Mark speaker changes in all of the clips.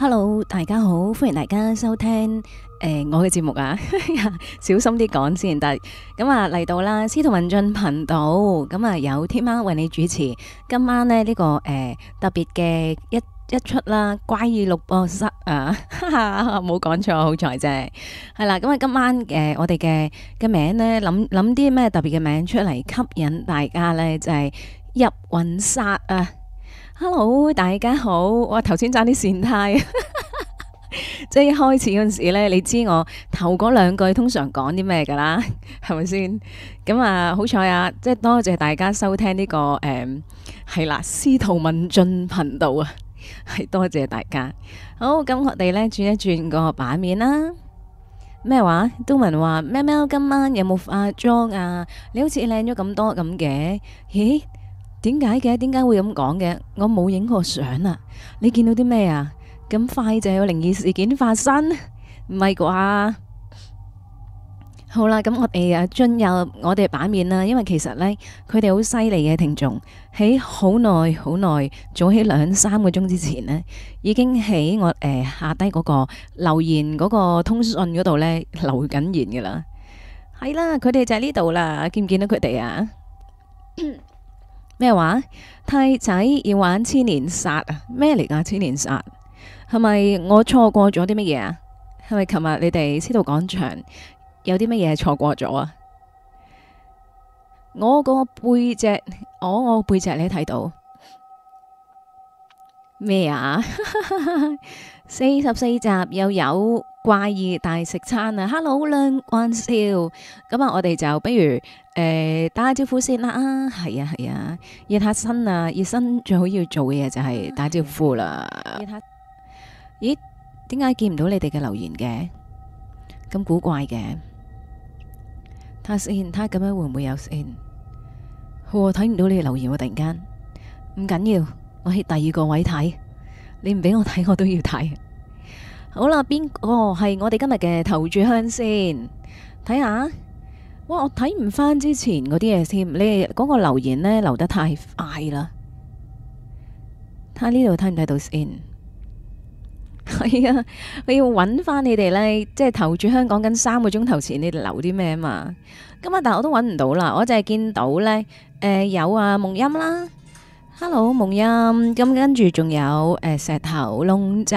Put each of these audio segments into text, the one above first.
Speaker 1: Hello，大家好，歡迎大家收聽誒、呃、我嘅節目啊， 小心啲講先。但係咁啊嚟到啦，司徒文進頻道，咁、嗯、啊有天喵、啊、為你主持。今晚呢，呢、這個誒、呃、特別嘅一一出啦，怪異錄播室啊，冇講錯，好彩啫。係啦，咁啊今晚誒、呃、我哋嘅嘅名呢，諗諗啲咩特別嘅名字出嚟吸引大家呢？就係、是、入魂煞啊！hello，大家好！哇，頭先爭啲善太，即係開始嗰陣時呢，你知我頭嗰兩句通常講啲咩噶啦，係咪先？咁啊，好彩啊！即係多謝大家收聽呢個誒，係啦，司徒文進頻道啊，係多謝大家。好，咁我哋呢轉一轉個版面啦。咩話？都文話，喵喵，今晚有冇化妝啊？你好似靚咗咁多咁嘅？咦？點解嘅？點解會咁講嘅？我冇影過相啊！你見到啲咩啊？咁快就有靈異事件發生，唔係啩？好啦，咁我哋誒進入我哋版面啦。因為其實咧，佢哋好犀利嘅聽眾，喺好耐好耐早喺兩三個鐘之前咧，已經喺我誒下低嗰個留言嗰個通訊嗰度咧留緊言噶啦。係啦，佢哋就喺呢度啦，見唔見到佢哋啊？咩話？太仔要玩千年殺啊！咩嚟噶？千年殺係咪我錯過咗啲乜嘢啊？係咪琴日你哋司徒廣場有啲乜嘢錯過咗啊？我個背脊，我我背脊，你睇到咩啊？四十四集又有怪異大食餐啊！Hello，l u 梁關少，咁啊，我哋就不如。誒，打下招呼先啦，啊，係啊係啊，熱下身啊，熱身最好要做嘅嘢就係打招呼啦。咦？點解見唔到你哋嘅留言嘅？咁古怪嘅。睇下先，睇下咁樣會唔會有線？睇唔到你嘅留言喎，突然間。唔緊要，我喺第二個位睇。你唔俾我睇，我都要睇。好啦，邊個係我哋今日嘅頭炷香先？睇下。我我睇唔翻之前嗰啲嘢添，你嗰個留言咧留得太快啦。睇呢度睇唔睇到先？係啊，你要搵翻你哋咧，即係投住香港緊三個鐘頭前你哋留啲咩啊嘛？咁啊，但我都搵唔到啦，我就係見到咧，誒有啊夢音啦，hello 夢音，咁跟住仲有誒石頭龍仔。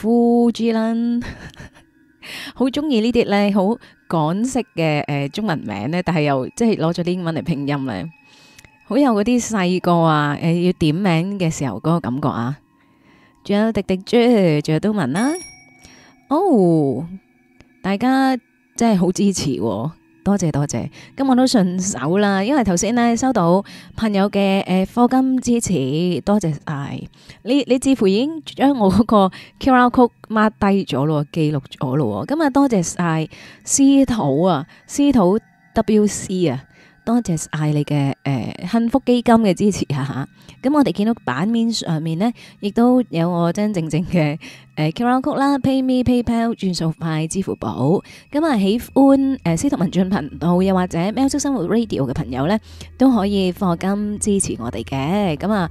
Speaker 1: 呼豬啦好中意呢啲咧，好港式嘅誒、呃、中文名咧，但係又即係攞咗啲英文嚟拼音咧，好有嗰啲細個啊誒、呃、要點名嘅時候嗰個感覺啊，仲有滴滴 J，仲有都文啦、啊，哦、oh,，大家真係好支持喎、啊。多謝多謝，咁我都順手啦，因為頭先收到朋友嘅誒課金支持，多謝曬。你你似乎已經將我嗰個 QR Code 抹低咗咯，記錄咗咯。咁啊，多謝曬司徒啊，司徒 W C 啊。多謝艾利嘅誒幸福基金嘅支持下吓，咁我哋見到版面上面呢，亦都有我真真正正嘅誒，QR Code 啦，PayMe、PayPal、轉數快支付寶，咁啊喜歡誒司徒文進頻道又或者 m 喵式生活 Radio 嘅朋友呢，都可以放金支持我哋嘅，咁啊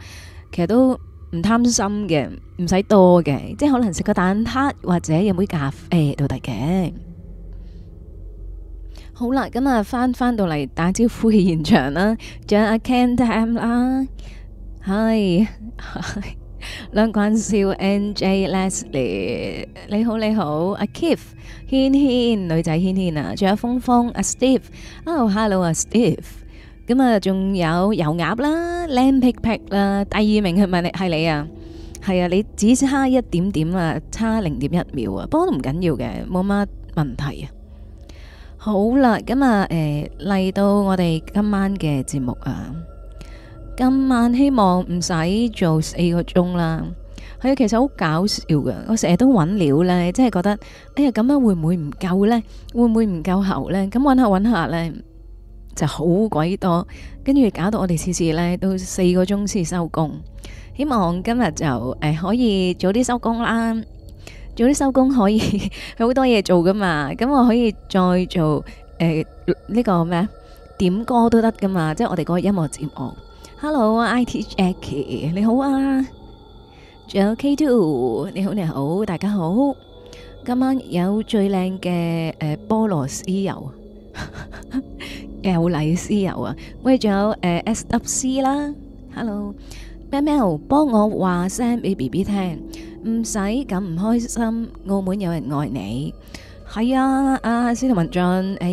Speaker 1: 其實都唔貪心嘅，唔使多嘅，即係可能食個蛋撻或者有杯咖啡都得嘅。哎好啦，咁啊，翻翻到嚟打招呼嘅現場啦，仲有阿 Ken、阿 Am 啦，係梁冠少、N J Leslie，你好你好，阿 Kif，軒軒女仔軒軒啊，仲有峰峰、阿 Steve，hello，hello 啊 Steve，咁啊仲有油鴨啦、靚 Pick Pack 啦，第二名係咪你？係你啊？係啊，你只差一點點啊，差零點一秒啊，不過都唔緊要嘅，冇乜問題啊。好啦，咁啊，誒嚟到我哋今晚嘅節目啊，今晚希望唔使做四個鐘啦。佢其實好搞笑噶，我成日都揾料咧，即係覺得哎呀咁樣會唔會唔夠咧？會唔會唔夠喉咧？咁揾下揾下咧，就好鬼多，跟住搞到我哋次次咧都四個鐘先收工。希望今日就誒可以早啲收工啦。有啲收工可以，有好多嘢做噶嘛，咁我可以再做誒呢個咩啊？點歌都得噶嘛，即係我哋個音樂節目。Hello，IT Jackie，你好啊，仲有 K2，你好你好大家好，今晚有最靚嘅誒菠蘿絲油，L 麗絲油啊，喂，仲有誒 SWC 啦，Hello。Mel 幫我話聲俾 B B 聽，唔使咁唔開心。澳門有人愛你，係啊，阿司徒文進，誒、哎，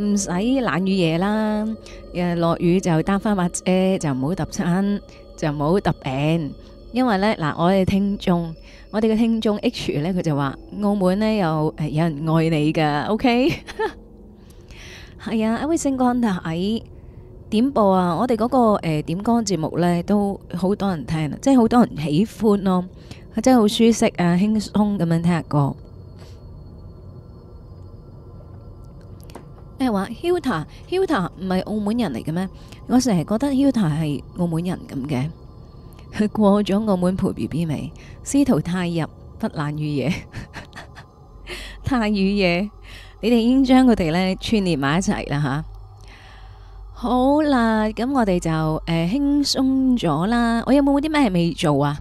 Speaker 1: 唔使冷雨夜啦，誒，落雨就擔翻把遮，就唔好揼親，就唔好揼病。因為咧，嗱，我哋聽眾，我哋嘅聽眾 H 咧，佢就話澳門咧有誒有人愛你噶，OK，係 啊，一位姓關嘅點播啊！我哋嗰、那個誒、呃、點歌節目呢，都好多人聽啦，即係好多人喜歡咯，即係好舒適啊，輕鬆咁樣聽歌。咩話？Huta Huta 唔係澳門人嚟嘅咩？我成日覺得 Huta 係澳門人咁嘅。佢過咗澳門陪 B B 未？司徒太入不懶雨夜， 太雨夜，你哋已經將佢哋呢串聯埋一齊啦吓。好啦，咁我哋就誒輕鬆咗啦。我有冇啲咩未做啊？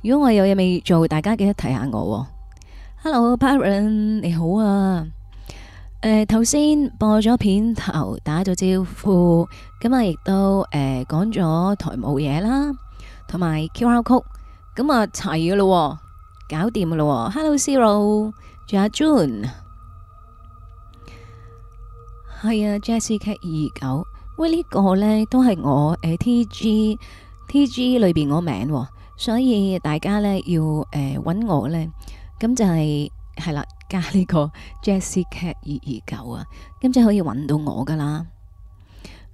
Speaker 1: 如果我有嘢未做，大家記得提下我，哦。Hello，Baron 你好啊。誒、呃，頭先播咗片頭，打咗招呼，咁啊亦都誒講咗台務嘢啦，同埋 Q R 曲，咁啊齊噶啦，搞掂噶啦。Hello，Zero 仲有 June，係啊，Jessica 二九。哎喂，呢、這個呢都係我誒、呃、T G T G 裏邊我名字、哦，所以大家呢要誒搵、呃、我呢，咁就係、是、係啦，加呢、這個 Jazzy Cat 二二九啊，咁就可以搵到我噶啦。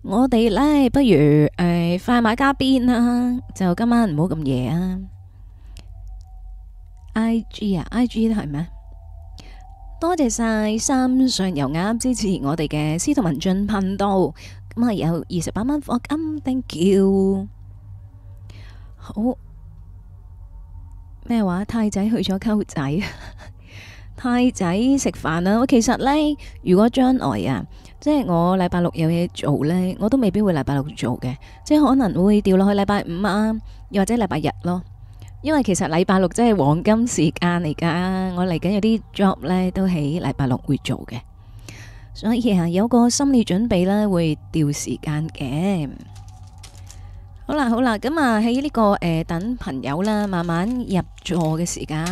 Speaker 1: 我哋呢不如誒、呃、快馬加鞭啦，就今晚唔好咁夜啊！I G 啊，I G 都係咩？多謝晒三上油鴨支持我哋嘅司徒文進頻道。咪有二十八蚊黃金，thank you。好咩話？太仔去咗溝仔，太仔食飯啊！我其實呢，如果將來啊，即係我禮拜六有嘢做呢，我都未必會禮拜六做嘅，即係可能會掉落去禮拜五啊，又或者禮拜日咯。因為其實禮拜六即係黃金時間嚟噶，我嚟緊有啲 job 呢，都喺禮拜六會做嘅。所以啊，有個心理準備咧，會掉時間嘅。好啦，好啦，咁啊喺呢個誒、呃、等朋友啦，慢慢入座嘅時間，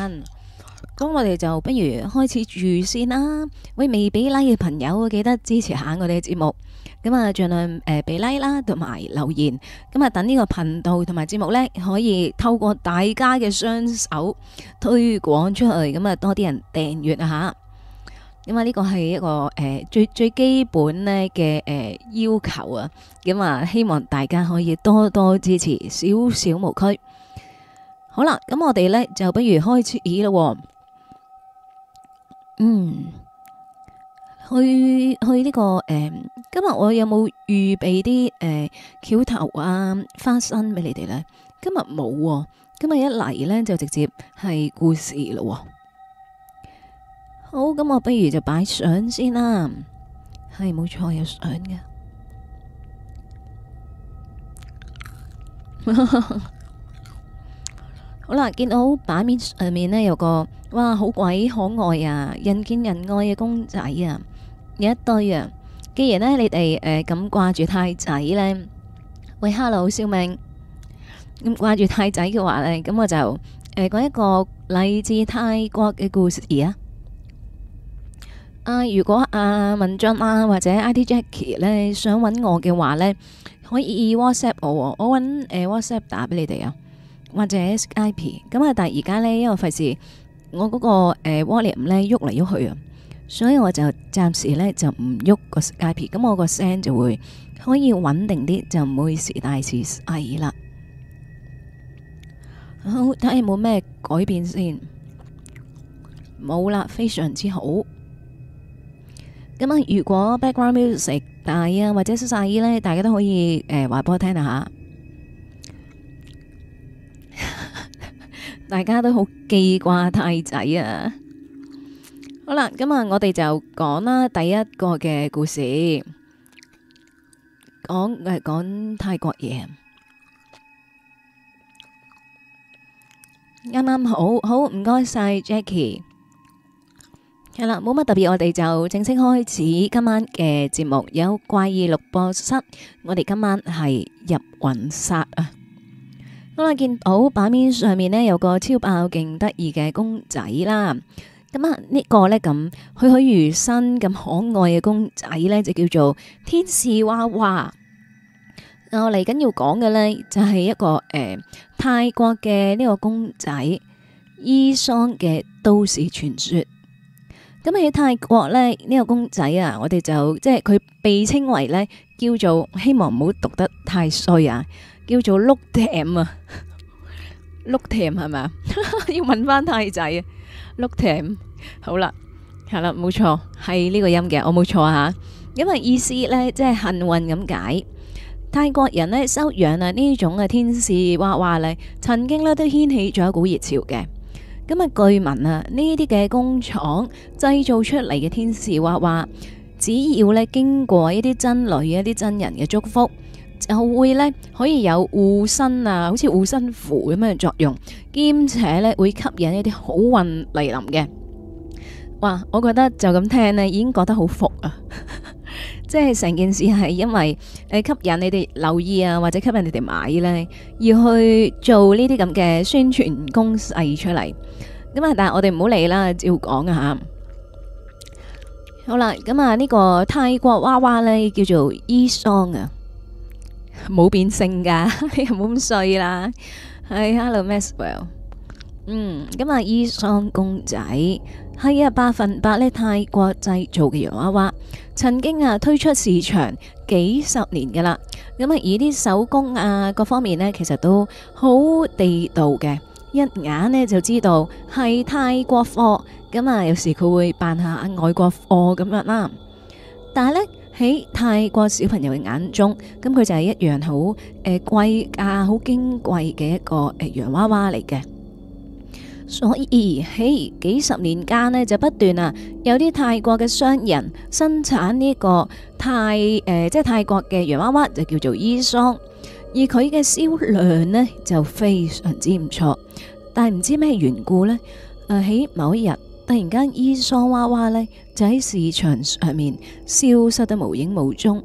Speaker 1: 咁我哋就不如開始住先啦。喂，未俾 like 嘅朋友，記得支持下我哋嘅節目。咁啊，盡量誒俾 like 啦，同埋留言。咁啊，等呢個頻道同埋節目呢，可以透過大家嘅雙手推廣出去。咁啊，多啲人訂閱下。因為呢個係一個誒、呃、最最基本咧嘅誒要求啊，咁、呃、啊希望大家可以多多支持，少少無區。好啦，咁我哋咧就不如開始咦咯。嗯，去去呢、這個誒、呃，今日我有冇預備啲誒橋頭啊花生俾你哋咧？今日冇、啊，今日一嚟咧就直接係故事咯。好咁，我不如就擺相先啦。係冇錯，有相嘅。 好啦，見到版面上面呢有個哇，好鬼可愛啊！人見人愛嘅公仔啊，有一對啊。既然呢你哋誒咁掛住太仔呢，喂，hello，小明。咁掛住太仔嘅話呢，咁我就誒講、呃、一個嚟自泰國嘅故事而家啊。啊，如果阿、啊、文俊啊或者 ID Jackie 呢想揾我嘅話呢，可以 WhatsApp 我、哦，我揾、呃、WhatsApp 打俾你哋啊，或者 Skype。咁啊，但係而家呢，因為費事我嗰、嗰個誒、呃、Volume 呢喐嚟喐去啊，所以我就暫時呢就唔喐個 Skype，咁我個聲就會可以穩定啲，就唔會時大時細啦。好，睇下有冇咩改變先，冇啦，非常之好。咁啊，如果 background music 大啊，或者收晒依咧，大家都可以誒話俾我聽下。大家都好記掛太仔啊！好啦，今日我哋就講啦，第一個嘅故事，講誒講泰國嘢。啱啱好好，唔該晒 Jackie。係啦，冇乜特別，我哋就正式開始今晚嘅節目。有怪異錄播室，我哋今晚係入魂煞啊！我哋見到版面上面呢，有個超爆勁得意嘅公仔啦，咁啊呢個呢，咁栩栩如生咁可愛嘅公仔呢，就叫做天使娃娃。我嚟緊要講嘅呢，就係一個誒、呃、泰國嘅呢個公仔伊桑嘅都市傳說。咁喺泰國咧，呢、這個公仔啊，我哋就即係佢被稱為咧，叫做希望唔好讀得太衰啊，叫做碌泰嘛，碌泰係咪？ 要問翻泰仔啊，碌泰。好啦，係啦，冇錯，係呢個音嘅，我冇錯啊，因為意思咧，即係幸運咁解。泰國人咧收養啊呢種嘅天使娃娃咧，曾經咧都掀起咗一股熱潮嘅。咁啊，據聞啊，呢啲嘅工廠製造出嚟嘅天使娃娃，只要咧經過一啲真女、一啲真人嘅祝福，就會咧可以有護身啊，好似護身符咁嘅作用，兼且咧會吸引一啲好運嚟臨嘅。哇，我覺得就咁聽咧，已經覺得好服啊！ 即係成件事係因為誒吸引你哋留意啊，或者吸引你哋買咧，要去做呢啲咁嘅宣傳攻勢出嚟。咁啊，但係我哋唔好理啦，照講啊吓。好啦，咁啊呢個泰國娃娃咧叫做伊桑啊，冇變性噶，冇咁衰啦。係 Hello Maxwell，嗯，咁啊伊桑公仔。係啊，百分百咧泰國製造嘅洋娃娃，曾經啊推出市場幾十年噶啦，咁啊以啲手工啊各方面呢，其實都好地道嘅，一眼呢就知道係泰國貨，咁啊有時佢會扮下外國貨咁樣啦，但係呢，喺泰國小朋友嘅眼中，咁佢就係一樣好誒貴啊、好矜貴嘅一個誒洋、呃啊呃、娃娃嚟嘅。所以喺幾十年間呢，就不斷啊有啲泰國嘅商人生產呢個泰誒，呃，即係泰國嘅洋娃娃就叫做伊桑，而佢嘅銷量呢，就非常之唔錯。但係唔知咩緣故呢，誒，呃，喺某一日突然間，伊桑娃娃呢，就喺市場上面消失得無影無蹤。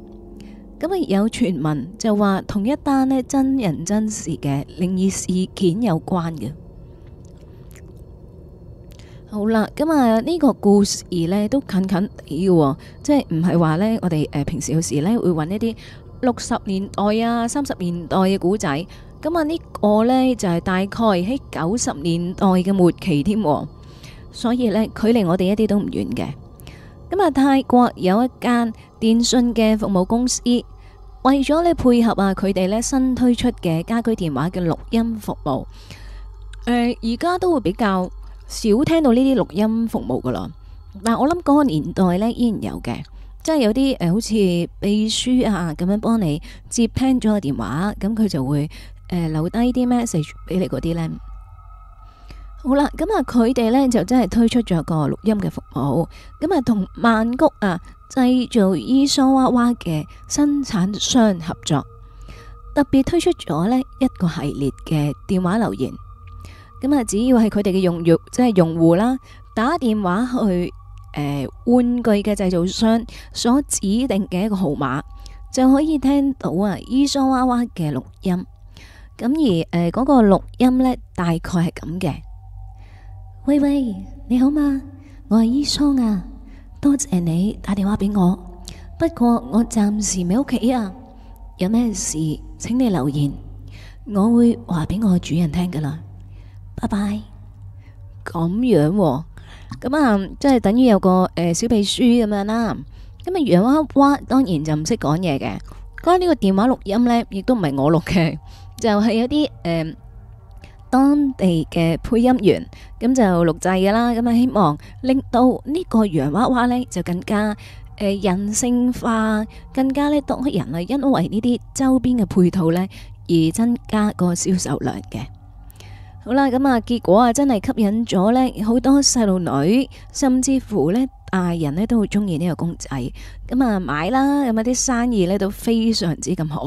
Speaker 1: 咁啊有傳聞就話同一單呢真人真事嘅靈異事件有關嘅。好啦，咁啊呢個故事呢都近近哋嘅、哦，即係唔係話呢，我哋誒平時有時呢會揾一啲六十年代啊、三十年代嘅古仔，咁啊呢個呢就係、是、大概喺九十年代嘅末期添，所以呢，距離我哋一啲都唔遠嘅。咁啊泰國有一間電信嘅服務公司，為咗呢配合啊佢哋呢新推出嘅家居電話嘅錄音服務，呃、而家都會比較，少聽到呢啲錄音服務噶啦，但我諗嗰個年代呢，依然有嘅，即係有啲誒、呃，好似秘書啊咁樣幫你接聽咗個電話，咁佢就會誒、呃、留低啲 message 俾你嗰啲呢。好啦，咁啊，佢哋呢就真係推出咗個錄音嘅服務，咁啊同曼谷啊製造伊莎娃娃嘅生產商合作，特別推出咗呢一個系列嘅電話留言。咁啊！只要係佢哋嘅用即係用戶啦，打電話去誒、呃、玩具嘅製造商所指定嘅一個號碼，就可以聽到啊伊桑娃娃嘅錄音。咁而誒嗰、呃那個錄音呢，大概係咁嘅。喂喂，你好嘛？我係伊桑啊，多謝你打電話俾我，不過我暫時未屋企啊。有咩事請你留言，我會話俾我主人聽噶啦。拜拜，咁樣咁、哦、啊，即係等於有個誒、呃、小秘書咁樣啦。咁啊，洋娃娃當然就唔識講嘢嘅。嗰呢個電話錄音呢，亦都唔係我錄嘅，就係、是、有啲誒、呃、當地嘅配音員咁就錄製㗎啦。咁啊，希望令到呢個洋娃娃呢，就更加誒、呃、人性化，更加呢，當人啊，因為呢啲周邊嘅配套呢，而增加個銷售量嘅。好啦，咁啊，結果啊，真係吸引咗咧好多細路女，甚至乎咧大人咧都好中意呢個公仔，咁啊買啦，咁啊啲生意咧都非常之咁好，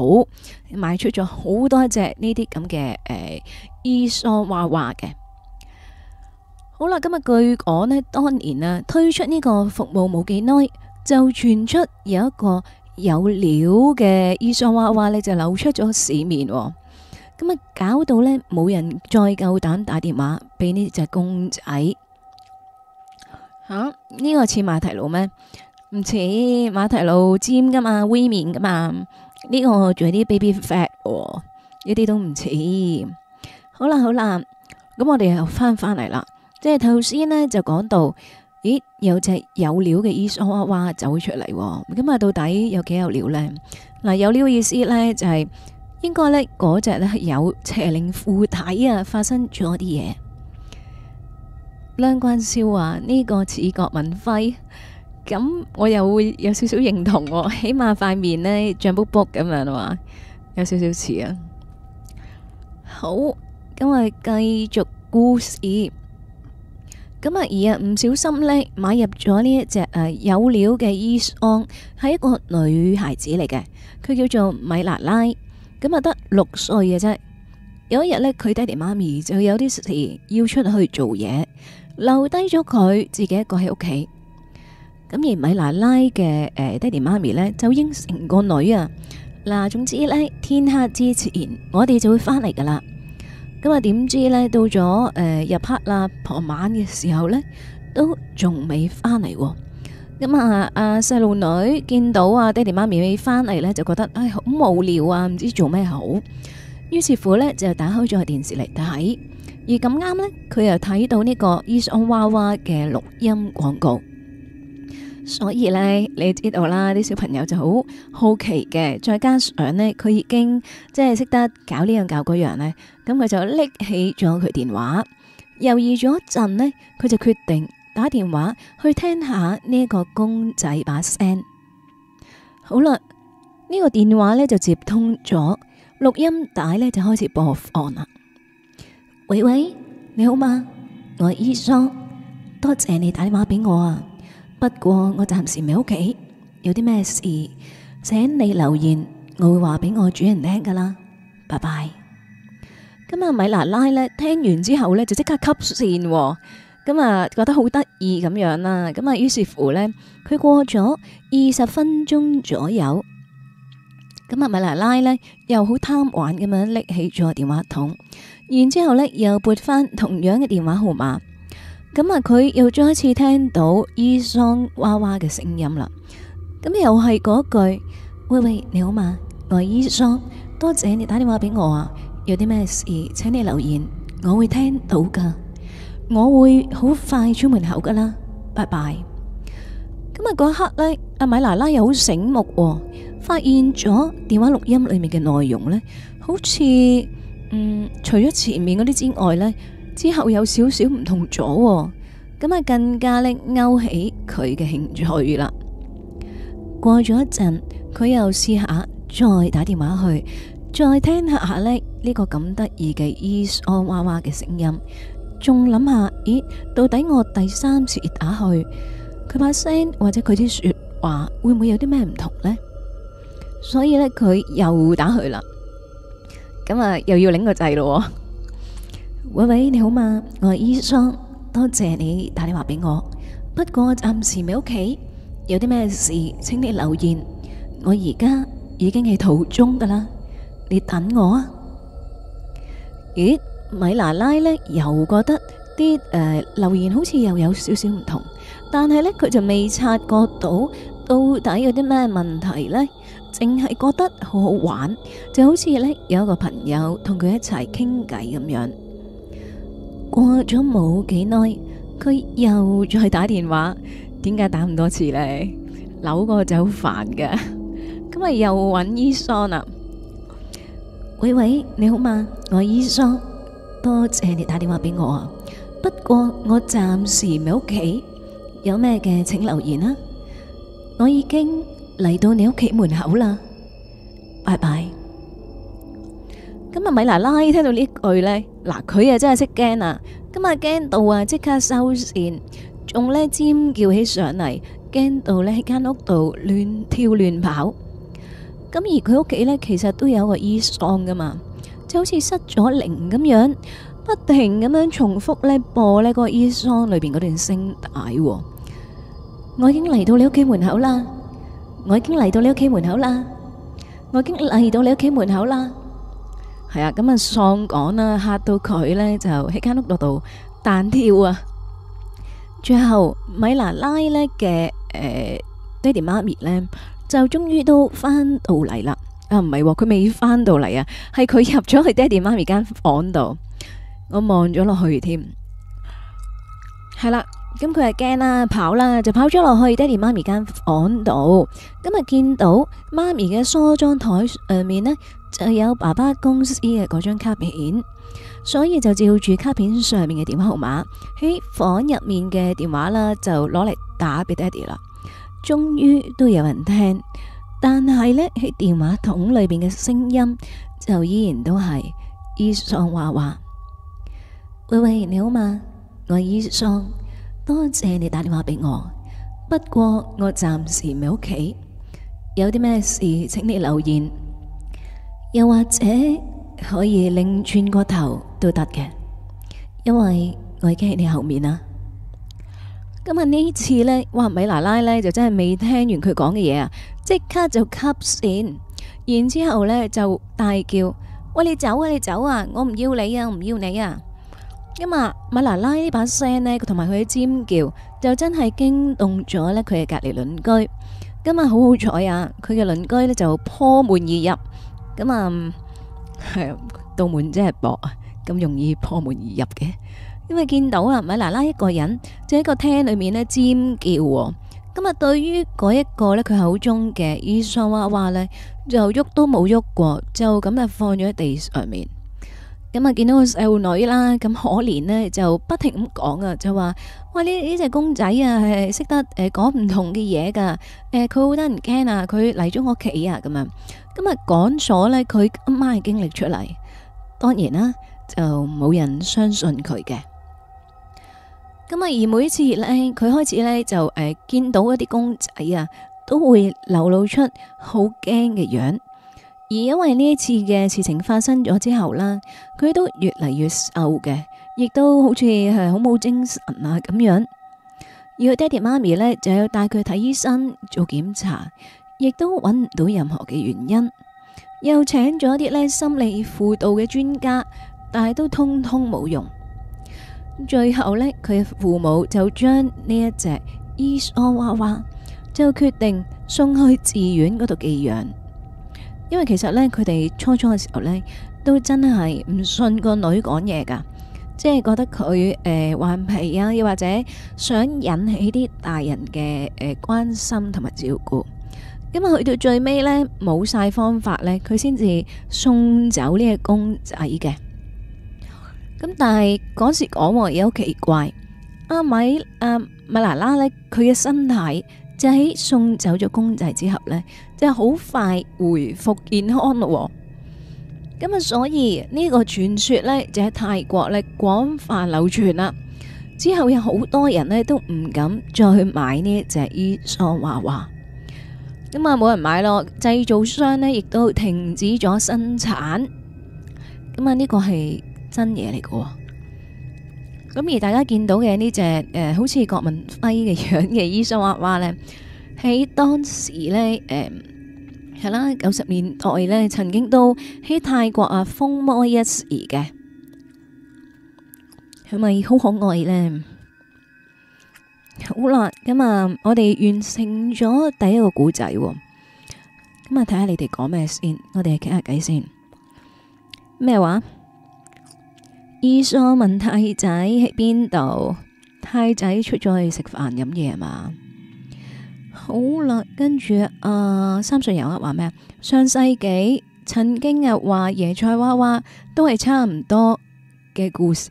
Speaker 1: 賣出咗好多隻呢啲咁嘅誒衣裳娃娃嘅。好啦，今日據講呢，當年啊推出呢個服務冇幾耐，就傳出有一個有料嘅衣裳娃娃呢就流出咗市面。咁啊，搞到咧冇人再夠膽打電話俾呢隻公仔嚇？呢、啊呢個似馬蹄露咩？唔似馬蹄露尖噶嘛，V 面噶嘛？呢、呢個仲有啲 baby fat 喎、哦，一啲都唔似。好啦好啦，咁我哋又翻翻嚟啦。即係頭先呢，就講到，咦有隻有料嘅 Eso 哇走出嚟、哦，咁啊到底有幾有料呢？嗱、啊、有料嘅意思呢，就係、是。應該呢嗰隻、那個、呢，有邪靈附體啊，發生咗啲嘢。梁君笑話呢個似郭文輝，咁我又會有少少認同、哦。起碼塊面呢，脹卜卜咁樣啊，有少少似啊。好，我哋繼續故事。咁啊，而啊唔小心呢，買入咗呢一隻誒有料嘅衣裳，係一個女孩子嚟嘅，佢叫做米娜拉。咁今日得六歲嘅啫。有一日呢，佢爹哋媽咪就有啲事要出去做嘢，留低咗佢自己一個喺屋企。咁而米奶奶嘅誒爹哋媽咪呢，就應承個女啊，嗱，總之呢，天黑之前我哋就會翻嚟噶啦。咁啊，點知呢？到咗誒、呃、入黑啦，傍晚嘅時候呢，都仲未翻嚟。咁啊，啊細路女見到啊爹哋媽咪翻嚟咧，就覺得唉好無聊啊，唔知做咩好。於是乎咧，就打開咗個電視嚟睇。而咁啱咧，佢又睇到呢個伊尚娃娃嘅錄音廣告。所以咧，你知道啦，啲小朋友就好好奇嘅。再加上咧，佢已經即係識得搞呢樣搞嗰樣咧，咁佢就拎起咗佢電話，猶豫咗一陣呢，佢就決定。打電話去聽下呢個公仔把聲，好啦，呢個電話咧就接通咗，錄音帶咧就開始播放啦。喂喂，你好嗎？我係醫生，多謝你打電話俾我啊，不過我暫時未屋企，有啲咩事，請你留言，我會話俾我主人聽噶啦。拜拜。今日米娜拉咧聽完之後咧就即刻 cut 線。咁啊，覺得好得意咁樣啦，咁啊，於是乎呢，佢過咗二十分鐘左右，咁啊咪嚟拉呢，又好貪玩咁樣拎起咗電話筒，然之後呢，又撥翻同樣嘅電話號碼，咁啊佢又再一次聽到伊桑娃娃嘅聲音啦，咁又係嗰句，喂喂，你好嘛？我係伊桑，多謝你打電話俾我啊，有啲咩事請你留言，我會聽到噶。我會好快出門口噶啦，拜拜。今日嗰一刻呢，阿米娜拉又好醒目，發現咗電話錄音裏面嘅內容呢，好似嗯，除咗前面嗰啲之外呢，之後有少少唔同咗。咁啊，更加呢勾起佢嘅興趣啦。過咗一陣，佢又試下再打電話去，再聽下呢呢個咁得意嘅伊桑娃娃嘅聲音。仲諗下，咦？到底我第三次打去，佢把聲或者佢啲說話會唔會有啲咩唔同呢？所以呢，佢又打去啦。咁啊，又要領個掣咯。喂喂，你好嘛？我係醫生，多謝你打電話俾我。不過暫時未喺屋企，有啲咩事，請你留言。我而家已經喺途中噶啦，你等我啊！咦？米娜拉呢又覺得啲誒留言好似又有少少唔同，但係呢佢就未察覺到到底有啲咩問題呢，淨係覺得好好玩，就好似呢有一個朋友同佢一齊傾偈咁樣。過咗冇幾耐，佢又再打電話，點解打咁多次呢？扭個就好煩㗎，今日又揾醫生啦。喂喂，你好嗎？我醫生。多謝你打電話俾我啊！不過我暫時唔喺屋企，有咩嘅請留言啦。我已經嚟到你屋企門口啦，拜拜。今日米娜拉聽到呢句咧，嗱，佢啊真係識驚啊！今日驚到啊即刻收線，仲咧尖叫起上嚟，驚到咧喺間屋度亂跳亂跑。咁而佢屋企咧其實都有個衣箱噶嘛。就好似失咗靈咁樣，不停咁樣重複呢，播呢個《伊桑》裏邊嗰段聲帶。我已經嚟到你屋企門口啦，我已經嚟到你屋企門口啦，我已經嚟到你屋企門口啦。係啊，咁啊，喪講啦，嚇到佢呢，就喺間屋度彈跳啊。最後米娜拉呢嘅誒，爹哋媽咪呢就終於都翻到嚟啦。啊，唔係佢未翻到嚟啊，係佢入咗去爹哋媽咪間房度，我望咗落去添，係啦，咁佢係驚啦，跑啦，就跑咗落去爹哋媽咪間房度，咁啊見到媽咪嘅梳妝台上面呢，就有爸爸公司嘅嗰張卡片，所以就照住卡片上面嘅電話號碼喺房入面嘅電話啦，就攞嚟打俾爹哋啦，終於都有人聽。但係呢，喺電話筒裏邊嘅聲音就依然都係伊桑話話：，喂喂，你好嘛？我係伊桑，多謝你打電話俾我。不過我暫時唔喺屋企，有啲咩事，請你留言，又或者可以擰轉個頭都得嘅，因為我已經喺你後面啦。今日呢次呢，哇，米奶奶呢，就真係未聽完佢講嘅嘢啊！即刻就吸線，然之後咧就大叫：喂，你走啊，你走啊，我唔要你啊，唔要你啊！咁啊，米娜拉呢把聲咧，同埋佢嘅尖叫，就真係驚動咗咧佢嘅隔籬鄰居。咁啊，好好彩啊！佢嘅鄰居咧就破門而入。咁啊，係啊，道門真係薄啊，咁容易破門而入嘅。因為見到啊，米娜拉一個人，就喺個廳裏面咧尖叫。咁啊，對於嗰一個咧，佢口中嘅誒娃娃咧，就喐都冇喐過，就咁啊放咗喺地上面。咁啊，見到個細路女啦，咁可憐咧，就不停咁講啊，就話：喂，呢呢隻公仔啊，係識得誒講唔同嘅嘢噶。誒、呃，佢好得人驚啊！佢嚟咗我屋企啊，咁啊。咁啊，講咗咧，佢今晚嘅經歷出嚟，當然啦，就冇人相信佢嘅。咁啊！而每次咧，佢開始咧，就誒見到一啲公仔啊，都會流露出好驚嘅樣。而因為呢一次嘅事情發生咗之後啦，佢都越嚟越瘦嘅，亦都好似係好冇精神啊咁樣。而佢爹哋媽咪咧，就要帶佢睇醫生做檢查，亦都揾唔到任何嘅原因，又請咗啲咧心理輔導嘅專家，但係都通通冇用。最後呢，佢父母就將呢一隻伊索娃娃就決定送去寺院嗰度寄養，因為其實呢，佢哋初初嘅時候呢，都真係唔信個女講嘢噶，即係覺得佢誒話唔係啊，又、呃、或者想引起啲大人嘅誒、呃、關心同埋照顧。咁啊，去到最尾呢，冇晒方法呢，佢先至送走呢個公仔嘅。咁但係嗰時講嘢好奇怪，阿、啊、米阿、啊、米娜拉呢，佢嘅身體就喺送走咗公仔之後呢就好快回復健康咯、哦。咁啊，所以呢、這個傳說呢，就喺泰國呢廣泛流傳啦。之後有好多人呢都唔敢再去買呢隻伊桑娃娃，咁啊冇人買咯。製造商呢亦都停止咗生產。咁啊，呢、這個係。真嘢嚟嘅，咁而大家見到嘅呢隻誒，好似郭文輝嘅樣嘅醫生娃娃呢，喺當時呢，誒係啦，九十年代呢曾經都喺泰國啊風靡一時嘅，係咪好可愛呢？好啦，咁啊，我哋完成咗第一個古仔，咁啊，睇下、啊、你哋講咩先，我哋傾下偈先，咩話？醫生問太仔喺邊度？太仔出咗去食飯飲嘢嘛？好啦，跟住啊，三歲友啊話咩啊？上世紀曾經啊話椰菜娃娃都係差唔多嘅故事。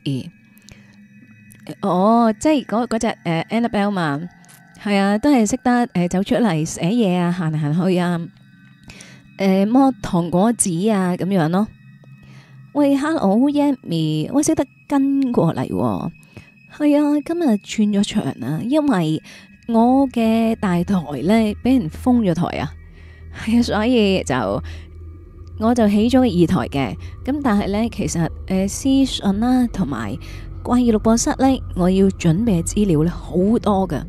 Speaker 1: 哦，即係嗰嗰隻誒 Annabelle 嘛，係啊，都係識得誒、呃、走出嚟寫嘢啊，行嚟行去啊，誒、呃、摸糖果紙啊咁樣咯。喂 Hello Yamy，我識得跟過嚟。哦，係啊，今日轉咗場啊，因為我嘅大台咧俾人封咗台啊，係啊，所以就我就起咗個二台嘅，咁但係咧其實誒私信啦，同埋關於錄播室咧，我要準備資料咧好多㗎。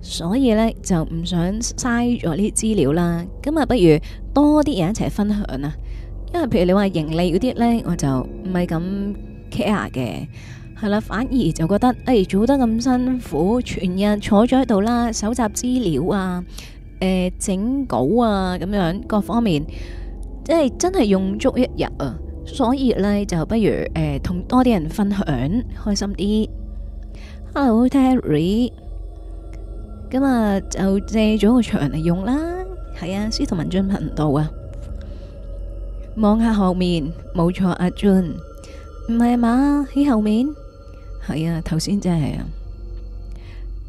Speaker 1: 所以咧就唔想嘥咗啲資料啦，咁咪不如多啲人一齊分享啊！因為譬如你話盈利嗰啲呢，我就唔係咁 care 嘅，係啦，反而就覺得誒、欸、做得咁辛苦，全日坐咗喺度啦，搜集資料啊，誒、欸、整稿啊，咁樣各方面，即係真係用足一日啊，所以呢，就不如誒同、欸、多啲人分享，開心啲。Hello Terry，咁啊，那就借咗個場嚟用啦，係啊，司徒文進頻道啊。望下後面，冇錯，阿俊，唔係嘛？喺後面，係啊，頭先真係啊。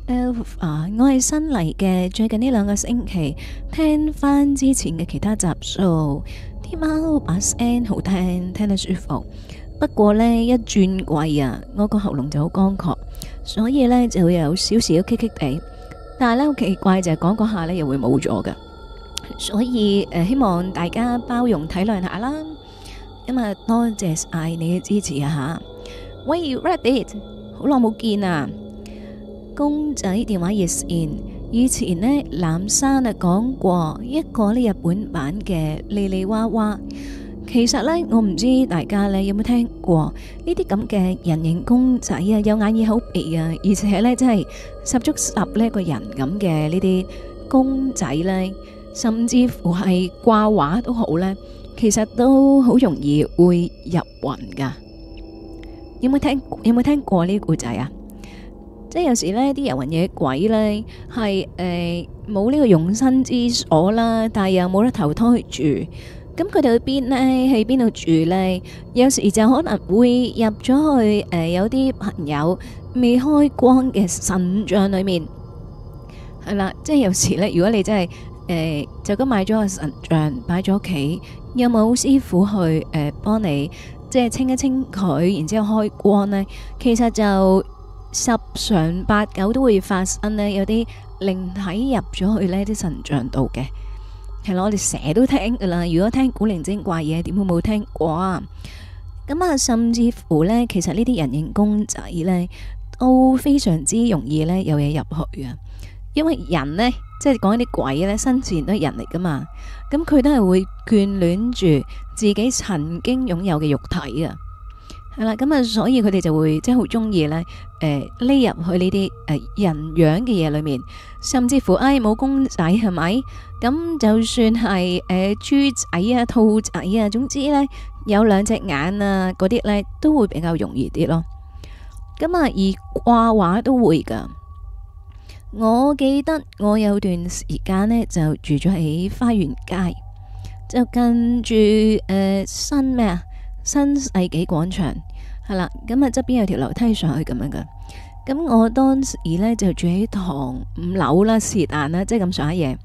Speaker 1: elf 啊，我係新嚟嘅，最近呢兩個星期聽翻之前嘅其他集數，天喵把聲好聽，聽得舒服。不過呢，一轉季啊，我個喉嚨就好乾涸，所以呢就會有少少棘棘地。但係呢，好奇怪就係講講下呢又會冇咗㗎。所以誒，希望大家包容體諒下啦。咁啊，多謝晒你嘅支持啊吓。喂, read it。好耐冇見啊，公仔電話熱線。以前咧，南山啊講過一個咧日本版嘅莉莉娃娃。其實咧，我唔知大家咧有冇聽過呢啲咁嘅人形公仔啊，有眼耳口鼻啊，而且咧真係十足十咧個人咁嘅呢啲公仔咧。甚至乎係掛畫都好咧，其實都好容易會入魂噶。有冇聽有冇聽過呢個故仔啊？即係有時咧，啲遊魂野鬼咧係誒冇呢個容身之所啦，但係又冇得投胎去住。咁佢哋去邊咧？喺邊度住咧？有時就可能會入咗去誒有啲朋友未開光嘅神像裏面，係啦。即係有時咧，如果你真係～誒、呃，就咁買咗個神像擺咗屋企，有冇師傅去誒幫、呃、你即係、呃、清一清佢，然之後開光呢？其實就十常八九都會發生呢，有啲靈體入咗去呢啲神像度嘅。係咯，我哋成日都聽噶啦。如果聽古靈精怪嘢，點會冇聽過？啊？咁啊，甚至乎呢，其實呢啲人形公仔呢，都非常之容易呢，有嘢入去啊。因為人呢，即係講啲鬼呢，生前都係人嚟噶嘛，咁佢都係會眷戀住自己曾經擁有嘅肉體啊，係啦，咁啊，所以佢哋就會即係好中意呢，誒、呃，匿入去呢啲誒人樣嘅嘢裏面，甚至乎，唉、哎，冇公仔係咪？咁就算係誒、呃、豬仔啊、兔仔啊，總之呢，有兩隻眼啊嗰啲呢，都會比較容易啲咯。咁、嗯、啊，而掛畫都會噶。我記得我有段時間呢，就住咗喺花園街，就近住誒新咩啊新世紀廣場係啦。咁啊，側邊有條樓梯上去咁樣噶。咁我當時呢，就住喺堂五樓啦，是但啦，即係咁上下嘢。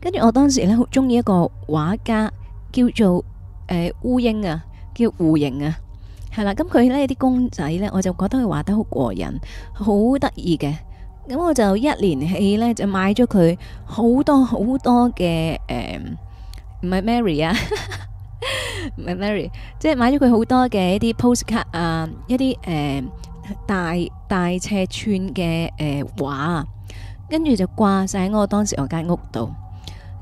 Speaker 1: 跟住我當時呢，好中意一個畫家叫做誒烏英啊，叫胡型啊，係啦。咁佢呢啲公仔呢，我就覺得佢畫得好過癮，好得意嘅。咁我就一年期咧，就買咗佢好多好多嘅，誒，唔、嗯、係 Mary 啊，唔 係 Mary，即係買咗佢好多嘅一啲 postcard 啊，一啲誒、嗯、大大尺寸嘅誒畫，跟住就掛晒喺我當時我間屋度。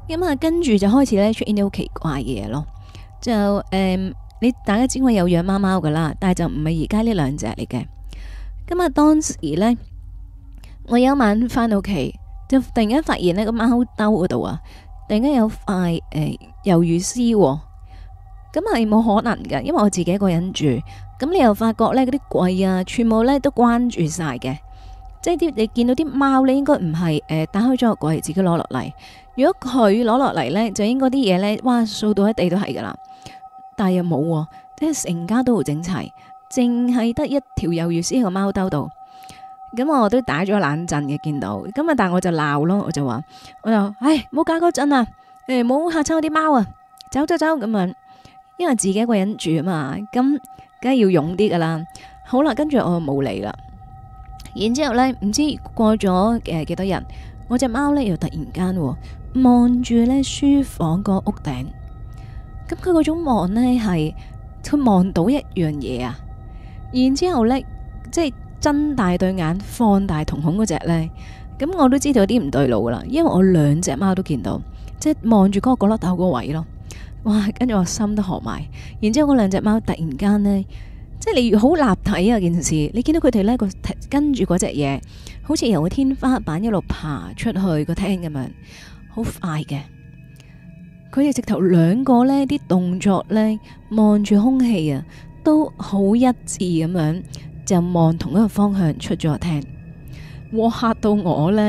Speaker 1: 咁、嗯、啊，跟住就開始咧出現啲好奇怪嘅嘢咯。就誒、嗯，你大家知我有養貓貓噶啦，但係就唔係而家呢兩隻嚟嘅。咁、嗯、啊，當時咧。我有一晚返到屋企，就突然間發現呢、那個貓兜嗰度啊，突然間有塊誒魷魚絲、喎，咁係冇可能嘅，因為我自己一個人住，咁你又發覺呢嗰啲櫃啊，全部呢都關住晒嘅，即係啲你見到啲貓呢應該唔係誒打開咗個櫃自己攞落嚟，如果佢攞落嚟呢，就應該啲嘢呢，哇掃到一地都係噶啦，但係又冇、喎，即係成家都好整齊，淨係得一條魷魚絲喺個貓兜度。咁我都打咗冷震嘅，見到咁啊，但係我就鬧咯，我就話，我就，唉，冇搞嗰陣啊，誒、欸，冇吓親我啲貓啊，走走走咁樣，因為自己一個人住啊嘛，咁梗係要勇啲噶啦。好啦，跟住我就冇理啦。然之後咧，唔知過咗誒幾多日，我隻貓咧又突然間望住咧書房個屋頂，咁佢嗰種望咧係，佢望到一樣嘢啊。然之後咧，即係。瞪大對眼，放大瞳孔嗰隻呢，咁我都知道有啲唔對路噶啦，因為我兩隻貓都見到，即係望住嗰個角落頭位咯。哇，跟住我心都河埋，然之後嗰兩隻貓突然間呢，即係你好立體啊件事，你見到佢哋呢個跟住嗰隻嘢，好似由個天花板一路爬出去個廳咁樣，好快嘅。佢哋直頭兩個呢啲動作呢，望住空氣啊，都好一致咁樣。就望同一個方向出咗個廳，哇嚇到我呢。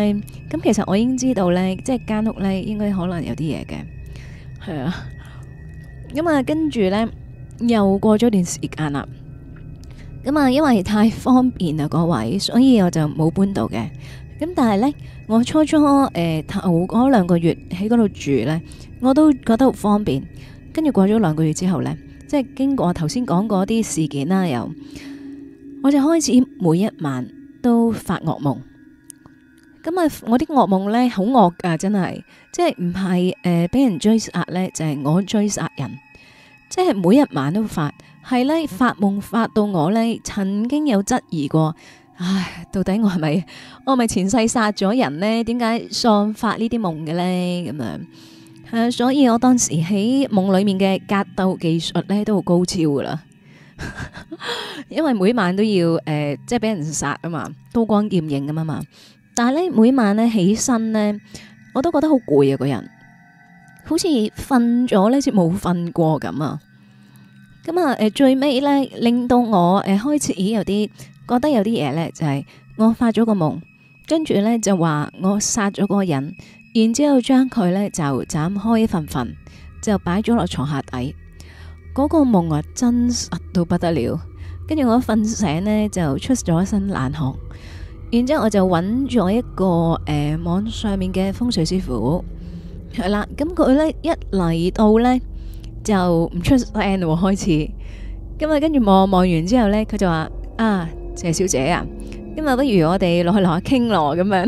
Speaker 1: 咁其實我已經知道呢，即係間屋呢應該可能有啲嘢嘅，係啊。咁啊，跟住呢又過咗段時間啦。咁啊，因為太方便喇嗰位，所以我就冇搬到嘅。咁但係呢，我初初誒、呃、頭嗰兩個月喺嗰度住呢，我都覺得好方便。跟住過咗兩個月之後呢，即係經過頭先講嗰啲事件啦、啊，又。我就開始每一晚都發噩夢。咁啊，我啲噩夢咧好惡啊，真係，即係唔係誒俾人追殺咧，就係我追殺人，即係每一晚都發，係咧發夢發到我咧，曾經有質疑過，唉，到底我係咪我係咪前世殺咗人咧？點解想發夢呢啲夢嘅咧？咁樣，誒，所以我當時喺夢裏面嘅格鬥技術咧都好高超噶啦。 因為每晚都要誒、呃，即係俾人殺啊嘛，刀光劍影咁啊嘛。但係咧，每晚咧起身咧，我都覺得好攰啊，個人好似瞓咗咧，似冇瞓過咁啊。咁啊，誒、呃，最尾咧令到我誒、呃、開始有啲覺得有啲嘢咧，就係、是、我發咗個夢，跟住咧就話我殺咗個人，然之後將佢咧就斬開一份份，就擺咗落床下底。嗰、那個夢啊，真實到不得了。跟住我瞓醒呢，就出咗一身冷汗。然之後我就揾咗一個誒、呃、網上面嘅風水師傅，係啦。咁佢呢，一嚟到呢，就唔出聲喎，開始。咁啊，跟住望望完之後呢，佢就話：啊，謝小姐啊，今日不如我哋落去樓下傾咯咁樣。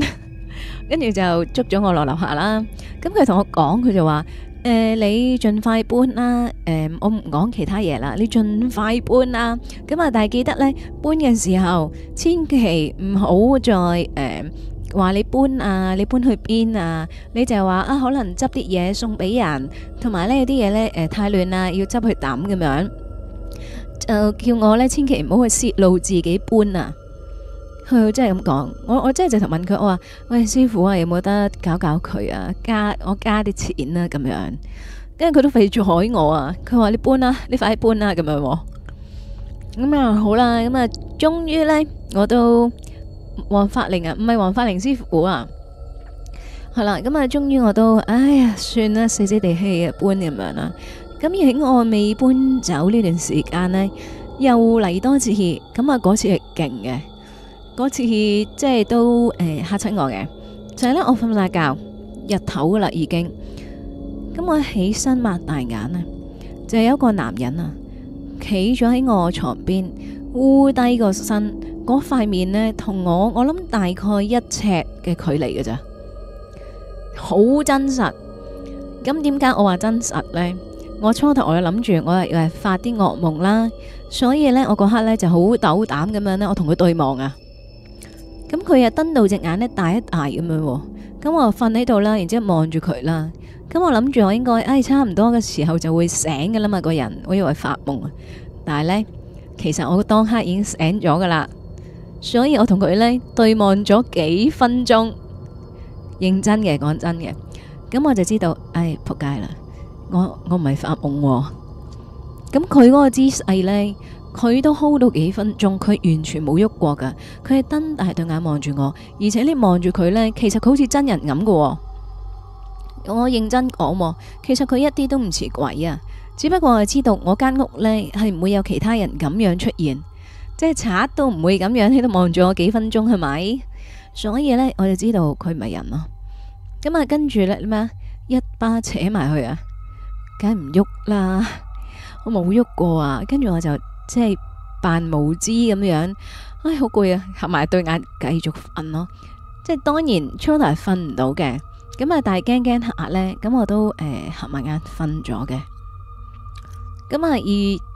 Speaker 1: 他跟住就捉咗我落樓下啦。咁佢同我講，佢就話。誒、呃，你盡快搬啦、啊！誒、呃，我唔講其他嘢啦，你盡快搬啦。咁啊，但係記得咧，搬嘅時候，千祈唔好再誒話、呃、你搬啊，你搬去邊啊？你就話啊，可能執啲嘢送俾人，同埋咧有啲嘢咧誒太亂啦，要執去抌咁樣。就叫我咧，千祈唔好去泄露自己搬啊！佢真係咁講，我我真係直頭問佢，我話：喂，師傅啊，有冇得搞搞佢啊？加我加啲錢啦、啊，咁樣，因為佢都肥住海我啊。佢話：你搬啦、啊，你快啲搬啦、啊，咁樣、啊。咁、嗯、啊好啦，咁、嗯、啊終於呢，我都黃發玲啊，唔係黃發玲師傅啊，係、嗯、啦。咁啊終於我都，哎呀，算啦，死死地氣搬咁樣啦。咁、嗯、而喺我未搬走呢段時間呢，又嚟多次，咁啊嗰次係勁嘅。嗰次即係都誒嚇親我嘅就係咧，我瞓晒覺日頭噶啦，已經咁我起身擘大眼咧，就係有一個男人啊，企咗喺我床邊，烏低個身，嗰塊面呢同我我諗大概一尺嘅距離嘅咋，好真實。咁點解我話真實呢？我初頭我有諗住我係誒發啲噩夢啦，所以呢，我嗰刻呢就好鬥膽咁樣呢，我同佢對望啊。咁佢呀瞪到隻眼咧大一大咁樣，咁我瞓喺度啦，然之後望住佢啦，咁我諗住我應該，唉，差唔多嘅時候就會醒㗎啦嘛，個人我以為發夢呀，但係咧，其實我當刻已經醒咗噶啦，所以我同佢咧對望咗幾分鐘，認真嘅，講真嘅，咁我就知道，唉，仆街啦，我我唔係發夢，咁佢嗰個姿勢咧。佢都 hold 到幾分鐘，佢完全冇喐過噶。佢係瞪大對眼望住我，而且你望住佢呢，其實佢好似真人咁噶。我認真講，其實佢一啲都唔似鬼啊。只不過係知道我間屋呢係唔會有其他人咁樣出現，即係賊都唔會咁樣喺度望住我幾分鐘係咪？所以呢，我就知道佢唔係人咯。咁啊，跟住呢，咩，一巴扯埋去啊，梗係唔喐啦，我冇喐過啊。跟住我就。即係扮無知咁樣，唉，好攰啊！合埋對眼繼續瞓咯。即係當然初頭係瞓唔到嘅，咁啊，但係驚驚吓咧，咁我都誒、呃、合埋眼瞓咗嘅。咁啊，而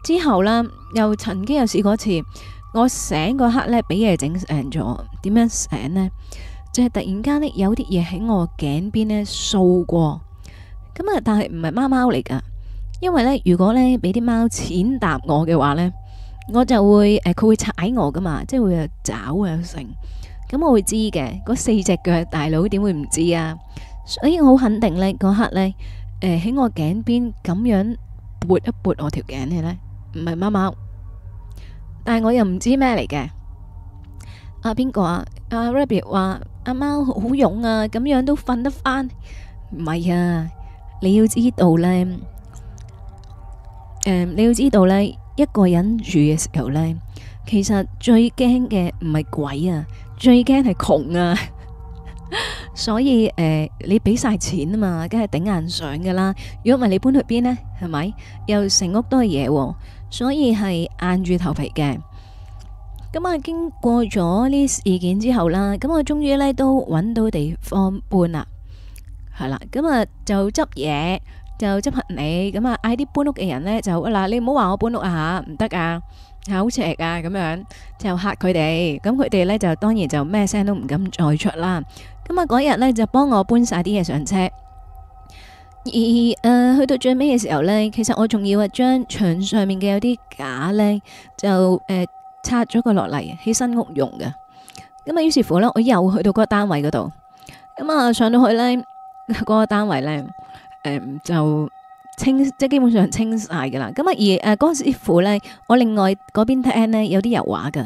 Speaker 1: 之後咧，又曾經有試過一次，我醒嗰刻呢，俾嘢整醒咗。點樣醒呢？就係、是、突然間呢，有啲嘢喺我頸邊呢掃過。咁啊，但係唔係貓貓嚟噶，因為呢，如果呢，俾啲貓舔搭我嘅話呢。我就會誒，佢會踩我噶嘛，即係會有爪啊成，咁我會知嘅。嗰四隻腳大佬點會唔知啊？所以我好肯定咧，嗰刻咧，誒喺我頸邊咁樣撥一撥我條頸嘅咧，唔係貓貓，但係我又唔知咩嚟嘅。阿邊個啊？阿 Rabbit 話阿貓好勇啊，咁樣都瞓得翻。唔係啊，你要知道咧，誒你要知道咧。一個人住嘅時候呢，其實最驚嘅唔係鬼啊，最驚係窮啊。所以誒，你俾晒錢啊嘛，梗係頂硬上噶啦。如果唔係你搬去邊呢？係咪？又成屋都係嘢，所以係硬住頭皮嘅。咁啊，經過咗呢事件之後啦，咁我終於呢都搵到地方搬啦，係啦。咁啊，就執嘢。就執行你咁啊，嗌啲搬屋嘅人呢，就嗱，你唔好話我搬屋啊唔得啊，好邪啊咁樣，就吓佢哋。咁佢哋呢，就當然就咩聲都唔敢再出啦。咁啊，嗰日呢，就幫我搬晒啲嘢上車。而、呃、去到最尾嘅時候呢，其實我仲要啊，將牆上面嘅有啲架呢，就誒、呃、拆咗佢落嚟，起新屋用嘅。咁啊，於是乎呢，我又去到嗰個單位嗰度。咁啊，上到去呢，嗰、嗰個單位呢。誒、嗯，就清即係基本上清晒噶啦。咁啊，而誒嗰陣時乎咧，我另外嗰邊廳咧有啲油畫噶，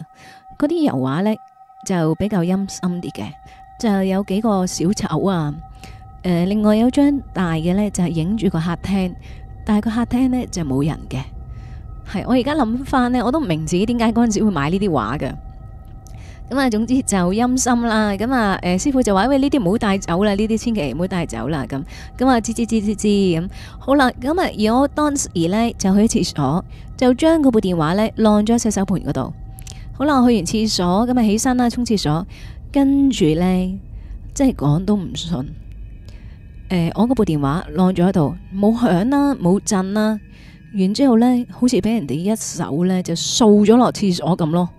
Speaker 1: 嗰啲油畫咧就比較陰森啲嘅，就有幾個小丑啊。誒、呃，另外有張大嘅咧就係影住個客廳，但係個客廳咧就冇人嘅。係我而家諗翻咧，我都唔明自己點解嗰陣時會買呢啲畫嘅。咁啊，總之就陰心啦。咁啊，誒，師傅就話：喂，呢啲唔好帶走啦，呢啲千祈唔好帶走啦。咁，咁啊，吱吱吱吱吱，咁。好啦，咁啊，而我當時咧就去廁所，就將嗰部電話咧晾咗喺洗手盆嗰度。好啦，我去完廁所，咁啊起身啦，沖廁所，跟住咧，即係講都唔信。誒、呃，我嗰部電話晾咗喺度，冇響啦，冇震啦。然之後咧，好似俾人哋一手咧就掃咗落廁所咁咯。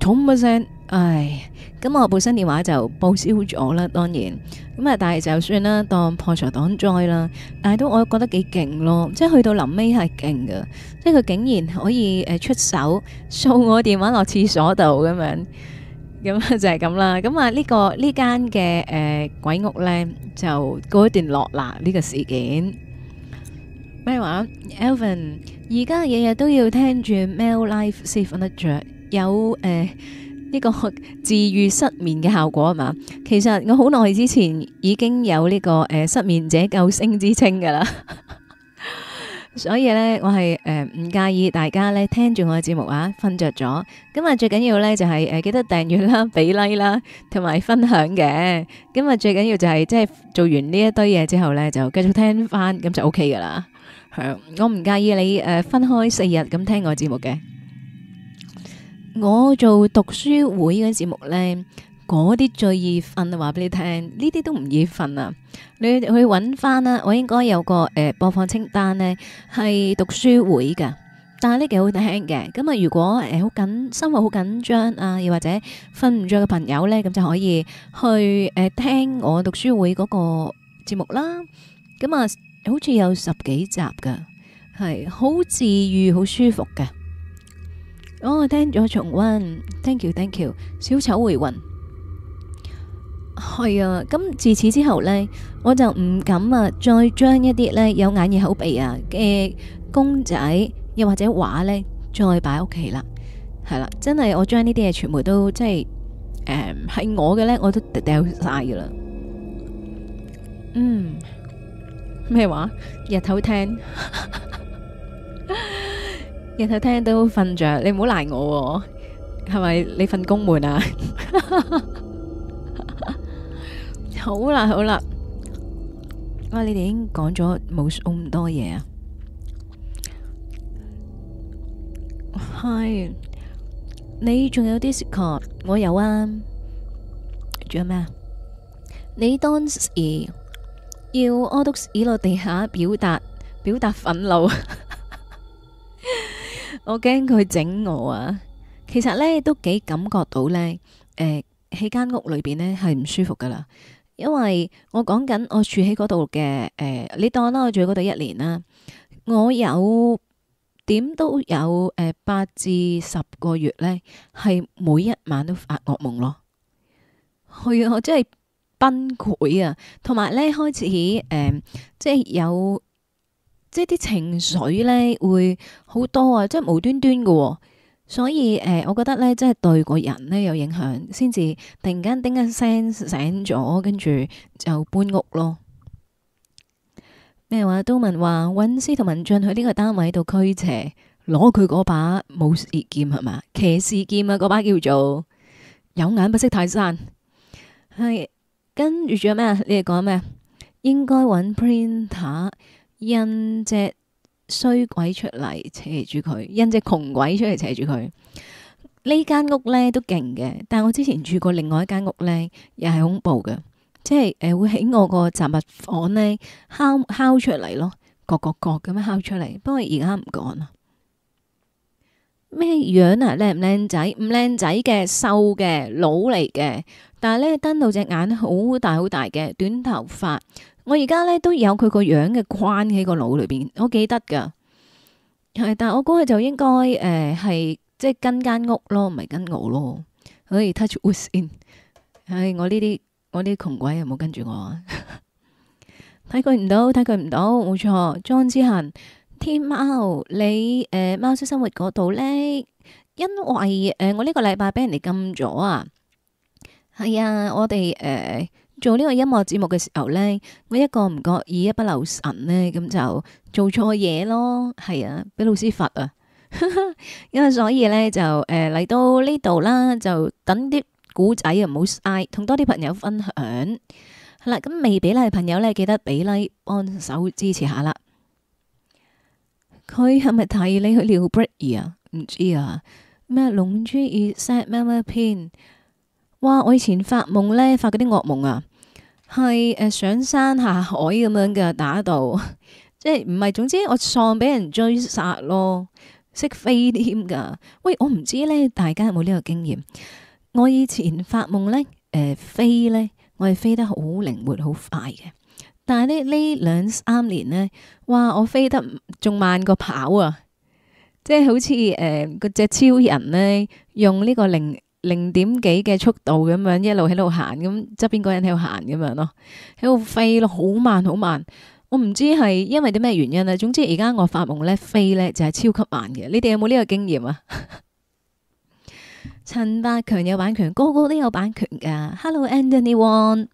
Speaker 1: 重唔聲，唉，咁我部新電話就報銷咗啦。當然咁啊，但係就算啦，當破財擋災啦。但係都我覺得幾勁咯，即係去到臨尾係勁㗎，即係佢竟然可以誒出手掃我電話落廁所度咁樣，咁 就係咁啦。咁啊呢個呢間嘅誒鬼屋呢，就告一段落啦。呢、這個事件咩話？Alvin 而家日日都要聽住《Male Life》先瞓得着。有誒呢，呃這個治愈失眠嘅效果啊嘛，其實我好耐之前已經有呢，這個誒、呃、失眠者救星之稱噶啦，所以咧我係誒唔介意大家咧聽住我嘅節目啊，瞓着咗。咁、嗯、啊最緊要咧就係、是、誒、呃、記得訂閱啦、俾 like、like、啦，同埋分享嘅。咁、嗯、啊最緊要就係、是、即係做完呢一堆嘢之後咧就繼續聽翻，咁就 O K 噶啦。係、嗯、我唔介意你誒、呃、分開四日咁聽我節目嘅。我做讀書會嗰個節目呢，嗰啲最易瞓啊！話俾你聽，呢啲都唔易瞓啊！你去揾翻啦，我應該有個誒、呃、播放清單呢，係讀書會嘅，但係呢幾好聽嘅。咁啊，如果誒好緊生活好緊張啊，又或者瞓唔着嘅朋友呢，咁就可以去誒、呃、聽我讀書會嗰個節目啦。咁啊，好似有十幾集噶，係好治癒、好舒服嘅。我，聽咗重溫，Thank you，Thank you，小丑回魂，係啊，咁自此之後咧，我就唔敢啊，再將一啲咧有眼耳口鼻啊嘅公仔，又或者畫咧，再擺屋企啦，係啦，真係我將呢啲嘢全部都即係，誒，係我嘅咧，我都掉晒嘅啦，嗯，咩話？日頭聽。日頭聽都瞓着，你唔好賴我喎，係咪你份工悶啊？好啦好啦，我話你哋已經講咗冇咁多嘢啊。係，你仲有啲錯，我有啊。仲有咩？你當時要屙督屎落地下，表達表達憤怒。我驚佢整我啊！其實呢，都幾感覺到、呃、在呢。誒喺間屋裏邊呢，係唔舒服噶啦，因為我講緊我住喺嗰度嘅，誒、呃、你當啦，我住喺嗰度一年啦，我有點都有誒八至十個月呢，係每一晚都發噩夢咯。係啊，我真係崩潰啊，同埋呢開始誒、呃，即係有。即係啲情緒呢會好多啊，即係無端端嘅，哦，所以誒、呃，我覺得呢，即係對個人呢有影響，先至突然間叮一聲醒咗，跟住就搬屋咯。咩話？都文話搵司徒文進喺呢個單位度驅邪，攞佢嗰把武士劍係嘛，騎士劍啊，嗰把叫做有眼不識泰山。係跟住仲有咩啊？你哋講咩啊？應該搵 printer。印隻衰鬼出嚟扯住佢，印隻窮鬼出嚟扯住佢。呢間屋呢都勁嘅，但係我之前住過另外一間屋呢，又係恐怖嘅，即係誒、呃、會喺我個雜物房呢，敲敲出嚟咯，角角角咁樣敲出嚟，啊。不過而家唔講啦。咩樣啊？靚唔靚仔？唔靚仔嘅，瘦嘅，老嚟嘅。但係呢，瞪到隻眼好大好大嘅，短頭髮。我而家咧都有佢個樣嘅關喺個腦裏邊，我記得噶，係但係我估計就應該誒係即係跟間屋咯，唔係跟我咯。可以 touch within，係我呢啲我啲窮鬼有冇跟住我？睇佢唔到，睇佢唔到，冇錯。張之行，天喵，你誒喵式生活嗰度咧，因為誒我呢個禮拜俾人哋禁咗啊，係啊，我哋誒。做呢個音樂節目嘅時候呢，我一個唔覺意一不留神呢，咁就做錯嘢咯，係啊，俾老師罰啊，因 為，所以呢，就誒嚟、呃、到呢度啦，就等啲古仔啊，唔好嗌，同多啲朋友分享。係、啊、啦，咁未俾 like 嘅朋友呢，記得俾 like 幫手支持下啦。佢係咪提你去尿 break 啊？唔知啊，咩龍珠二三咩咩篇？哇！我以前發夢呢，發嗰啲噩夢啊，係誒、呃、上山下海咁樣嘅打鬥，即係唔係。總之我喪俾人追殺咯，識飛添噶。喂，我唔知呢，大家有冇呢個經驗？我以前發夢呢，誒、呃、飛咧，我係飛得好靈活，好快嘅。但係咧，呢兩三年呢，哇！我飛得仲慢過跑啊，即係好似誒嗰隻超人呢，用呢個靈。零點幾嘅速度咁樣一路喺度行，咁側邊嗰人喺度行咁樣咯，喺度飛咯，好慢好慢。我唔知係因為啲咩原因啊。總之而家我發夢咧飛咧就係超級慢嘅。你哋有冇呢個經驗啊？陳百強有版權，個個都有版權噶。Hello Anthony Wong，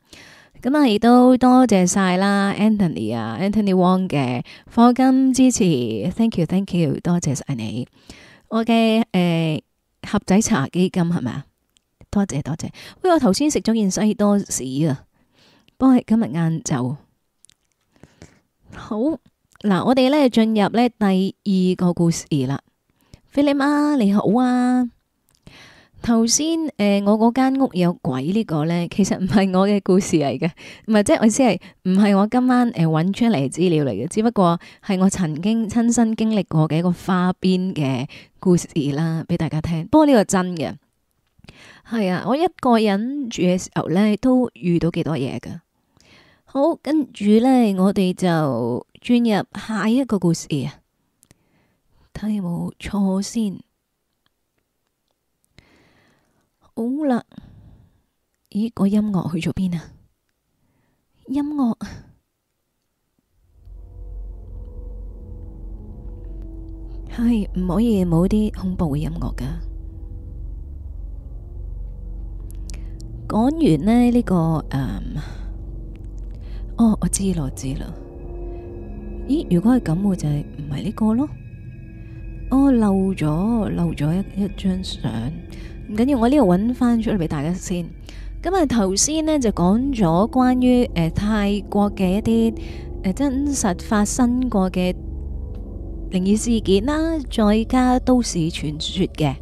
Speaker 1: 咁啊亦都多謝晒啦，Anthony 啊，Anthony Wong 嘅課金支持，thank you，thank you，多謝晒你。OK，誒、uh,。盒仔茶基金係咪啊？多謝多謝。喂、哎，我頭先食咗件西多士啊，不過今日晏晝好嗱，我哋咧進入咧第二個故事啦，Philip 啊，你好啊。頭先誒，我嗰間屋有鬼個呢個咧，其實唔係我嘅故事嚟嘅，唔係，即係意思係唔係我今晚誒揾、呃、出嚟資料嚟嘅，只不過係我曾經親身經歷過嘅一個花邊嘅故事啦，俾大家聽。不過呢個真嘅，係啊，我一個人住嘅時候咧，都遇到幾多嘢噶。好，跟住咧，我哋就轉入下一個故事啊，睇有冇錯先。好啦，咦？個音樂去咗邊啊？音樂係唔可以冇啲恐怖嘅音樂㗎。講完呢呢個誒，哦，我知啦，我知啦。咦？如果係咁，我就係唔係呢個咯？哦，漏咗漏咗一一張相。唔緊要，我呢度搵翻出嚟俾大家先。咁啊，頭先咧，就講咗關於誒泰國嘅一啲誒真實發生過嘅靈異事件啦，再加都市傳說嘅。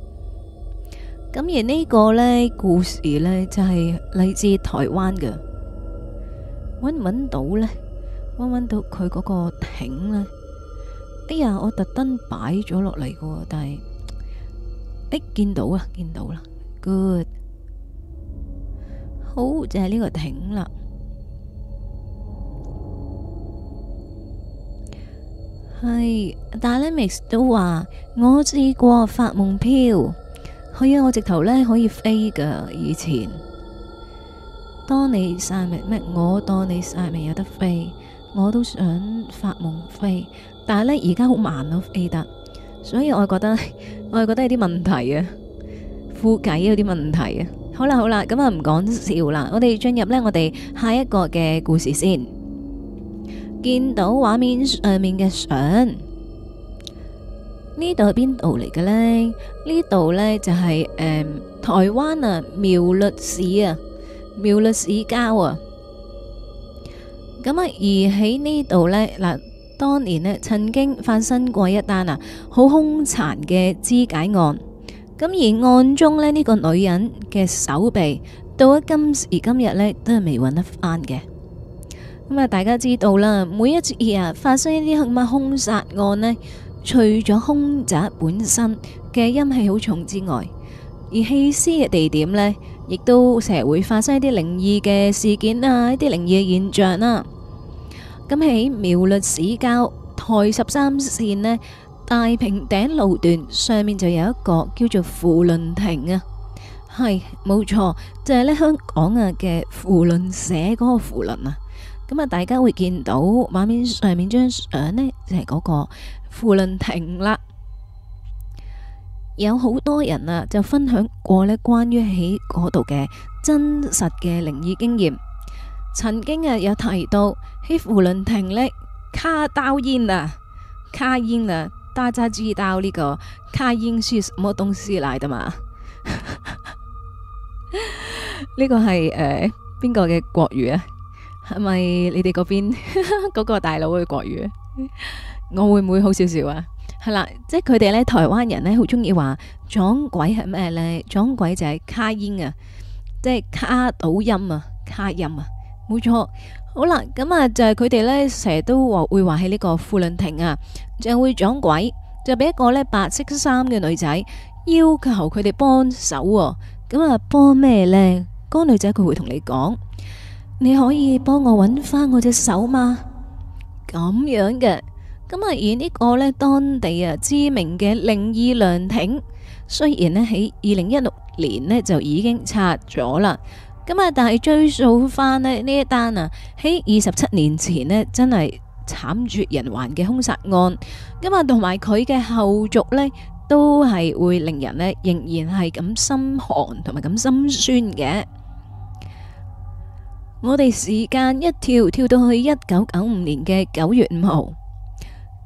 Speaker 1: 咁而呢個咧故事咧就係嚟自台灣嘅。搵唔搵到咧？搵唔搵到佢嗰個艇咧？哎呀，我特登擺咗落嚟嘅，但係。誒、欸，見到啦，見到啦，Good，好就係、是、呢個停啦。係， 但係呢 mix 都話，我試過發夢飄，可以我直頭呢可以飛噶。以前，當你晒命咩，我當你晒命有得飛，我都想發夢飛。但係呢，而家好慢咯、啊，飛得。所以我係覺得，我係覺得有啲問題啊，膚計有啲問題啊。好啦好啦，咁啊唔講笑啦，我哋進入咧我哋下一個嘅故事先。見到畫面上面嘅相，呢度係邊度嚟嘅咧？呢度咧就係誒台灣啊苗栗市啊苗栗市郊啊。咁啊而喺呢度咧嗱，當年咧，曾經發生過一單啊，好凶殘嘅肢解案。咁而案中咧，呢個女人嘅手臂到咗今時今日咧，都係未揾得翻嘅。咁啊，大家知道啦，每一次啊，發生一啲乜凶殺案咧，除咗凶宅本身嘅陰氣好重之外，而棄屍嘅地點呢，亦都成日會發生一啲靈異嘅事件啊，一啲靈異嘅現象啊。咁喺苗栗市郊台十三線呢，大平頂路段上面就有一個叫做扶輪亭啊，係冇錯，就係呢香港啊嘅扶輪社嗰個扶輪啊。咁啊，大家會見到畫面上面張相呢就係嗰個扶輪亭啦，有好多人啊就分享過呢，關於喺嗰度嘅真實嘅靈異經驗。曾經啊，有提到喺胡倫廷咧卡到音啊，卡煙啊，大家知道呢個卡煙是乜東西嚟噶嘛？呢個係誒邊個嘅國語啊？係咪你哋嗰邊嗰個大佬嘅國語？我會唔會好少少啊？係啦，即係佢哋咧台灣人咧好中意話撞鬼係咩咧？撞鬼就係卡煙啊，即係卡到音啊，卡音啊。 冇錯，好啦，咁啊就係佢哋呢成日都話會話喺呢個富倫亭啊，就會撞鬼，就俾一個呢白色衫嘅女仔要求佢哋幫手，咁啊幫咩呢？嗰個女仔佢會同你講，你可以幫我揾翻我隻手嗎？咁樣嘅，咁啊而呢個呢當地啊知名嘅靈異涼亭，雖然呢喺二零一六年呢就已經拆咗啦。咁啊！但係追溯翻呢呢一單啊，喺二十七年前呢，真係慘絕人寰嘅兇殺案。咁啊，同埋佢嘅後續呢，都係會令人呢仍然係咁心寒同埋咁心酸嘅。我哋時間一跳跳到去一九九五年嘅九月五號，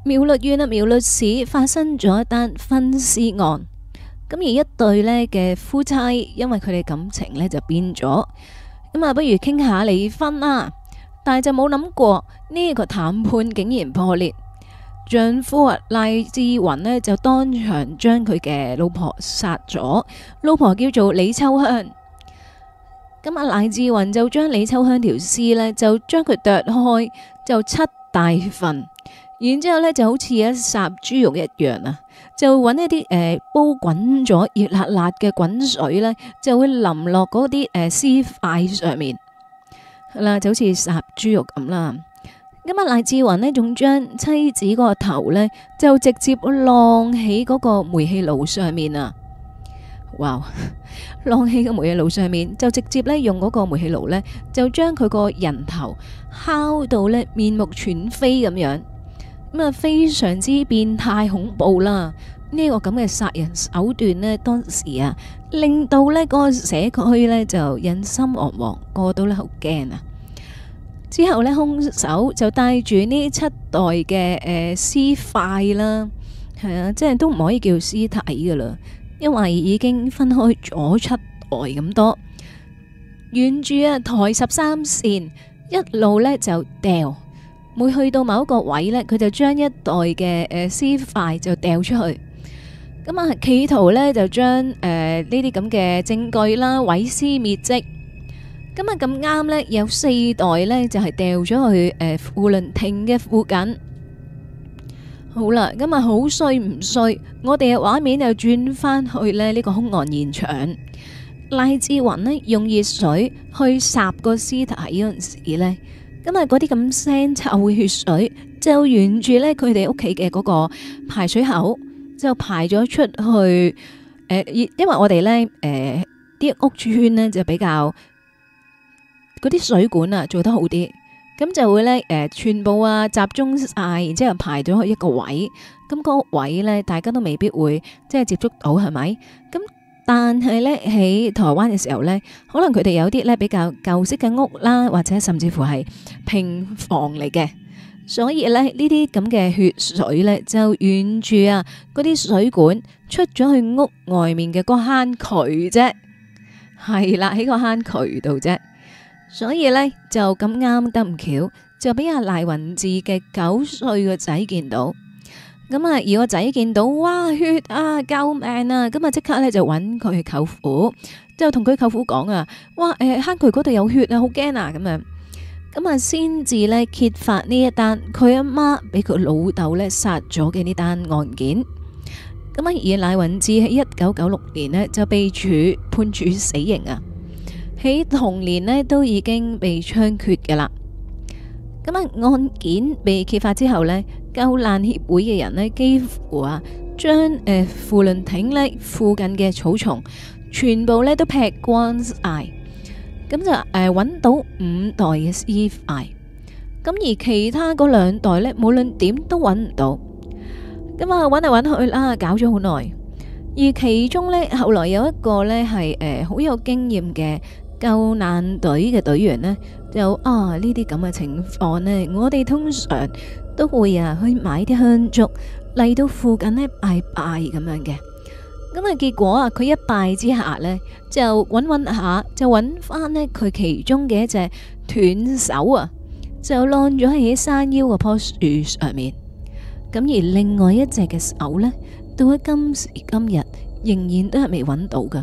Speaker 1: 苗栗縣啊苗栗市發生咗一單分屍案。咁而一對咧嘅夫妻，因為佢哋感情咧就變咗，咁啊不如傾下離婚啦。但係就冇諗過呢個談判竟然破裂，丈夫阿賴志雲咧就當場將佢嘅老婆殺咗。老婆叫做李秋香，咁啊，賴志雲就將李秋香條屍咧就將佢剁開，就七大份，然之後咧就好似一殺豬肉一樣啊！就揾一啲誒、呃、煲滾咗熱辣辣嘅滾水咧，就會淋落嗰啲誒屍塊上面啦、嗯，就好似殺豬肉咁啦。咁啊，賴志雲呢，仲將妻子嗰個頭咧，就直接晾喺嗰個煤氣爐上面啊！哇，晾喺個煤氣爐上面，就直接咧用嗰個煤氣爐咧，就將佢個人頭烤到咧面目全非咁樣。咁啊，非常之變態恐怖啦！呢個咁嘅殺人手段呢，當時啊，令到呢個社區呢就人心惶惶，個個都好驚啊！之後呢，兇手就帶住呢七袋嘅誒屍塊啦，係啊，即係都唔可以叫屍體噶啦，因為已經分開咗七袋咁多，沿住啊台十三線一路呢就掉。每去到某一個位呢佢就將一袋嘅誒屍塊就掉出去，咁啊，企圖呢就將誒呢啲咁嘅證據啦毀屍滅跡。咁啊咁啱呢，有四袋呢就係掉咗去誒庫倫亭嘅附近。好啦，咁啊好衰唔衰？我哋嘅畫面又轉翻去咧呢個凶案現場，賴志雲呢，用熱水去濕個屍體嗰陣時咧。咁咪嗰啲咁腥臭嘅血水就沿住咧佢哋屋企嘅嗰個排水口就排咗出去，呃。因為我哋咧啲屋村咧就比較嗰啲水管啊做得好啲，咁就會咧誒、呃、全部啊集中晒，然之後排咗去一個位。咁、嗰個位咧大家都未必會即係接觸到，係咪？咁但係咧，喺台灣嘅時候咧，可能佢哋有啲咧比較舊式嘅屋啦，或者甚至乎係平房嚟嘅，所以咧呢啲咁嘅血水咧就沿住啊嗰啲水管出咗去屋外面嘅個坑渠啫，係啦，喺個坑渠度啫，所以咧就咁啱得唔巧，就俾阿賴雲志嘅九歲個仔見到。咁啊！而個仔見到哇血啊，救命啊！咁啊，即刻咧就揾佢舅父，之後同佢舅父講啊，哇！誒、呃，坑渠嗰度有血啊，好驚啊！咁樣，咁啊，先至咧揭發呢一單佢阿媽俾佢老豆咧殺咗嘅呢單案件。咁啊，而賴雲智喺一九九六年呢就被處判處死刑啊，喺同年呢都已經被槍決噶啦。咁啊，案件被揭發之後，呢救難協會嘅人呢幾乎啊，將誒扶輪亭呢附近嘅草叢全部呢都劈光晒，咁就誒揾到五代嘅屍骸，咁而其他嗰兩代呢，無論點都揾唔到，咁啊揾嚟揾去啦，搞咗好耐，而其中呢，後來有一個呢係誒好有經驗嘅救難隊嘅隊員呢。就啊呢啲咁嘅情況咧，我哋通常都會啊去買啲香燭嚟到附近咧拜拜咁樣嘅。咁啊結果啊，佢一拜之下咧，就揾揾下，就揾翻咧佢其中嘅一隻斷手啊，就晾咗喺山腰嗰棵樹上面。咁而另外一隻嘅手咧，到咗今時今日仍然都係未揾到㗎。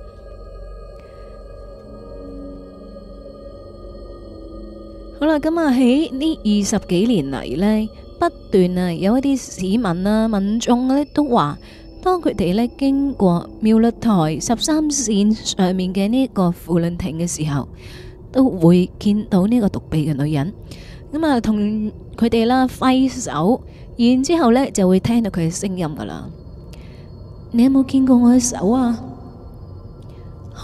Speaker 1: 好啦，咁啊喺呢二十幾年嚟呢，不斷啊有一啲市民啊民眾呢都話，當佢哋呢經過苗栗台十三線上面嘅呢個扶輪亭嘅時候，都會見到呢個獨臂嘅女人，咁啊同佢哋啦揮手，然之後呢就會聽到佢嘅聲音㗎喇。你有冇見過我嘅手啊？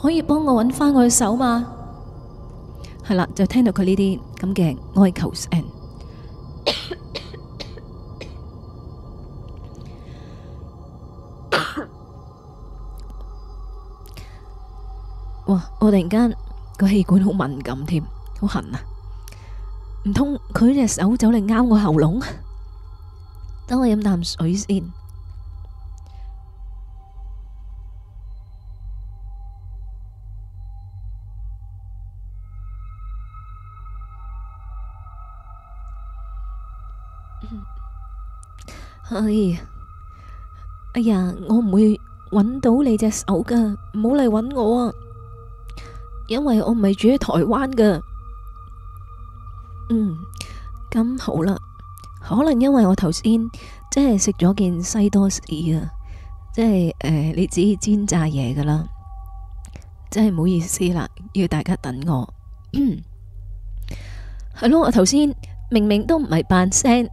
Speaker 1: 可以幫我揾翻我嘅手嗎？係啦，就聽到佢呢啲咁嘅哀求聲。哇！我突然間個氣管好敏感添，好痕啊！唔通佢隻手走嚟勾我喉嚨？等我飲啖水先。哎呀，哎呀，我唔會揾到你隻手噶，唔好嚟揾我啊！因為我唔係住喺台灣噶。嗯，咁好啦，可能因為我頭先真係食咗件西多士啊，即係誒，你知煎炸嘢噶啦，真係唔好意思啦，要大家等我。嗯，係咯，我頭先明明都唔係扮聲。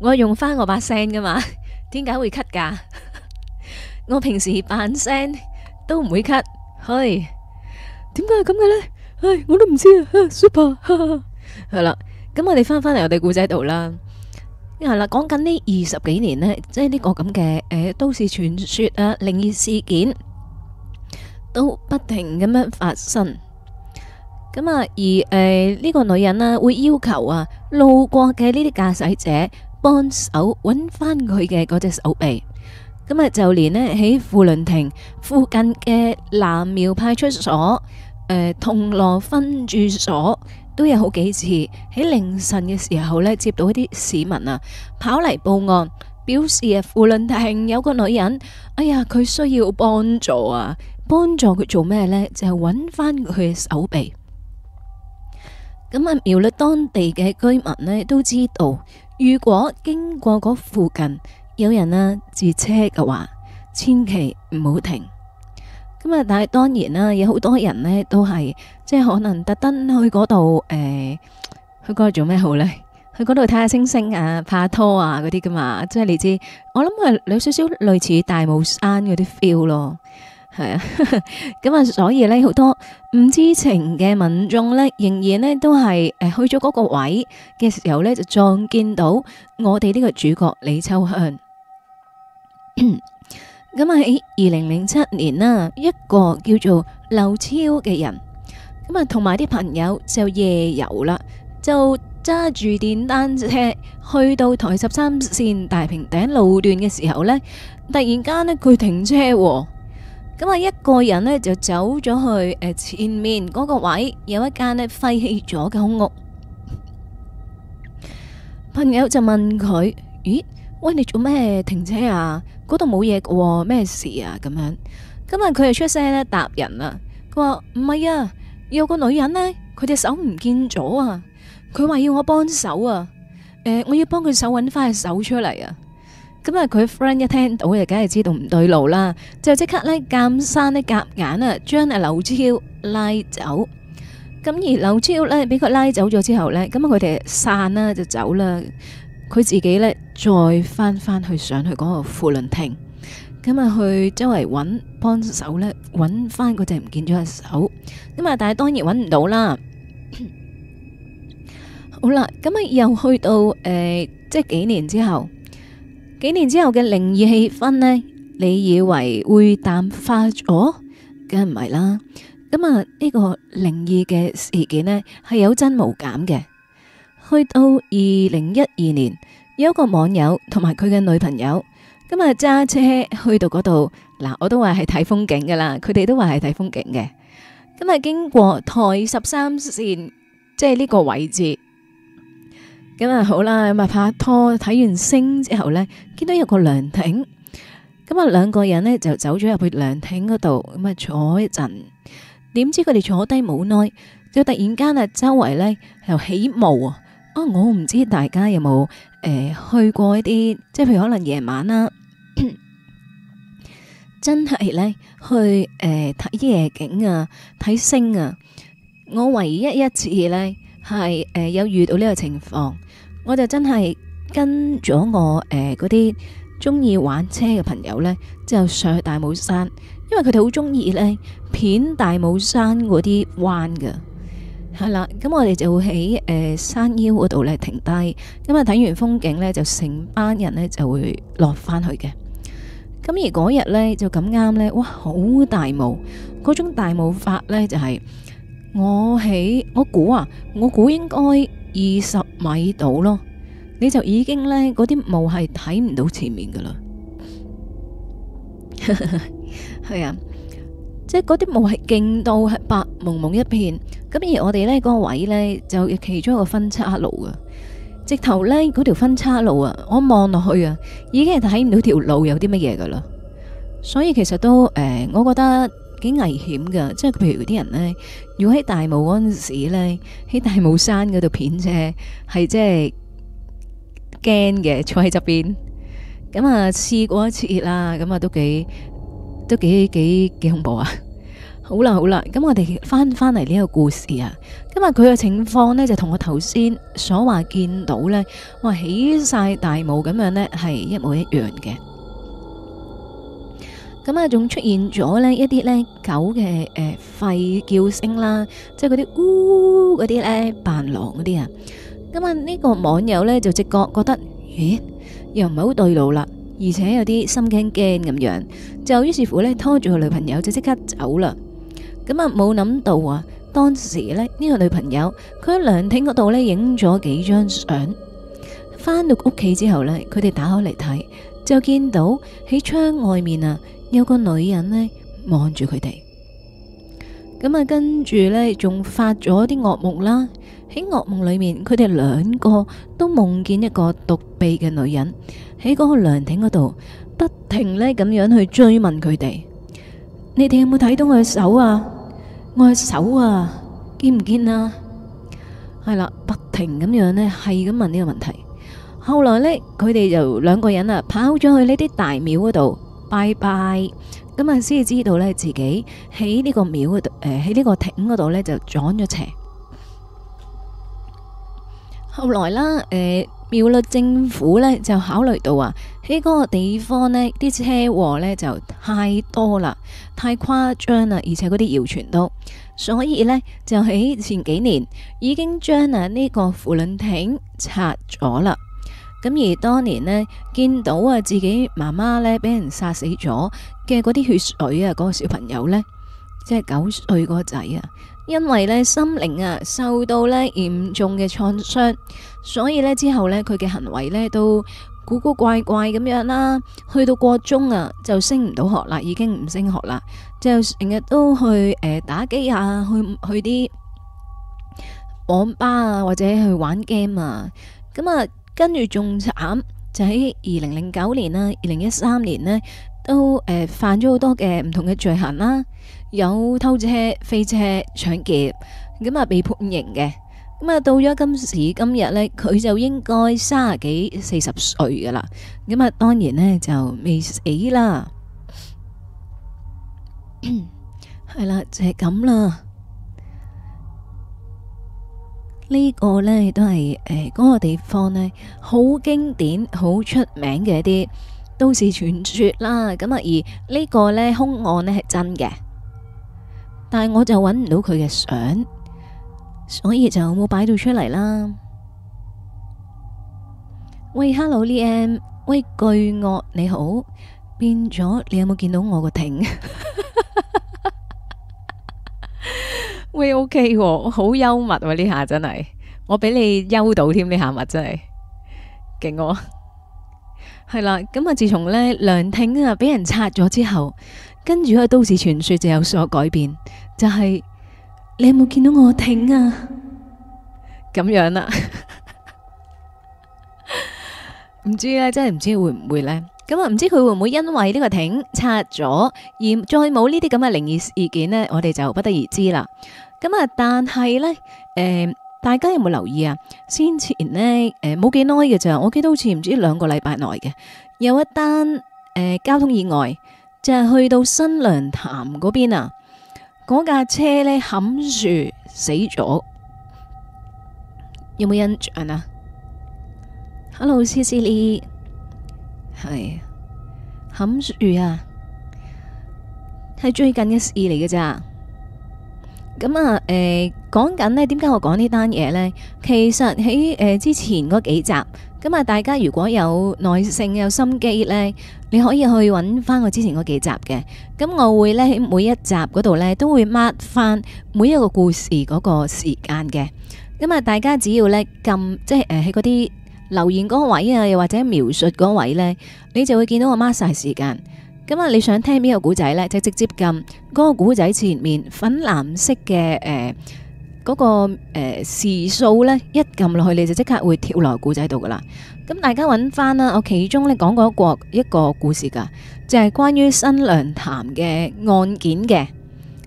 Speaker 1: 我用翻我把聲噶嘛？點解會咳噶？ 我平時扮聲都唔會咳，去點解係咁嘅呢？唉，我都唔知啊。Super 係、啊、啦，咁 我哋翻翻嚟，我哋故仔度啦，係啦，講緊呢二十幾年呢，即係呢個咁嘅誒，都市傳說啊，靈異事件都不停咁樣發生。咁啊，而誒呢、呃這個女人啊，會要求啊路過嘅呢啲駕駛者，幫手揾翻佢嘅嗰隻手臂，咁啊，就連咧喺富倫亭附近嘅南廟派出所，誒銅鑼分駐所都有好幾次喺凌晨嘅時候咧，接到一啲市民啊跑嚟報案，表示啊富倫亭有個女人，哎呀，佢需要幫助啊，幫助佢做咩咧？就係揾翻佢嘅手臂。咁啊，苗栗當地嘅居民咧都知道。如果經過嗰附近有人呢截車嘅話，千祈唔好停。咁啊，但係當然啦，有好多人呢都係即係可能特登去嗰度誒，去嗰度做咩好呢？去嗰度睇下星星啊，拍下拖啊嗰啲噶嘛，即係你知，我諗係有少少類似大帽山嗰啲 feel 咯。係啊，咁啊，所以咧，好多唔知情嘅民眾咧，仍然咧都係誒去咗嗰個位嘅時候咧，就撞見到我哋呢個主角李秋香。咁喺二零零七年啦，一個叫做劉超嘅人，咁啊，同埋啲朋友就夜遊啦，就揸住電單車去到台十三綫大平頂路段嘅時候咧，突然間咧佢停車。咁啊，一個人呢，就走咗去誒，前面嗰個位有一間呢，廢棄咗嘅空屋。朋友就問佢，咦，喂，你做咩停車啊？嗰度冇嘢嘅，咩事啊？咁樣，咁啊佢就出聲呢，答人啦。佢話唔係啊，有個女人呢，佢隻手唔見咗啊。佢話要我幫手啊，誒、欸，我要幫佢手揾翻隻手出嚟啊。咁啊！佢 friend 一聽到，又梗係知道唔對路啦，就即刻咧，監生啲夾硬啊，將阿劉超拉走。咁而劉超咧，俾佢拉走咗之後咧，咁啊，佢哋散啦，就走啦。佢自己咧，再翻翻去上去嗰個富倫亭，咁啊，去周圍揾幫手咧，揾翻嗰隻唔見咗隻手。咁啊，但係當然揾唔到啦。好啦，咁啊，又去到誒，即係幾年之後。幾年之後嘅靈異氣氛咧，你以為會淡化咗？梗係唔係啦。咁啊，呢個靈異嘅事件咧，係有增無減嘅。去到二零一二年，有一個網友同埋佢嘅女朋友，咁啊，揸車去到嗰度。嗱，我都話係睇風景噶啦，佢哋都話係睇風景嘅。咁啊，經過台十三線，即係呢個位置。咁啊好啦，咁啊拍拖睇完星之後咧，見到有個涼亭，咁啊兩個人咧就走咗入去涼亭嗰度，咁啊坐一陣。點知佢哋坐低冇耐，就突然間啊周圍咧又起霧啊！我唔知大家有冇誒去過一啲，即係譬如可能夜晚啦，真係咧去誒睇夜景啊，睇星啊。我唯一一次咧係誒有遇到呢個情況。我就真係跟咗我誒嗰啲中意玩車嘅朋友咧，就上去大帽山，因為佢哋好中意咧片大帽山嗰啲彎㗎，係啦。咁我哋就會喺誒山腰嗰度咧停低，咁啊睇完風景咧就成班人咧就會落翻去嘅。咁而嗰日咧就咁啱咧，哇，好大霧，嗰種大霧法咧就係我喺我估啊，我估應該。二十米度咯，你就已經呢嗰啲霧係睇唔到前面噶啦，係 啊，即係嗰啲霧係勁到係白蒙蒙一片，咁而我哋呢嗰個位呢，就其中一個分岔路噶，直頭呢嗰條分岔路啊，我望落去啊，已經係睇唔到條路有啲乜嘢噶啦，所以其實都誒、呃，我覺得。幾危險噶，即係譬如啲人咧，要喺大霧嗰陣時咧，喺大霧山嗰度片車，係即係驚嘅，坐喺側邊。咁啊，試過一次啦，咁啊都幾都幾幾幾恐怖啊！好啦好啦，咁我哋翻翻嚟呢個故事啊，今日佢嘅情況咧就同我頭先所話見到咧，哇起晒大霧咁樣咧係一模一樣嘅。咁啊，仲出現咗呢一啲呢狗嘅誒吠叫聲啦，即係嗰啲「嗚」嗰啲呢扮狼嗰啲啊。咁啊，呢個網友呢，就直覺覺得，咦，又唔係好對路啦，而且有啲心驚驚咁樣，就於是乎呢拖住個女朋友就即刻走啦。咁啊，冇諗到啊，當時呢，呢個女朋友佢喺涼亭嗰度呢，影咗幾張相，翻到屋企之後呢，佢哋打開嚟睇，就見到喺窗外面啊～有個女人呢，望住佢哋。咁啊跟住呢仲發咗啲噩夢啦。喺噩夢裏面，佢哋兩個都夢見一個獨臂嘅女人喺嗰個涼亭嗰度，不停呢咁樣去追問佢哋，你哋有冇睇到我嘅手啊？我嘅手啊，見唔見啊？係啦，不停咁樣呢，係咁問呢個問題。後來呢，佢哋就兩個人啊，跑咗去呢啲大廟嗰度。拜拜，咁啊先知道呢，自己喺呢個廟度，誒喺呢個亭嗰度呢，就撞咗邪。後來啦，誒廟律政府呢，就考慮到啊，喺嗰個地方呢，啲車禍呢就太多啦，太誇張啦，而且嗰啲謠傳都，所以呢，就喺前幾年已經將啊呢個扶輪亭拆咗啦。咁而當年呢，見到啊自己媽媽呢，俾人殺死咗嘅嗰啲血水啊，嗰、嗰個小朋友呢，即係九歲個仔啊，因為呢，心靈啊受到呢嚴重嘅創傷，所以呢，之後呢，佢嘅行為呢，都古古怪怪咁樣啦。去到國中啊就升唔到學啦，已經唔升學啦，就成日都去誒、呃、打機啊，去去啲網吧啊或者去玩 game 啊，咁啊。跟住仲慘，就喺二零零九年啦，二零一三年呢，都誒、呃、犯咗好多嘅唔同嘅罪行啦，有偷車、飛車、搶劫，咁啊被判刑嘅，咁啊到咗今時今日呢，佢就應該三十幾四十歲噶啦，咁啊當然呢， 就未死啦，係啦就係咁啦。呢、這個呢都係誒嗰個地方呢好經典、好出名嘅一啲都市傳說啦。咁啊而呢個呢凶案呢係真嘅，但係我就揾唔到佢嘅相，所以就冇擺到出嚟啦。喂，Hello，Liam，喂，巨鱷你好，變咗你有冇見到我個艇？ 喂，OK，好幽默啊！呢下真係，我俾你幽到添，呢下物真係勁喎。係啦，哦，咁啊，自從呢涼亭啊俾人拆咗之後，跟住個都市傳說就有所改變，就係、是、你有冇見到我亭啊？咁樣啦，唔 知咧，真係唔知會唔會呢。咁啊，唔知佢會唔會因為呢個亭拆咗而再冇呢啲咁嘅靈異事件呢？我哋就不得而知啦。咁啊！但係呢，誒，大家有冇留意啊？先前呢，誒、呃，冇幾耐嘅咋，我記得好似唔知兩個禮拜內嘅，有一單誒、呃、交通意外，就係、是、去到新娘潭嗰邊啊，嗰架車呢，冚樹死咗，有冇印象啊？Hello，CC Lee，係冚樹啊，係最近嘅事嚟嘅咋。咁啊，誒，講緊呢，點解我講呢單嘢呢？其實喺誒、呃、之前嗰幾集，咁啊，大家如果有耐性有心機呢，你可以去揾翻我之前嗰幾集嘅。咁我會呢喺每一集嗰度呢，都會 mark 翻每一個故事嗰個時間嘅。咁啊，大家只要呢，撳，即係誒喺嗰啲留言嗰位啊，又或者描述嗰位呢，你就會見到我 mark 晒時間。咁啊！你想聽邊個古仔呢？就直接撳嗰個古仔前面粉藍色嘅誒嗰個誒、呃、時數咧，一撳落去你就即刻會跳落古仔度噶啦。咁大家揾翻啦，我其中咧講過一個，一個故事噶，就係、是、關於新娘潭嘅案件嘅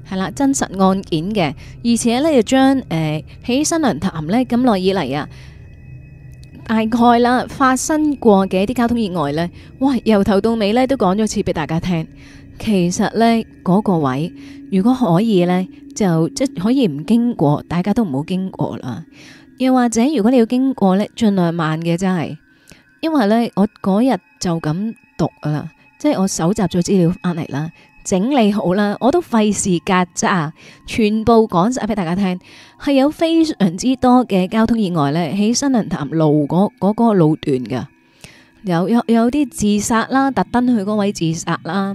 Speaker 1: 係啦，真實案件嘅，而且呢，就將誒喺新娘潭呢，咁耐以嚟啊。大概啦，發生過嘅一啲交通意外呢，哇，由頭到尾呢都講咗次俾大家聽。其實呢嗰個位如果可以呢，就即可以唔經過，大家都唔好經過啦。又或者如果你要經過呢，盡量慢嘅真係，因為呢，我嗰日就咁讀噶啦，即係我搜集咗資料翻嚟啦。整理好啦，我都費事夾質啊！全部講晒俾大家聽，係有非常之多嘅交通意外咧，喺新屯頭路嗰嗰、嗰個路段嘅，有有有啲自殺啦，特登去嗰位自殺啦。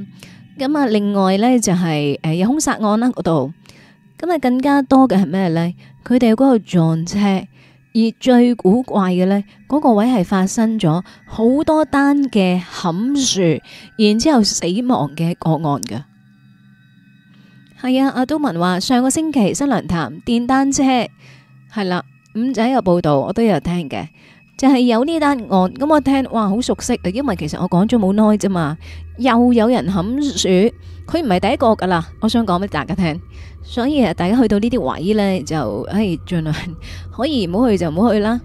Speaker 1: 咁、嗯、啊，另外咧就係、是、誒、呃、有凶殺案啦嗰度，咁啊更加多嘅係咩咧？佢哋嗰度撞車。而最古怪嘅呢，嗰、那個位係發生咗好多單嘅砍樹，然之後死亡嘅個案嘅。係啊，阿都文話上個星期新娘潭電單車，係啦，五仔有報道，我都有聽嘅。就係、是，有呢單案，咁我聽，哇，好熟悉啊！因為其實我講咗冇耐啫嘛，又有人砍樹，佢唔係第一個噶啦。我想講俾大家聽，所以大家去到呢啲位呢，就係盡、哎、量可以唔好去就唔好去啦。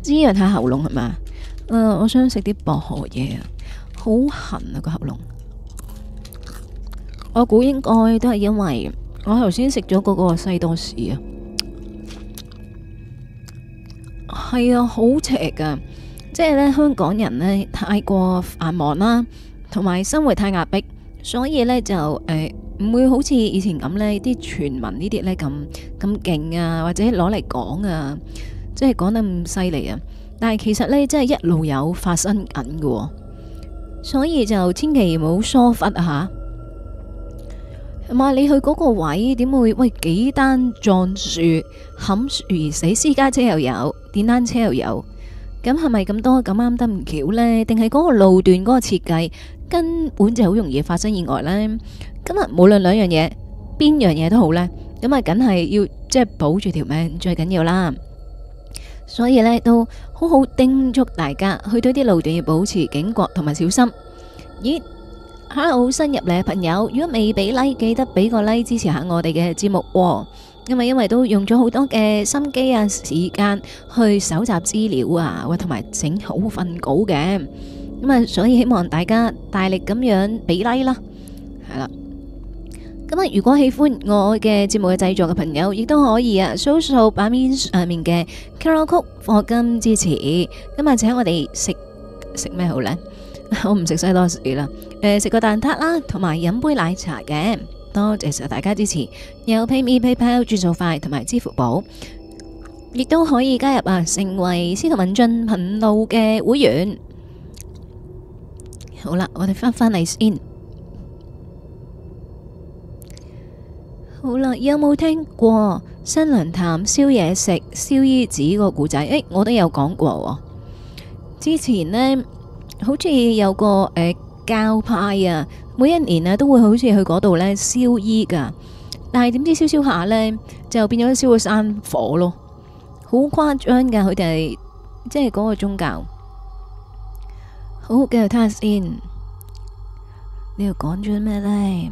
Speaker 1: 滋潤下喉嚨係嘛？誒、呃，我想食啲薄荷嘢啊，好痕啊個喉嚨。我估應該都係因為我頭先食咗嗰個西多士啊。係啊，好邪噶，啊，即係呢，香港人呢，太過繁忙啦，同埋生活太壓迫，所以呢，就誒唔、欸、會好似以前咁呢啲傳聞呢啲呢咁咁勁啊，或者攞嚟講啊，即係講得咁犀利啊，但係其實呢，真係一路有發生緊噶，所以就千祈唔好疏忽啊。同埋你去嗰個位點會喂幾單撞樹、冚樹死，私家車又有，電單車又有，咁係咪咁多咁啱得唔巧呢？定係嗰個路段嗰個設計根本就好容易發生意外呢？今日無論兩樣嘢，邊樣嘢都好呢？咁啊，梗係要即係保住條命最緊要啦。所以呢，都好好叮囑大家，去到啲路段要保持警覺同埋小心。咦？Hello，好新入嚟嘅朋友，如果未俾 like，記得俾個 like 支持下我哋嘅節目，哦，因為因為都用咗好多嘅心機啊、時間去搜集資料啊，或同埋整好份稿嘅，咁啊，所以希望大家大力咁樣俾 like 啦，係啦。咁啊，如果喜歡我嘅節目嘅製作嘅朋友，亦都可以啊，搜索版面上面嘅卡拉曲課金支持咁啊，請我哋食食咩好呢？ 我唔食西多士啦。誒，食個蛋撻啦、啊，同埋飲杯奶茶嘅。多謝晒大家支持，有 PayMe、PayPal 轉數快，同埋支付寶，亦都可以加入啊，成為司徒文進頻道嘅會員。好啦，我哋翻翻嚟先。好啦，有冇聽過新娘潭燒嘢食燒姨子個故仔？誒、欸，我都有講過喎、哦。之前呢，好似有個誒。呃教派啊，每一年咧、啊、都會好似去嗰度呢燒衣噶，但係點知燒燒下呢，就變咗燒咗山火咯，好誇張噶！佢哋即係嗰個宗教。好，繼續睇下先。你又講咗咩呢？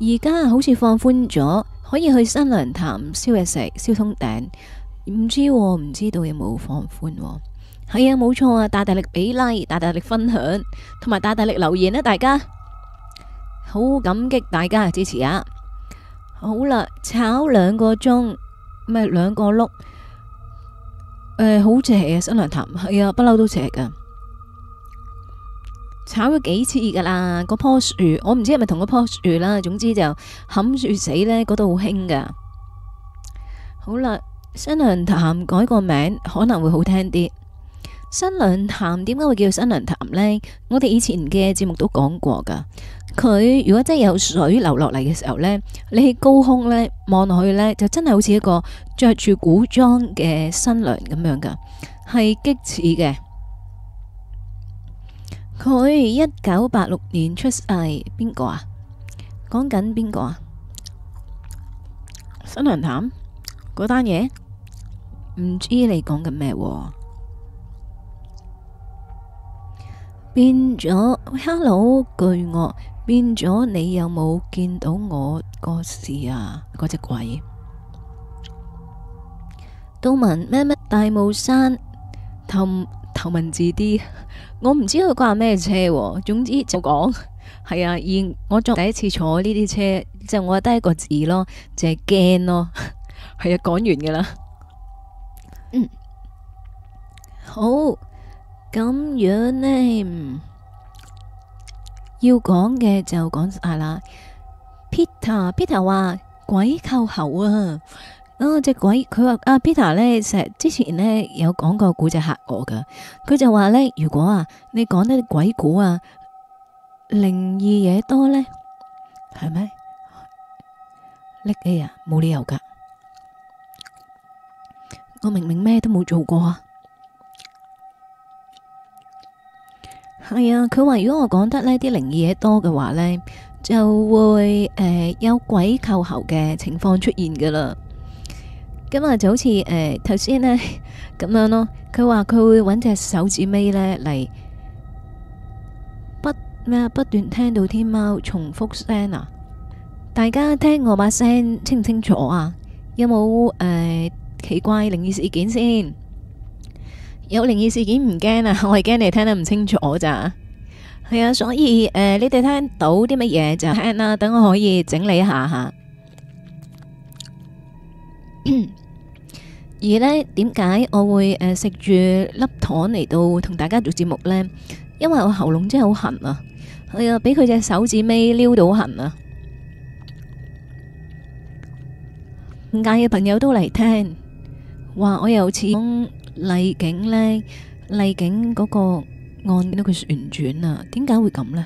Speaker 1: 而家好似放寬咗，可以去新娘潭燒嘢食、燒通頂，唔知唔、哦、知道有冇放寬、哦？係啊，冇錯啊！大大力俾 like，大大力分享，同埋大大力留言啊！大家好感激大家嘅支持啊！好啦，炒兩個鐘，咩兩個碌，唉、欸，好邪啊！新娘潭係啊，不嬲都邪噶，炒咗幾次噶啦，嗰樖樹，我唔知係咪同嗰樖樹啦，總之就冚樹死呢，嗰度好興噶。好啦，新娘潭改個名可能會好聽啲。新娘潭點解會叫做新娘潭咧？我哋以前嘅節目都講過噶，佢如果真係有水流落嚟嘅時候咧，你喺高空咧望落去咧，就真係好似一個着住古裝嘅新娘咁樣噶，係激似嘅。佢一九八六年出世，邊個啊？講緊邊個啊？新娘潭嗰單嘢，唔知你講緊咩？變咗，Hello 巨鱷，變咗，你有冇見到我個事啊？嗰隻鬼，都文咩咩大霧山，頭頭文字 D，我唔知佢掛咩車，嗯，總之就講係啊。而我仲第一次坐呢啲車，就我得一個字咯，就係、是、驚咯。係 啊，講完噶啦，嗯，好。咁樣呢，要講嘅就講係啦。Peter，Peter 話鬼叩喉啊！啊，隻鬼，佢話阿 Peter 呢，實之前呢有講過古仔吓我噶。佢就話呢，如果啊你講啲鬼故啊靈異嘢多呢，係咩？匿 A 啊，冇理由噶！我明明咩都冇做過啊！係啊，佢話如果我講得呢啲靈異嘢多嘅話呢，就會誒有鬼叩喉嘅情況出現㗎喇。咁啊就好似誒頭先呢咁樣咯，佢話佢會搵隻手指尾呢嚟不咩啊不斷聽到天喵重複聲啊！大家聽我把聲清唔清楚啊？有冇誒奇怪靈異事件先？有靈異事件唔驚啊， 我係驚你聽得唔清楚咋。係啊，所以誒、呃，你哋聽到啲乜嘢就聽啦，等我可以整理一下一下。 而呢點解我會誒食住粒糖嚟,到同大家做節目呢？因為我喉嚨真係好痕啊，哎呀，俾佢隻手指尾撩到痕啊。唔介意嘅 朋友都嚟聽，話我又似。 麗景咧，麗景嗰個按到佢旋轉啊，點解會咁咧？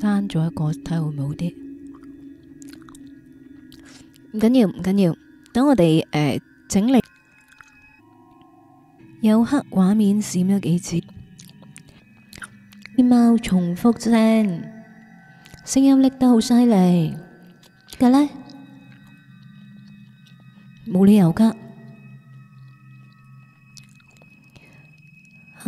Speaker 1: 刪咗一個睇下會唔會好啲？唔緊要，唔緊要。等我哋誒整理。有黑畫面閃咗幾次，啲貓重複聲，聲音拎得好犀利。點解咧，冇理由噶。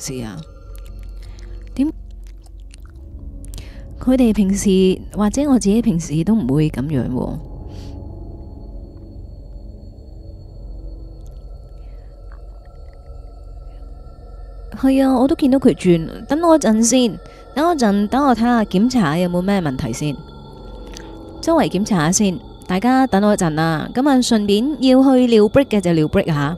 Speaker 1: 是啊，點？佢哋平時或者我自己平時都唔會咁樣喎。係啊，我都見到佢轉，等我一陣先，等我一陣，等我睇下檢查下有冇咩問題先，周圍檢查下先。大家等我一陣啊，咁啊順便要去尿 break 嘅就尿 break 下。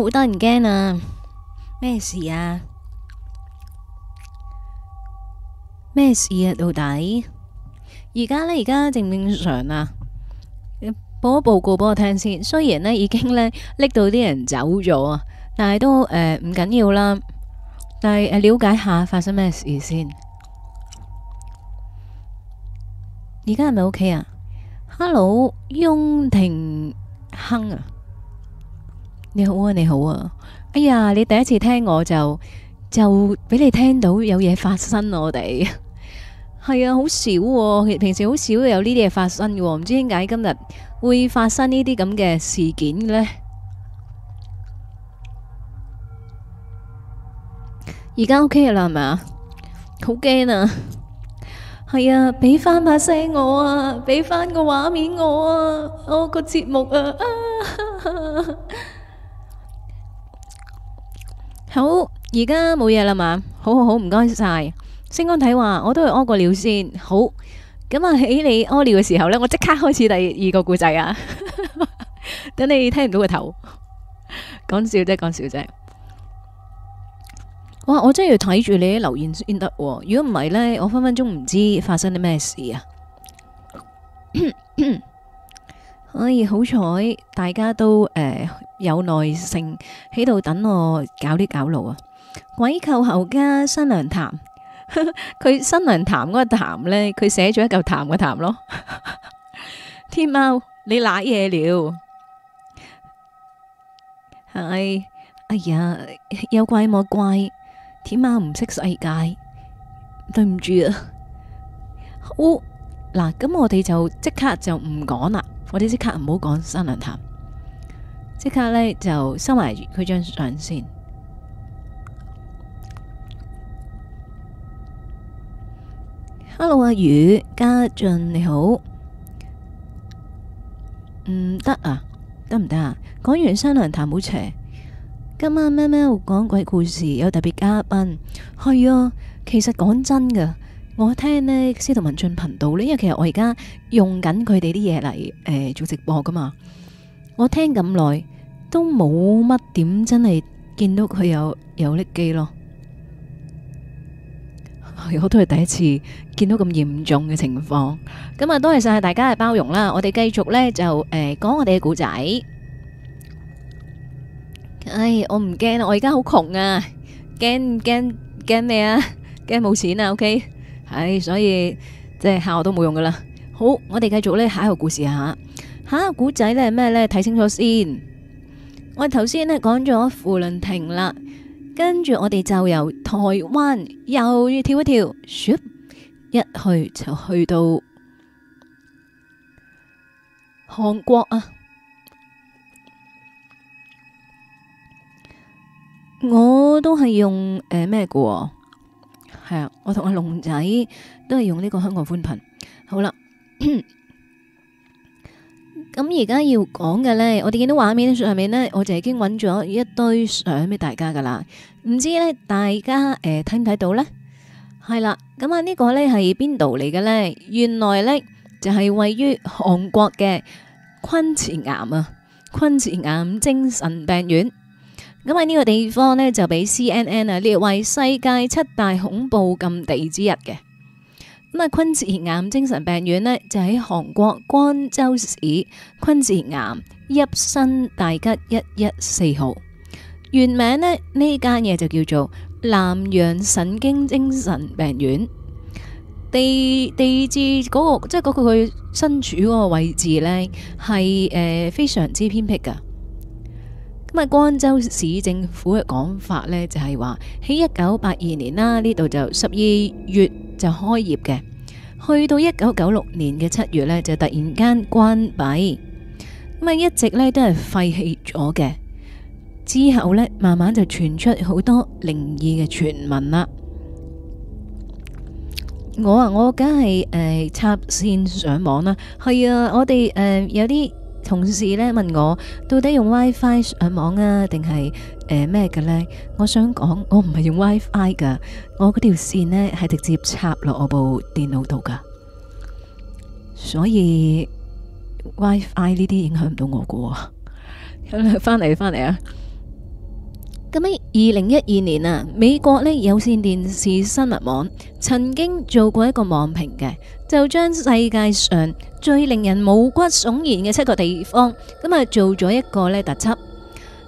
Speaker 1: 好多人驚啊！咩事啊？咩事啊？到底而家呢？而家正唔正常啊？報一報告俾我聽先。雖然呢已經呢搦到啲人走咗啊，但係都誒唔緊要啦。但係誒了解下發生咩事先。而家係咪 ok 啊？Hello，雍廷亨啊！你好啊，你好啊，哎呀，你第一次聽我就就俾你聽到有嘢發生我，我哋係啊，好少，啊、平時好少有呢啲嘢發生嘅，唔知點解今日會發生呢啲咁嘅事件呢？而家 OK 啦，係咪啊？好 驚啊！係啊，俾翻把聲我啊，俾翻個畫面我啊，我、哦這個節目啊！啊哈哈好，而家冇嘢啦嘛？好好好，唔該晒。星光體話我都係屙過尿先，好咁啊。喺你屙尿嘅時候呢，我即刻開始第二個故仔啊。 等你聽唔到個頭，講笑啫，講笑啫。哇，我真係要睇住你留言先得喎，如果唔係呢，我分分鐘唔知發生啲咩事啊。 哎好彩，大家都誒有耐性喺度等我搞啲搞路啊。鬼舅侯家新娘潭，佢新娘潭嗰個潭呢，佢寫咗一嚿潭嘅潭咯。天貓你瀨嘢了，係哎呀，有怪冇怪？天貓唔識世界，對唔住啊。好嗱，咁我哋就即刻就唔講啦。我哋即刻唔好講山良談，即刻咧就收埋佢張相先。Hello，阿宇，家俊你好，嗯，得啊，得唔得啊？講完山良談好邪，今晚喵喵講鬼故事有特別嘉賓，係啊，其實講真噶我聽呢司徒文進頻道呢，因為其實我而家用緊佢哋啲嘢嚟，誒做直播噶嘛。我聽咁耐都冇乜點真係見到佢有有力機咯。我都係第一次見到咁嚴重嘅情況。咁啊，多謝晒大家嘅包容啦。我哋繼續呢就誒講我哋嘅故仔。哎，我唔驚，我而家好窮啊！驚驚驚咩啊？驚冇錢啊？OK。係，所以即係下我都冇用噶啦。好，我哋繼續咧，下一個故事吓，下一個故仔咧咩咧？睇清楚先。我哋頭先咧講咗扶輪亭啦，跟住我哋就由台灣又要跳一跳，咻，一去就去到韓國啊！我都係用誒咩嘅？呃係啊，我同阿龍仔都係用呢個香港寬頻。好啦，咁而家要講嘅呢，我哋見到畫面上面呢，我就已經揾咗一堆相俾大家噶啦。唔知呢，大家誒睇唔睇到呢？係啦，咁啊呢個呢係邊度嚟嘅呢？原來呢，就係位於韓國嘅昆池岩啊，昆池岩精神病院。咁喺呢個地方咧，就俾 CNN 啊列為世界七大恐怖禁地之一嘅。咁啊，昆池岩精神病院咧就喺韓國光州市昆池岩邑新大吉一一四號。原名呢，呢間嘢就叫做南洋神經精神病院。地地址嗰、嗰個即係嗰個佢身處嗰個位置咧，係、呃、誒非常之偏僻噶。咁啊，廣州市政府嘅講法呢，就係話喺一九八二年啦，呢度就十二月就開業嘅，去到一九九六年嘅七月呢，就突然間關閉，咁啊一直呢都係廢棄咗嘅。之後呢，慢慢就傳出好多靈異嘅傳聞啦。我啊，我梗係誒插綫上網啦。係啊，我哋誒、呃、有啲。同事咧，問我到底用 WiFi 上網啊，定係誒咩嘅呢？我想講，我唔係用 WiFi 噶，我嗰條線呢係直接插落我部電腦度噶，所以 WiFi 呢啲影響唔到我噶咁翻嚟翻嚟啊！咁喺二零一二年啊，美國呢有線電視新聞網曾經做過一個網評嘅，就將世界上最令人毛骨悚然嘅七個地方咁啊做咗一個呢特輯。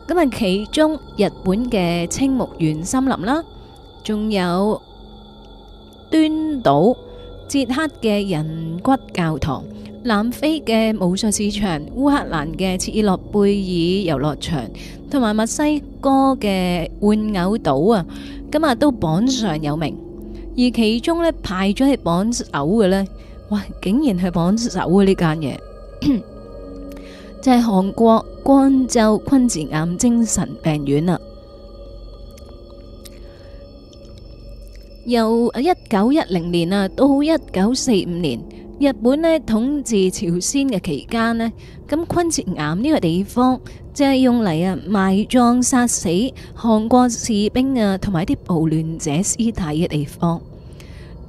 Speaker 1: 咁啊，其中日本嘅青木原森林啦，仲有端島、捷克嘅人骨教堂。南非嘅武術市場、烏克蘭嘅切爾諾貝爾遊樂場同埋墨西哥嘅玩偶島啊，今日都榜上有名。而其中呢，排咗喺榜首嘅呢，哇！竟然係榜首啊呢間嘢，就係、是、韓國光州昆池岩精神病院啊，由一九一零年啊到一九四五年。日本咧統治朝鮮嘅期間咧，咁昆池岩呢個地方就係用嚟啊埋葬殺死韓國士兵啊同埋啲暴亂者屍體嘅地方。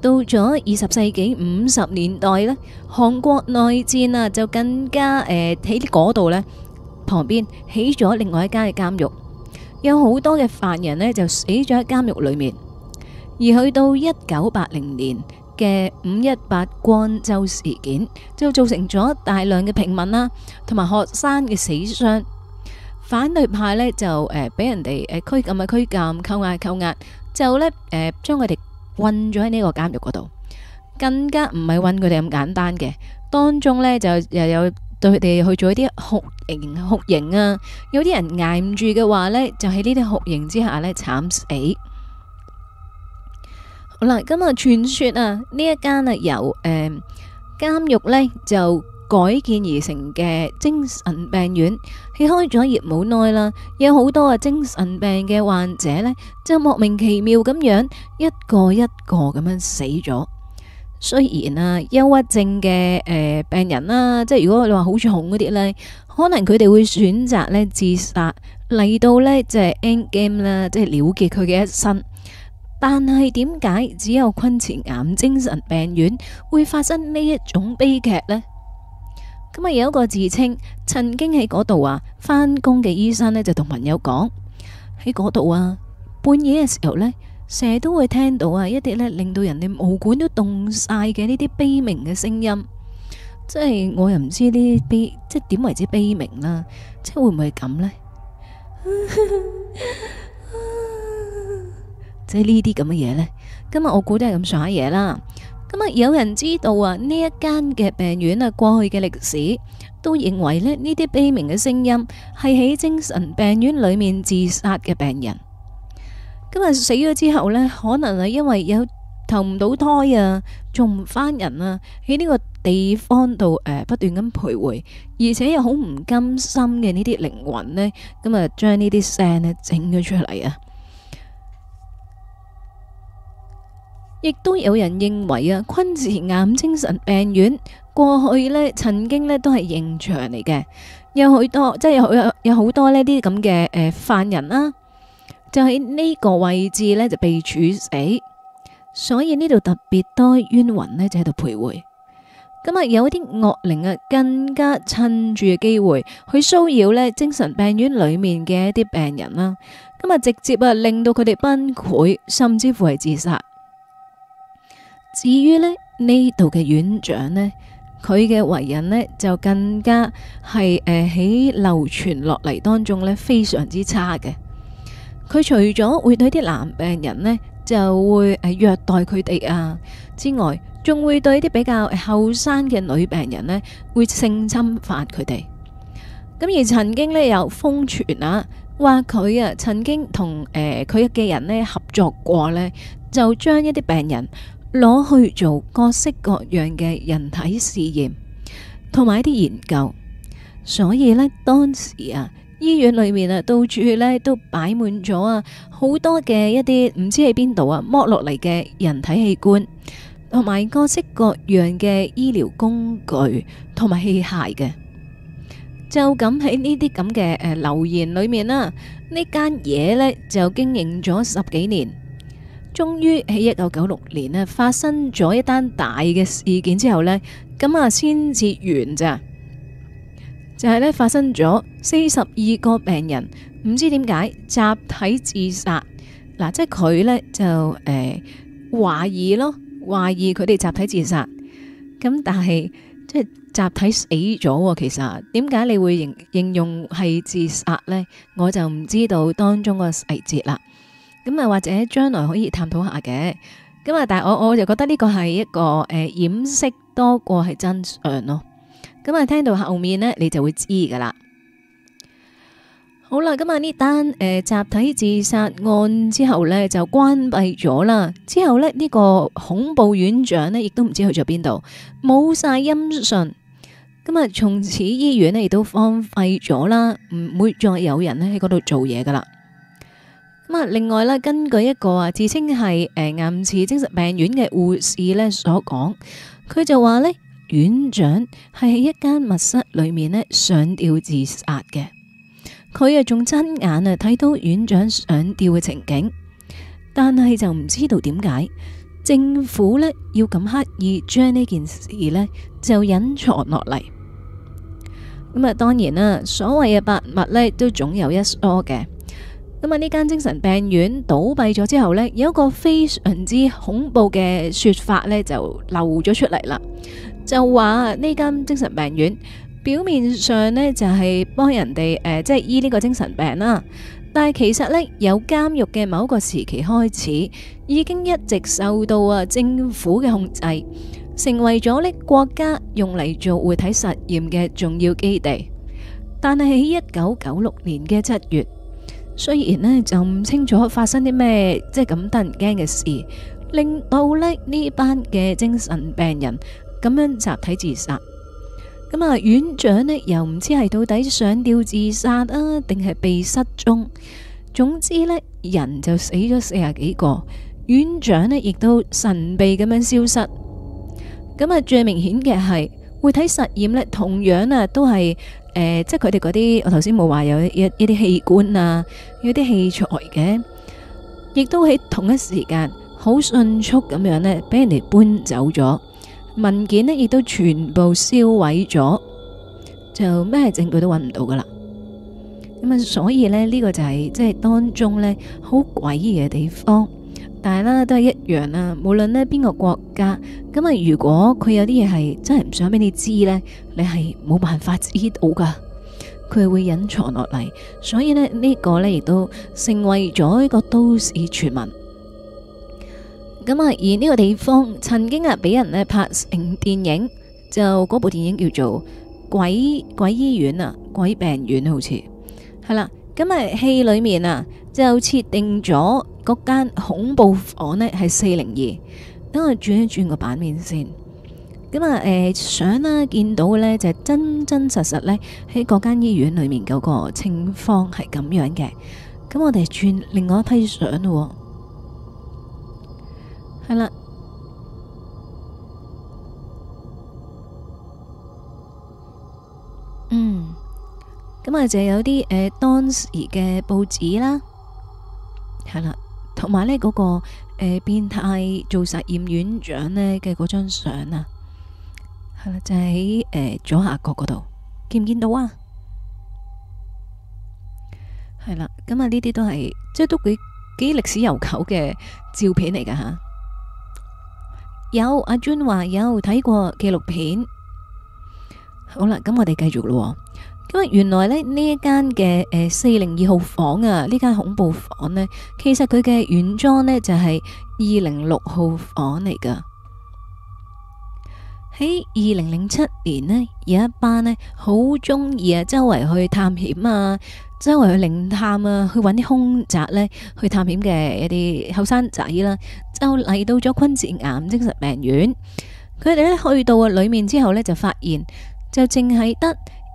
Speaker 1: 到咗二十世紀五十年代咧，韓國內戰啊就更加誒喺啲嗰度咧，旁邊起咗另外一間嘅監獄，有好多嘅犯人咧就死咗喺監獄裏面。而去到一九八零年嘅五一八光州事件就造成咗大量嘅平民啦、啊，同埋學生嘅死傷，反對派呢，就誒俾、呃、人哋誒拘唔係拘禁扣押扣押，就呢誒將佢哋困咗喺呢個監獄嗰度，更加唔係困佢哋咁簡單嘅，當中呢，就又有對佢哋去做一啲酷刑酷刑啊，有啲人捱唔住嘅話呢，就喺呢啲酷刑之下呢，慘死。好啦，咁啊傳說啊、呃、呢一間啊由誒監獄呢就改建而成嘅精神病院，佢開咗業冇耐啦，有好多啊精神病嘅患者呢，就莫名其妙咁樣一個一個咁樣死咗。雖然啊憂鬱症嘅誒、呃、病人啦、啊，即係如果你話好重嗰啲呢，可能佢哋會選擇呢自殺嚟到呢，即、就、係、是、end game 啦，即係了結佢嘅一生。但係點解只有昆池岩精神病院會發生呢一種悲劇呢？咁啊有一個自稱曾經喺嗰度啊翻工嘅醫生呢，就同朋友講喺嗰度啊，半夜嘅時候呢，成日都會聽到啊一啲呢令到人哋毛管都凍晒嘅呢啲悲鳴嘅聲音，即係我又唔知呢啲悲即係點為之悲鳴啦，即係會唔會咁呢？ 即係呢啲咁嘅嘢呢？今日我估都係咁耍嘢啦。咁啊，有人知道啊呢一間嘅病院啊過去嘅歷史，都認為咧呢啲悲鳴嘅聲音係喺精神病院裏面自殺嘅病人。今日死咗之後呢，可能係因為有投唔到胎啊，做唔返人啊，喺呢個地方度不斷咁徘徊，而且又好唔甘心嘅呢啲靈魂呢，咁啊將呢啲聲咧整咗出嚟啊！亦都有人認為啊，昆池岩精神病院過去咧，曾經咧都係刑場嚟嘅，有好多即係有好多呢啲咁嘅犯人啦，就喺呢個位置咧就被處死，所以呢度特別多冤魂呢，就喺度徘徊。咁、嗯、啊。有啲惡靈啊，更加趁住嘅機會去騷擾咧精神病院裏面嘅一啲病人啦，咁、嗯、啊直接啊令到佢哋崩潰，甚至乎係自殺。至於呢呢度嘅院長，呢佢嘅為人呢就更加係誒喺流傳落嚟當中呢非常之差嘅。佢除咗會對啲男病人呢就會、啊、虐待佢哋啊之外，仲會對啲比較後生嘅女病人呢會性侵犯佢哋。咁而曾經呢又瘋傳啊，話佢啊曾經同誒佢嘅人呢合作過呢，就將一啲病人。攞去做各式各樣嘅人體試驗同埋一啲研究。所以咧，當時啊，醫院裏面啊，到處咧都擺滿咗啊，好多嘅一啲唔知喺邊度啊剝落嚟嘅人體器官，同埋各式各樣嘅醫療工具同埋器械嘅。就咁喺呢啲咁嘅誒流言裏面啦，這呢間嘢咧就經營咗十幾年。終於喺一九九六年呢，發生咗一單大嘅事件之後呢，咁啊先至完咋？就係呢，發生咗四十二個病人唔知點解集體自殺。嗱，即係佢呢就誒懷疑咯，懷疑佢哋集體自殺。咁但係即係集體死咗喎。其實點解你會形形容係自殺呢？我就唔知道當中個細節啦。咁啊，或者將來可以探討下嘅，咁啊，但係我我就覺得呢個係一個誒、呃、掩飾多過係真相咯。咁、嗯、啊，聽到後面呢，你就會知噶啦。好啦，咁啊呢單誒集體自殺案之後呢，就關閉咗啦。之後呢，呢、這個恐怖院長呢，亦都唔知去咗邊度，冇晒音訊。咁、嗯、啊，從此醫院呢，亦都荒廢咗啦，唔會再有人咧喺嗰度做嘢噶啦。咁另外咧，根據一個啊自稱係誒疑似精神病院嘅護士咧所講，佢就話呢院長係喺一間密室裏面咧上吊自殺嘅，佢啊仲親眼啊睇到院長上吊嘅情景，但係就唔知道點解政府咧要咁刻意將呢件事咧就隱藏落嚟。咁啊，當然啦，所謂嘅百密咧都總有一疏嘅。咁啊！呢間精神病院倒閉咗之後呢，有一個非常之恐怖嘅說法呢就漏咗出嚟啦，就話呢間精神病院表面上呢、呃，就係幫人哋誒，即係醫呢個精神病啦，但係其實呢，有監獄嘅某個時期開始，已經一直受到啊政府嘅控制，成為咗呢國家用嚟做活體實驗嘅重要基地。但係喺一九九六年嘅七月。雖然呢就唔清楚發生啲咩即係咁得人驚嘅事，令到呢呢班嘅精神病人咁樣集體自殺。咁啊，院長呢又唔知係到底上吊自殺啊，定係被失蹤。總之呢，人就死咗四十幾個，院長呢亦都神秘咁樣消失。咁啊，最明顯嘅係會睇實驗呢同樣啊都係。誒、呃，即係佢哋嗰啲，我頭先冇話有一啲器官啊，有啲器材嘅，亦都喺同一時間好迅速咁樣呢，俾人哋搬走咗，文件呢亦都全部銷毀咗，就咩證據都搵唔到噶啦。咁啊，所以呢，呢、呢個就係即係當中呢，好詭異嘅地方。但係咧，都係一樣啦。無論咧邊個國家，咁啊，如果佢有啲嘢係真係唔想俾你知呢，你係冇辦法知道噶。佢會隱藏落嚟，所以咧呢個呢亦都成為咗一個都市傳聞。咁啊，而呢個地方曾經啊俾人咧拍成電影，就嗰部電影叫做鬼《鬼鬼醫院》啊，《鬼病院》好好似係啦。咁啊，戲裡面啊就設定咗。嗰間恐怖房呢係四零二，等我轉一轉個版面先。咁啊，誒，相啦見到咧就真真實實咧喺嗰間醫院裏面嗰個情況係咁樣嘅。咁我哋轉另外一批相咯，係啦，嗯，咁啊就有啲誒當時嘅報紙啦，係啦。同埋呢嗰個誒、呃、變態做實驗院長呢嘅嗰張相啊，係啦，就喺誒左下角嗰度，見唔見到啊？係啦，咁啊呢啲都係，即係都幾幾歷史悠久嘅照片嚟噶吓。有阿尊話有睇過紀錄片，好啦，咁我哋繼續咯喎。咁啊，原來咧呢一間嘅，誒四零二號房啊，呢間恐怖房呢，其實佢嘅原裝呢就係二零六號房嚟噶。喺二零零七年呢，有一班呢好中意啊，周圍去探險啊，周圍去靈探啊，去揾啲凶宅呢，去探險嘅一啲後生仔啦，就嚟到咗昆池岩精神病院，佢哋咧去到啊裏面之後呢，就發現，就淨係得。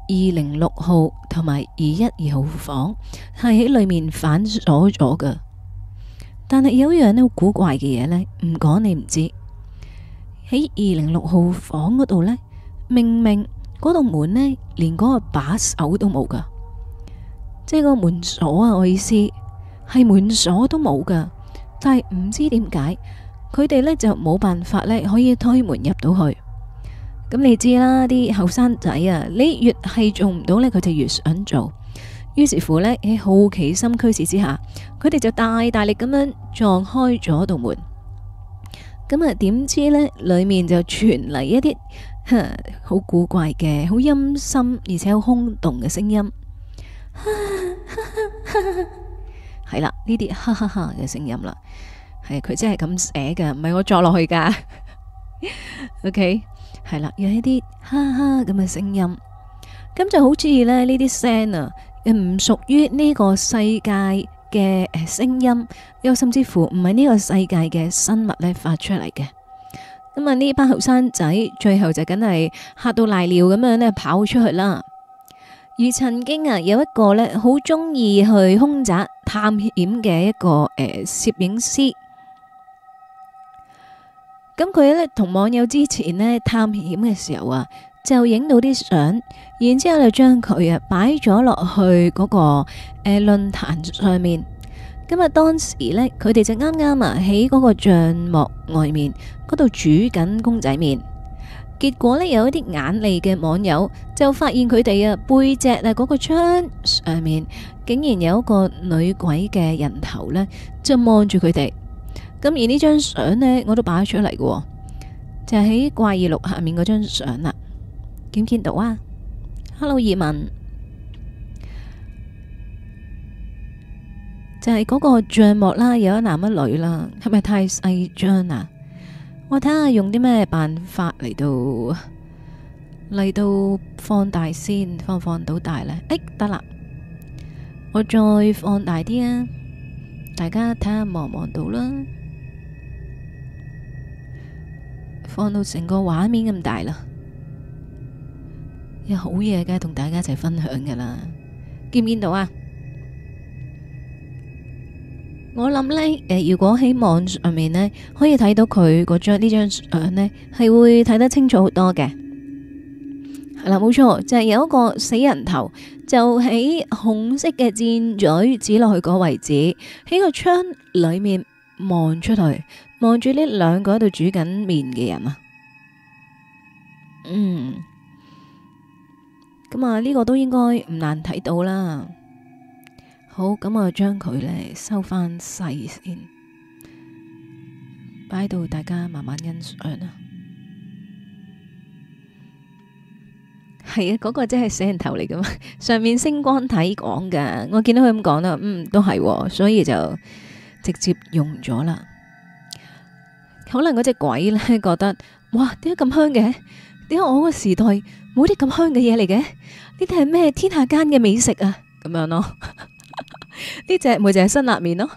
Speaker 1: 二零六號同埋二一二號房係喺裏面反鎖咗㗎，但係有一樣呢古怪嘅嘢咧，唔講你唔知。喺二零六號房嗰度咧，明明嗰道門咧連嗰個把手都冇噶，即係個門鎖啊，我意思係門鎖都冇噶，但係唔知點解佢哋咧就冇辦法咧可以推門入到去。咁你知啦，啲後生仔啊，你越係做唔到呢，佢就越想做。於是乎呢，喺好奇心驅使之下，佢哋就大大力咁樣撞開咗道門。咁啊，點知呢，裏面就傳嚟一啲呵，好古怪嘅，好陰森而且好空洞嘅聲音。係 啦， 呢啲哈哈哈嘅聲音啦，係佢真係咁寫噶，唔係我作落去噶。 OK。係啦，有一啲哈哈咁嘅聲音，咁就好注意咧，呢啲聲啊，唔屬於呢個世界嘅誒聲音，又甚至乎唔係呢個世界嘅生物咧發出嚟嘅。咁啊，呢班後生仔最後就梗係嚇到賴尿咁樣咧跑出去啦。而曾經啊，有一個咧好中意去空宅探險嘅一個誒攝影師。咁佢呢同網友之前呢探險嘅時候啊，就影到啲相，然之後就將佢啊擺咗落去嗰個誒論壇上面。咁啊，當時呢，佢哋就啱啱啊喺嗰個帳幕外面嗰度煮緊公仔麵，結果呢，有一啲眼利嘅網友就發現佢哋啊背脊啊嗰個窗上面竟然有一個女鬼嘅人頭呢，就望住佢哋。咁而呢張相呢，我都擺咗出嚟嘅，就喺怪異錄下面嗰張相啦。見唔見到啊？Hello 葉問，就係嗰個帳幕啦，有一男一女啦，係咪太細張啊？我睇下用啲咩辦法嚟到嚟到放大先，放唔放到大呢？哎，得啦，我再放大啲啊，大家睇下望唔望到啦。放到成個畫面咁大啦，有好嘢梗係同大家一齊分享噶啦，見唔見到啊？我諗咧，誒，如果喺網上面咧，可以睇到佢嗰張呢張相咧，係會睇得清楚好多嘅。係啦，冇錯，就係有一個死人頭，就喺紅色嘅箭嘴指落去個位置，喺個窗裏面望出去。望住呢兩個喺度煮緊麵嘅人啊，嗯，咁啊呢個都應該唔難睇到啦。好，咁我將佢呢收翻細先，擺喺度，大家慢慢欣賞啦。係啊，嗰個真係死人頭嚟噶嘛？上面星光體講噶，我見到佢咁講啦，嗯，都係喎，所以就直接用咗啦。可能嗰隻鬼咧覺得，哇，點解咁香嘅？點解我個時代冇啲咁香嘅嘢嚟嘅？呢啲係咩天下間嘅美食啊？咁樣咯，呢隻咪就係辛辣麵咯。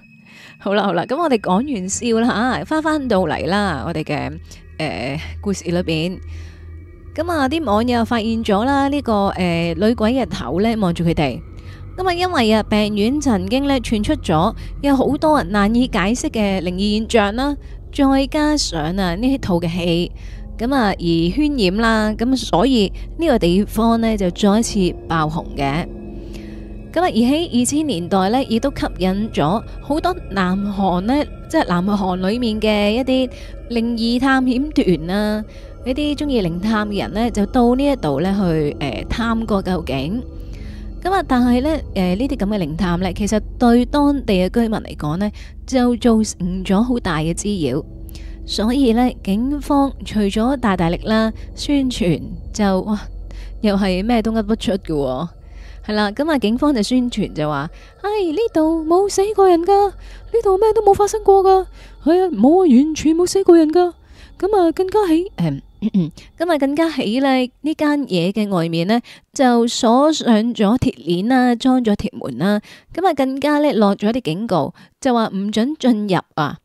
Speaker 1: 好啦，好啦，咁我哋講完笑啦，啊，翻翻到嚟啦，我哋嘅誒故事裏邊，咁啊，啲網友發現咗啦、這個，呢個誒女鬼日頭咧望住佢哋。咁啊，因為啊病院曾經咧傳出咗有好多人難以解釋嘅靈異現象啦。再加上啊呢套嘅戲，咁啊而渲染啦，咁、啊、所以呢個地方呢，就再一次爆紅嘅。咁啊而喺二千年代呢，亦都吸引咗好多南韓呢，即係南韓裏面嘅一啲靈異探險團啊，一啲中意靈探嘅人呢，就到呢一度呢去誒、呃、探個究竟。咁、嗯、啊！但係咧，誒呢啲咁嘅靈探呢，其實對當地嘅居民嚟講呢，就造成咗好大嘅滋擾。所以呢，警方除咗大大力啦宣傳，就哇，又係咩都噏不出嘅。哦，係、嗯、啦。咁、嗯、啊，警方就宣傳就話，唉、哎，呢度冇死過人噶，呢度咩都冇發生過噶，係啊冇啊，完全冇死過人噶。咁啊，更加係咁、嗯、啊、嗯，更加起力呢間嘢嘅外面呢，就鎖上咗鐵鏈啦，裝咗鐵門啦。咁啊，更加咧落咗一啲警告，就話唔准進入啊，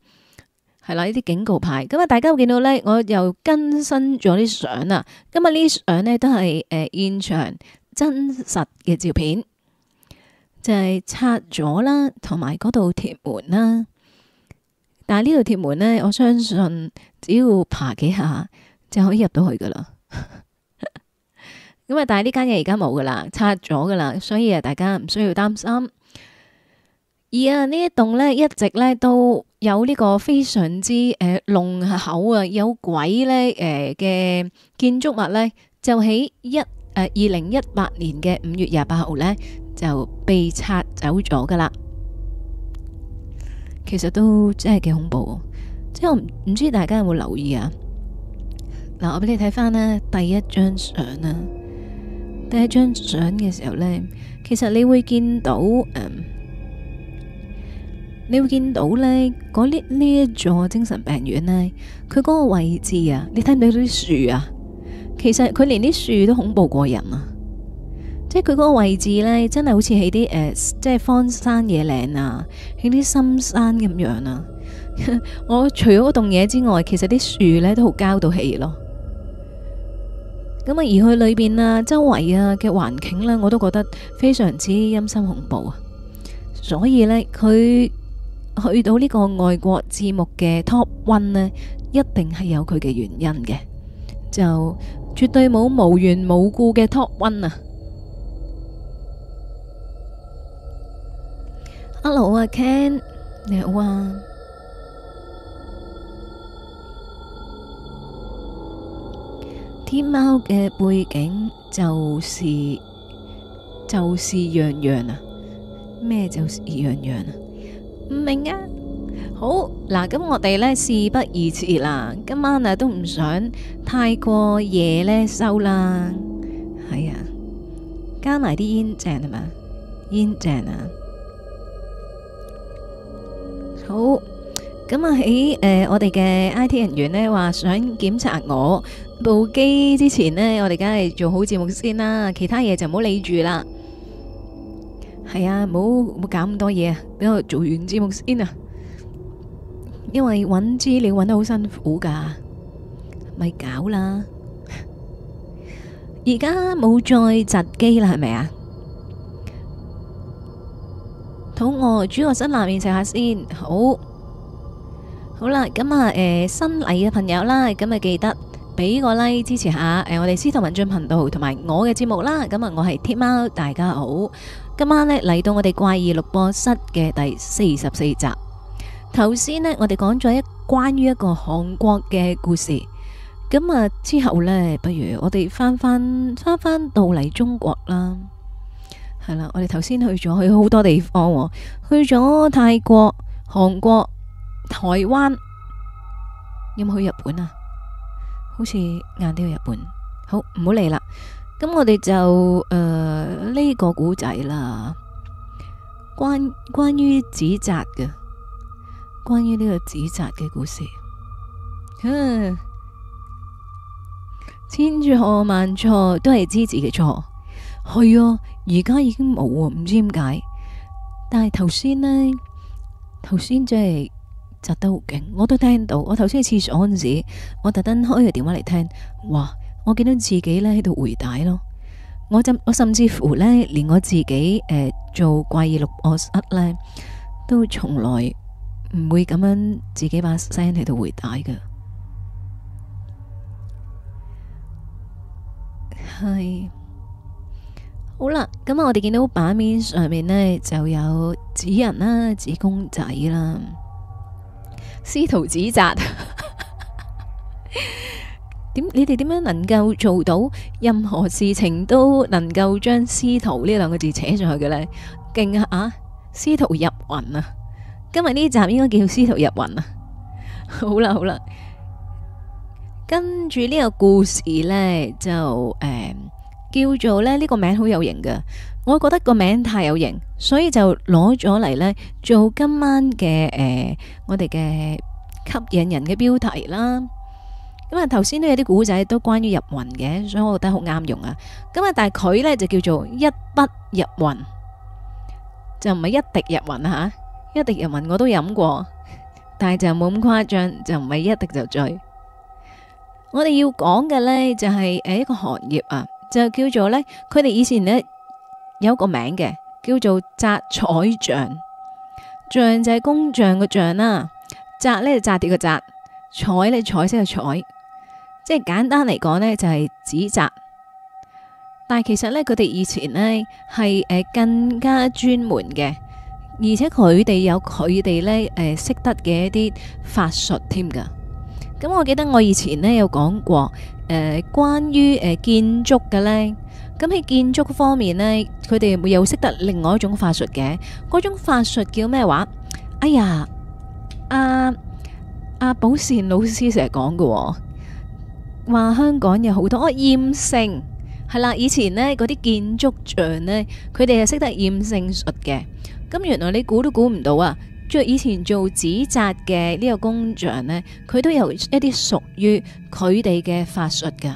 Speaker 1: 係啦呢啲警告牌。咁啊，大家會見到呢，我又更新咗啲相啊。咁啊呢啲相呢，都係誒現場真實嘅照片，就係、是、拆咗啦，同埋嗰度鐵門啦。但係呢度鐵門呢，我相信只要爬幾下。就可以入到去噶啦，咁啊，但係呢間嘢而家冇噶啦，拆咗噶啦，所以啊，大家唔需要擔心。而啊，一棟呢一棟咧，一直呢都有呢個非常之誒弄、呃、口啊，有鬼呢誒嘅、呃、建築物呢，就喺一誒二零一八年嘅五月廿八號呢就被拆走咗噶啦。其實都真係幾恐怖，即係我唔唔知大家有冇留意啊？我俾你睇翻呢第一張相啦，第一張相嘅時候呢，其實你會見到，嗯，你會見到咧，呢一座精神病院呢，佢嗰個位置啊，你睇唔睇到啲樹啊？其實佢連啲樹都恐怖過人啊！即係佢嗰個位置呢，真係好似喺啲誒，即係荒山野嶺啊，喺啲深山咁樣啊。 我除咗嗰棟嘢之外，其實啲樹呢都好高到氣咯。咁啊，而佢裏邊啊，周圍啊嘅環境咧，我都覺得非常之陰森恐怖啊！所以咧，佢去到呢個外國字幕嘅 Top One 咧，一定係有佢嘅原因嘅，就絕對冇無緣無故嘅 Top One 啊！Hello，阿 Ken，你好啊！天貓嘅背景就是就是樣樣啊，咩就是樣樣啊，唔明啊？好嗱，咁我哋呢事不宜遲啦，今晚啊都唔想太過夜呢收啦，係、哎、啊，加埋啲煙正係嘛，煙正啊，好咁啊喺誒我哋嘅 IT 人員呢話想檢查我部機之前咧，我哋梗係做好節目先啦，其他嘢就唔好理住啦。係啊，唔好唔好搞咁多嘢啊，俾我做完節目先啊。因為揾資料，揾得好辛苦噶，咪搞啦。而家冇再窒機啦，係咪啊？肚餓，煮個辛辣麵食下先，好。好啦，咁啊，誒，新嚟嘅朋友啦，咁咪記得。俾個 like 支持下，誒，我哋司徒文進頻道同埋我嘅節目啦。今日我係天喵，大家好。今晚呢，嚟到我哋怪異錄播室嘅第四十四集。頭先呢，我哋講咗一關於一個韓國嘅故事。咁啊，之後呢，不如我哋翻翻翻翻到嚟中國啦。係啦，我哋頭先去咗去好多地方，哦，去咗泰國、韓國、台灣。有冇去日本啊？好似硬啲去日本，好唔好嚟啦？咁我哋就誒呢、呃這個古仔啦，關關於指責嘅，關於呢個指責嘅故事。哼、啊，千錯萬錯都係自己嘅錯，係哦、啊。而家已經冇，唔知點解。但係頭先呢，頭先即係。紮得好勁，我都聽到。我頭先去廁所嗰陣時，我特登開個電話嚟聽，哇！我見到自己呢喺度回帶咯。我就我甚至乎呢，連我自己誒、呃、做怪異錄播室呢，都從來唔會咁樣自己把聲喺度回帶嘅。係好啦，咁我哋見到版面上面呢，就有紙人啦、啊、紙公仔啦、啊。司徒指責， 點你哋點樣能夠做到任何事情都能夠將司徒呢兩個字扯上去嘅呢？勁啊啊！司徒入雲啊！今日呢集應該叫司徒入雲啊！好啦好啦，跟住呢個故事呢，就誒。嗯叫做咧呢、這個名好有型嘅，我覺得個名太有型，所以就攞咗嚟呢做今晚嘅，誒、呃、我哋嘅吸引人嘅標題啦。咁啊頭先都有啲古仔都關於入魂嘅，所以我覺得好啱用啊。咁啊，但係佢呢就叫做一筆入魂，就唔係一滴入魂吓，一滴入魂我都飲過，但係就冇咁誇張，就唔係一滴就醉。我哋要講嘅呢就係、是、誒一個行業啊。就叫做呢，佢哋以前呢，有個名嘅，叫做紮彩匠，匠就係工匠嘅匠啦，紮呢紮鐵嘅紮，彩呢彩色嘅彩，彩，即係簡單嚟講呢，就係紙紮，但係其實呢，佢哋以前呢係誒更加專門嘅，而且佢哋有佢哋呢誒識得嘅一啲法術添噶。咁我記得我以前呢有講過，誒關於誒建築嘅呢，咁喺建築方面呢，佢哋又識得另外一種法術嘅，嗰種法術叫咩話？哎呀，阿阿寶善老師成日講嘅，話香港有好多厭勝，係啦，以前呢嗰啲建築匠呢，佢哋係識得厭勝術嘅，咁原來你估都估唔到啊！即係以前做紙紮嘅呢個工匠呢，佢都有一啲屬於佢哋嘅法術噶。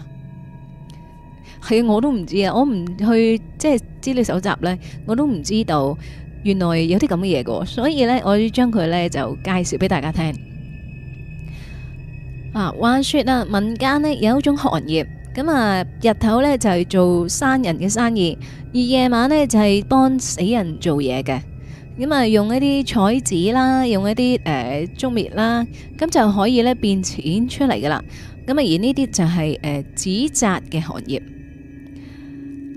Speaker 1: 係啊，我都唔知啊，我唔去即係資料搜集呢，我都唔知道原來有啲咁嘅嘢噶。所以呢，我要將佢呢就介紹俾大家聽。啊，話說啊，民間呢有一種行業，咁啊日頭呢就係做生人嘅生意，而夜晚呢就係幫死人做嘢嘅。咁啊，用一啲彩紙啦，用一啲誒竹篾啦，咁就可以咧變錢出嚟噶啦。咁啊，而呢啲就係、是、誒、呃、紙紮嘅行業。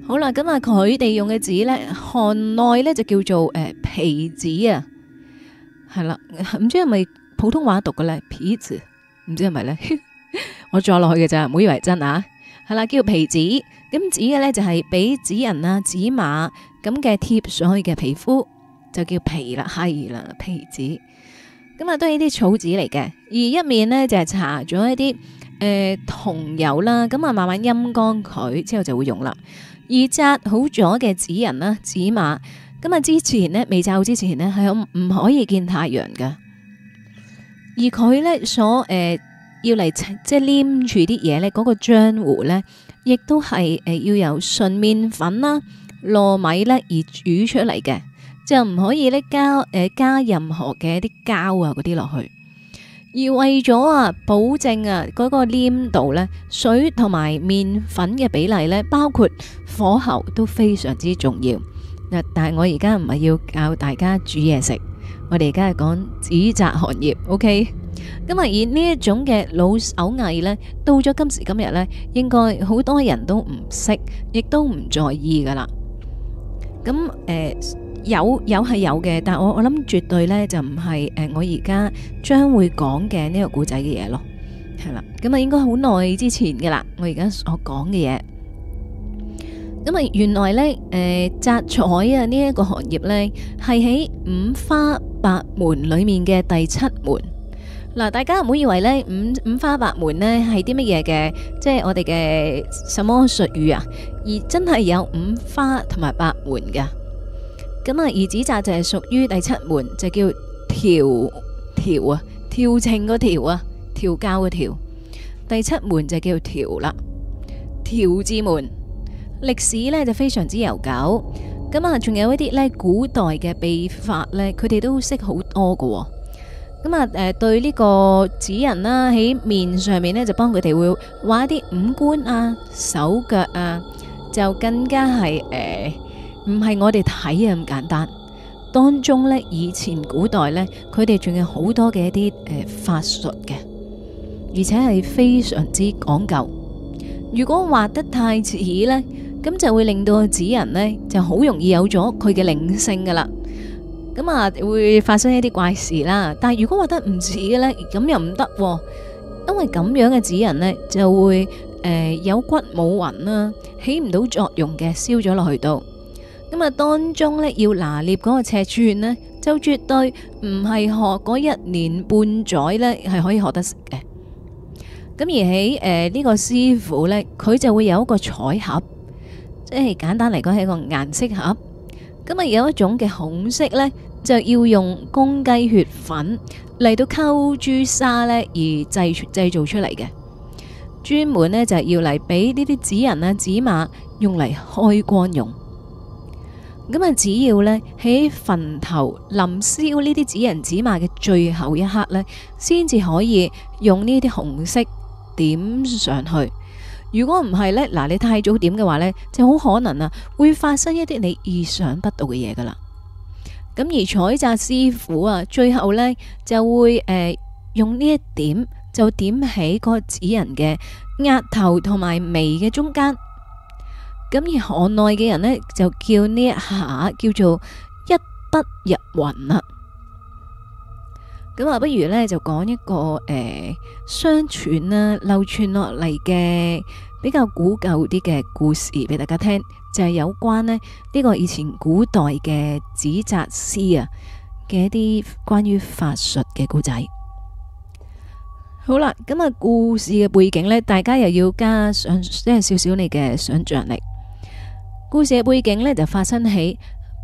Speaker 1: 好啦，咁啊，佢哋用嘅紙咧，行內咧就叫做誒、呃、皮紙啊，係啦，唔知係咪普通話讀嘅咧？皮紙，唔知係咪咧？ 我坐落去嘅咋，唔好以為真啊。係啦，叫做皮紙，咁紙嘅咧就係、是、俾紙人啊、紙馬咁嘅貼上去嘅皮膚。就叫皮啦，係啦，皮子。咁、嗯、啊都係啲草紙嚟嘅。而一面呢就係搽咗一啲誒桐油啦，咁、嗯、啊慢慢陰乾佢之後就會用啦。而紮好咗嘅紙人啦、紙馬，咁、嗯、啊之前呢，未紮好之前呢，係唔可以見太陽噶。而佢咧所誒、呃、要嚟即係粘住啲嘢咧，嗰、那個漿糊咧亦都係誒要由純麵粉啦、糯米啦而煮出嚟嘅。就唔可以咧加，誒加任何嘅一啲膠啊嗰啲落去，而為咗啊保證啊嗰個黏度咧，水同埋麵粉嘅比例咧，包括火候都非常之重要。嗱，但係我而家唔係要教大家煮嘢食，我哋而家係講紙紮行業，OK？咁啊，而呢一種嘅老手藝咧，到咗今時今日咧，應該好多人都唔識，亦都唔在意噶啦。咁誒。有有係有嘅，但我我諗絕對咧就唔係誒，我而家將會講嘅呢個古仔嘅嘢咯，係啦，咁啊應該好耐之前嘅啦，我而家所講嘅嘢，咁啊原來呢，誒、呃、紮彩啊呢一個行業呢，係喺五花八門裏面嘅第七門嗱，大家唔好以為呢五五花八門呢係啲乜嘢嘅，即係我哋嘅什麼術語啊，而真係有五花同埋八門噶。咁啊，而指紮就係屬於第七門，就叫調調啊，調正個調啊，調教個調。第七門就叫調啦，調字門。歷史呢就非常之悠久。咁啊，仲有一啲呢古代嘅秘法呢，佢哋都識好多㗎。咁啊，誒對呢個指人啦，喺面上面呢就幫佢哋會畫一啲五官啊、手腳啊，就更加係誒。唔係我哋睇嘅咁簡單，當中呢，以前古代呢，佢哋仲有好多嘅一啲、呃、法術嘅，而且係非常之講究。如果畫得太似呢，咁就會令到個紙人呢就好容易有咗佢嘅靈性噶啦。咁啊會發生一啲怪事啦。但係如果畫得唔似嘅呢，咁又唔得，啊，因為咁樣嘅紙人呢，就會、呃、有骨冇魂啦，起唔到作用嘅，燒咗落去度。咁啊，當中要拿捏嗰個尺寸就絕對唔係學嗰一年半載咧係可以學得識嘅。咁而喺誒呢個師傅咧，佢就會有一個彩盒，即係簡單嚟講係一個顏色盒。咁啊，有一種嘅紅色呢，就要用公雞血粉嚟到溝朱砂咧，而製製造出嚟嘅，專門就係要嚟俾呢啲紙人啊紙馬用嚟開光用。咁啊，只要呢，喺墳頭臨燒呢啲紙人紙馬嘅最後一刻呢，先至可以用呢啲紅色點上去。如果唔係呢，嗱，你太早點嘅話呢，就好可能啊會發生一啲你意想不到嘅嘢㗎喇。咁而彩紮師傅啊，最後呢，就會誒、呃、用呢一點就點喺個紙人嘅額頭同埋眉嘅中間。咁而行內嘅人呢，就叫呢一下叫做一筆入魂啊。咁啊，不如呢就講一個誒相傳啦、流傳落嚟嘅比較古舊啲嘅故事，俾大家聽就係、是、有關咧呢、這個以前古代嘅指澤師啊嘅一啲關於法術嘅故仔。好啦，咁啊，故事嘅背景呢，大家又要加上即係、就是、少少你嘅想象力。故事嘅背景呢，就發生喺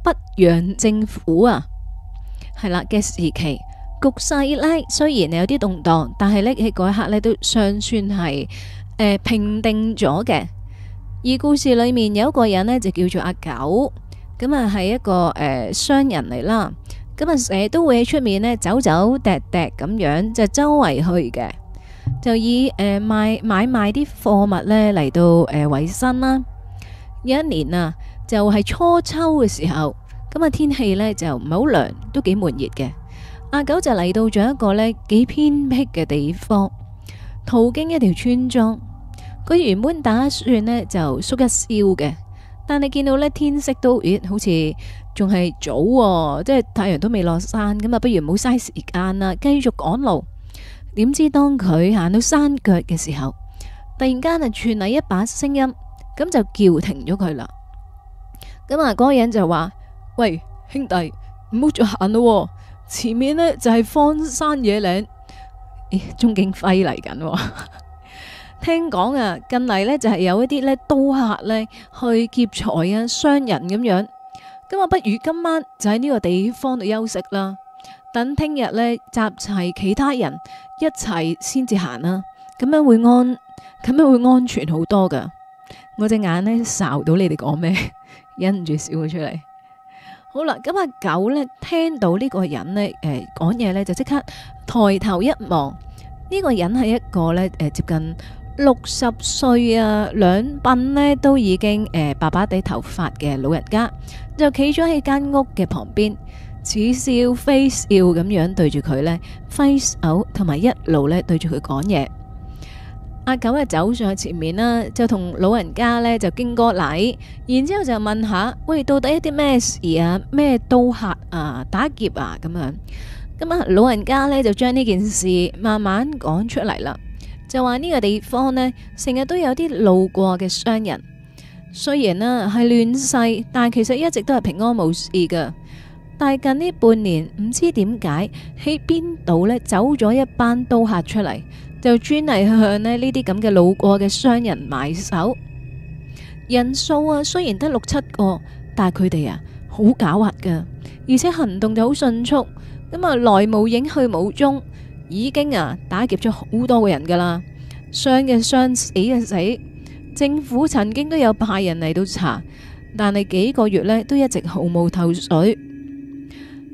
Speaker 1: 北洋政府啊，係啦嘅時期，局勢呢，雖然有啲動盪，但係呢喺嗰一刻呢，都尚算係誒、呃、平定咗嘅。而故事裏面有一個人呢，就叫做阿九，咁啊係一個誒、呃、商人嚟啦，咁啊誒都會喺出面呢走走趯趯咁樣就周圍去嘅，就以誒賣、呃、買賣啲貨物呢嚟到誒維、呃、生啦。有一年啊，就係初秋嘅時候，咁啊天氣呢，就唔係好涼，都幾悶熱嘅。阿九就嚟到咗一個呢幾偏僻嘅地方，途徑一條村莊。佢原本打算呢就宿一宵嘅，但係見到呢天色都，咦好似仲係早喎，即係太陽都未落山，咁啊不如唔好嘥時間啦，繼續趕路。點知當佢行到山腳嘅時候，突然間啊傳嚟一把聲音。咁就叫停咗佢啦。咁啊，嗰個人就話：喂，兄弟，唔好再行咯、哦。前面呢就係、是、荒山野嶺，咦、哎，鍾景輝嚟緊。 聽講啊，近嚟呢就係、是、有一啲呢刀客呢去劫財啊，傷人咁樣。咁啊，不如今晚就喺呢個地方度休息啦。等聽日呢，集齊其他人一齊先至行啦。咁樣會安，咁樣會安全好多噶。我隻眼咧睄到你哋講咩，忍唔 住笑咗出嚟。好啦，咁啊狗呢，聽到呢個人呢，誒講嘢呢，就即刻抬頭一望，呢、這個人係一個呢，誒、呃、接近六十歲啊兩鬢呢，都已經誒白白地頭髮嘅老人家，就企咗喺間屋嘅旁邊，似笑非笑咁樣對住佢呢，揮手，同埋一路呢對住佢講嘢。阿九啊，走上前面啦，就同老人家呢就經過禮，然之後就問下：喂，到底一啲咩事啊？咩刀客啊，打劫啊咁樣？咁啊，老人家呢就將呢件事慢慢講出嚟啦，就話呢個地方呢，成日都有啲路過嘅商人，雖然呢係亂世，但係其實一直都係平安無事噶。但係近呢半年，唔知點解喺邊度呢走咗一班刀客出嚟。就專嚟向呢啲咁嘅路過嘅商人埋手，人數啊雖然得六七個，但係佢哋啊好狡猾噶，而且行動就好迅速，咁啊來無影去無蹤，已經啊打劫咗好多個人噶啦，傷嘅傷，死嘅死，政府曾經都有派人嚟到查，但係幾個月呢，都一直毫無頭緒。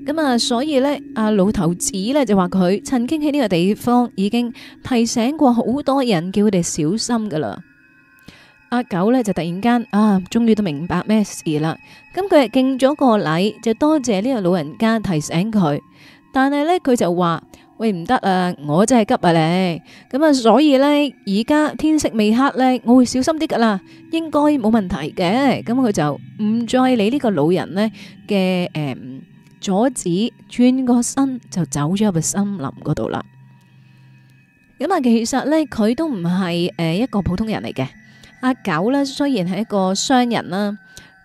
Speaker 1: 咁啊，所以咧，阿老頭子咧就話佢曾經喺呢個地方已經提醒過好多人，叫佢哋小心噶啦。阿九咧就突然間啊，終於都明白咩事啦。咁佢係敬咗個禮，就多謝呢個老人家提醒佢。但係咧，佢就話喂唔得啊，我真係急啊你咁啊，所以咧而家天色未黑咧，我會小心啲噶啦，應該冇問題嘅。咁佢就唔再理呢個老人咧嘅誒。阻止，轉個身就走咗入去森林嗰度啦。咁啊，其實呢，佢都唔係誒一個普通人嚟嘅。阿九呢，雖然係一個商人啦，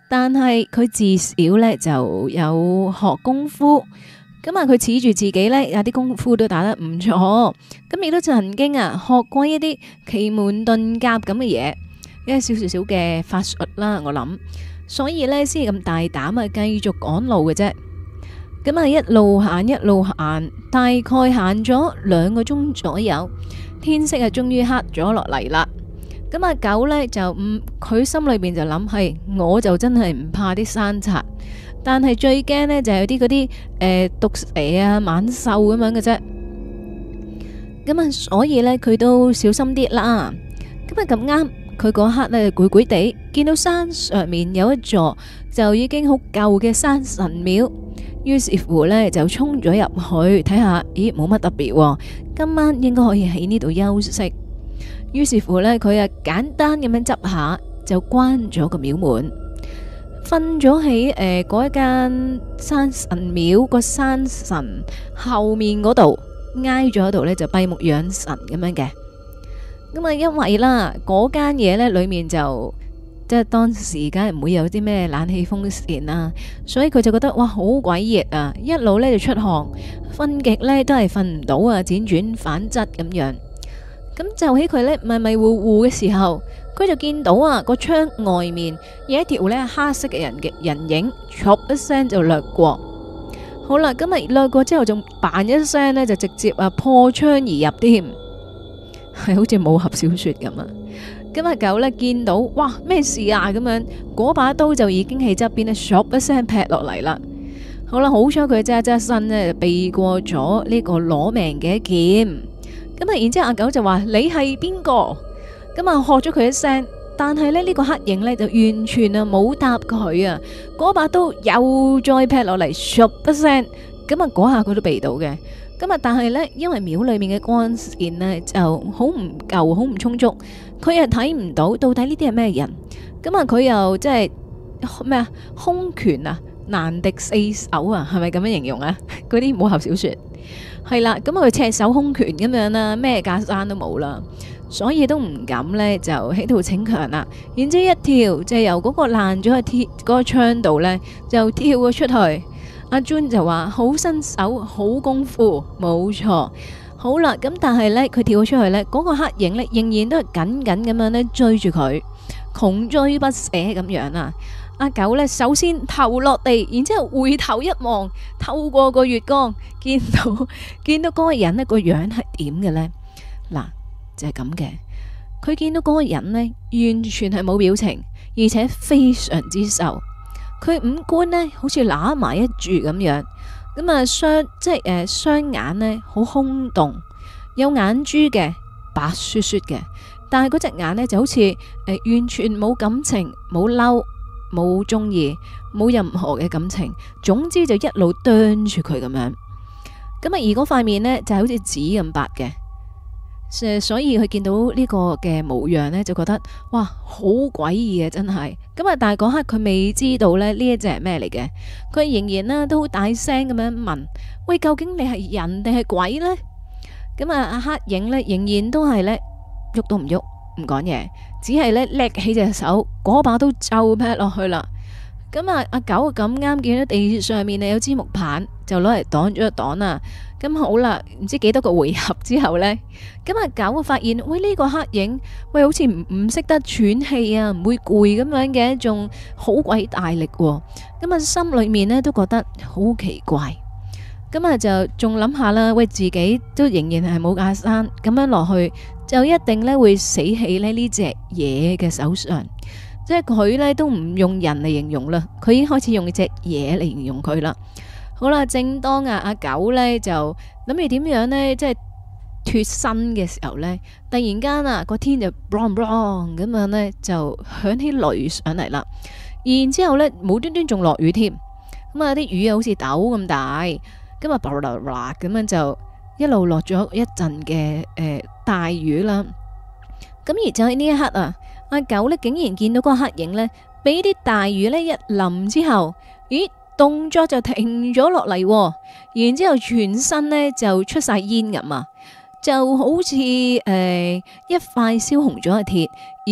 Speaker 1: 但係佢至少呢就有學功夫。咁啊，佢恃住自己呢，有啲功夫都打得唔錯，咁亦都曾經啊學過一啲奇門遁甲咁嘅嘢，因少少少嘅法術啦。我諗，所以呢，先咁大膽啊，繼續趕路嘅啫。咁啊，一路行一路行，大概行咗兩個鐘左右，天色啊，終於黑咗落嚟啦。咁啊，阿狗咧就唔，佢心裏邊就諗係，我就真係唔怕啲山賊，但係最驚咧就係啲嗰啲誒毒蛇啊、猛獸咁樣嘅啫。咁啊，所以咧佢都小心啲啦。咁啊，咁啱佢嗰刻咧，攰攰地見到山上面有一座就已經好舊嘅山神廟。於是乎呢，就衝咗入去睇下，咦，冇乜特別啊，今晚應該可以喺呢度休息。於是乎呢，佢啊簡單咁樣執下，就關咗個廟門，瞓咗喺誒嗰一間山神廟個山神後面嗰度挨咗度呢，就閉目養神咁樣嘅。咁啊，因為啦，嗰間嘢呢裏面就。即係當時梗係唔會有啲咩冷氣風扇啊，所以佢就覺得哇好鬼熱啊！一路呢就出汗，瞓極呢都係瞓唔到啊，輾轉反側咁樣。咁就喺佢呢迷迷糊糊嘅時候，佢就見到啊個窗外面有一條呢黑色嘅人嘅人影，唰一聲就掠過。好啦，咁啊掠過之後仲扮一聲呢，就直接啊破窗而入添，係 好似武俠小說咁啊！咁阿狗咧見到，哇咩事啊？咁樣嗰把刀就已經喺側邊咧，唰一聲劈落嚟啦。好啦，好彩佢揸揸身咧避過咗呢個攞命嘅一劍。咁啊，然之後阿狗就話：你係邊個？咁啊，喝咗佢一聲。這一是聲但係咧，呢個黑影咧就完全啊冇答佢啊。嗰把刀又再劈落嚟，唰一聲。咁啊，嗰下佢都避到嘅。咁啊，但係咧，因為廟裏面嘅光線呢，就好唔夠，好唔充足。佢係睇唔到到底呢啲係咩人，咁啊佢又即係咩啊空拳啊難敵四手啊，係咪咁樣形容啊？嗰啲武俠小説係啦，咁佢赤手空拳咁樣啦，咩架生都冇啦，所以都唔敢呢，就喺度逞強啦、啊。然之一跳，就係由嗰個爛咗嘅鐵嗰、那個窗度呢，就跳咗出去。阿 John 就話：好身手，好功夫，冇錯。好啦，咁但係呢，佢跳咗出去呢，嗰個黑影呢，仍然都係緊緊咁樣呢追住佢，窮追不捨咁樣啊！阿狗呢，首先頭落地，然之後回頭一望，透過個月光見到見到嗰個人呢個樣係點嘅？呢嗱，就係咁嘅，佢見到嗰個人呢，完全係冇表情，而且非常之瘦，佢五官呢，好似揦埋一柱咁樣。咁啊，雙，即係雙眼呢好空洞，有眼珠嘅白雪雪嘅，但係嗰隻眼呢就好似誒、呃、完全冇感情，冇嬲，冇中意，冇任何嘅感情，總之就一路啄住佢咁樣。咁啊，而嗰塊面呢，就係好似紙咁白嘅。所以佢見到呢個嘅模樣呢，就覺得哇好詭異啊，真係咁啊！但係嗰刻佢未知道呢，呢一隻係咩嚟嘅，佢仍然呢，都好大聲咁樣問：喂，究竟你係人定係鬼呢？咁啊，阿黑影呢，仍然都係呢，喐都唔喐，唔講嘢，只係呢，甩起隻手，嗰把刀就劈落去啦。咁啊，阿狗咁啱見到地上面啊有支木棒，就攞嚟擋咗一擋啦。咁、嗯、好啦，唔知幾多個回合之後呢？咁啊，狗會發現，喂呢、呢個黑影，喂好似唔唔識得喘氣啊，唔會攰咁樣嘅，仲好鬼大力、啊。咁、嗯、啊心裏面呢，都覺得好奇怪。咁、嗯、啊、嗯、就仲諗下啦，喂自己都仍然係冇架生，咁樣落去就一定呢會死喺咧呢隻嘢嘅手上。即係佢呢，都唔用人嚟形容啦，佢已經開始用隻嘢嚟形容佢啦。好啦，正當啊阿狗呢，就諗住點樣呢？即係脱身嘅時候呢，突然間啊個天就 boom boom 咁樣呢就響起雷上嚟啦，然之後呢冇端端仲落雨添，咁啊啲雨又好似豆咁大，咁啊嘩啦啦咁樣就一路落咗一陣嘅誒大雨啦，咁而就喺呢一刻啊，阿狗呢竟然見到個黑影呢，俾啲大雨呢一淋之後，咦？動作就停咗落嚟，然之後全身呢就出晒煙咁啊，就好似誒一塊燒紅咗嘅鐵，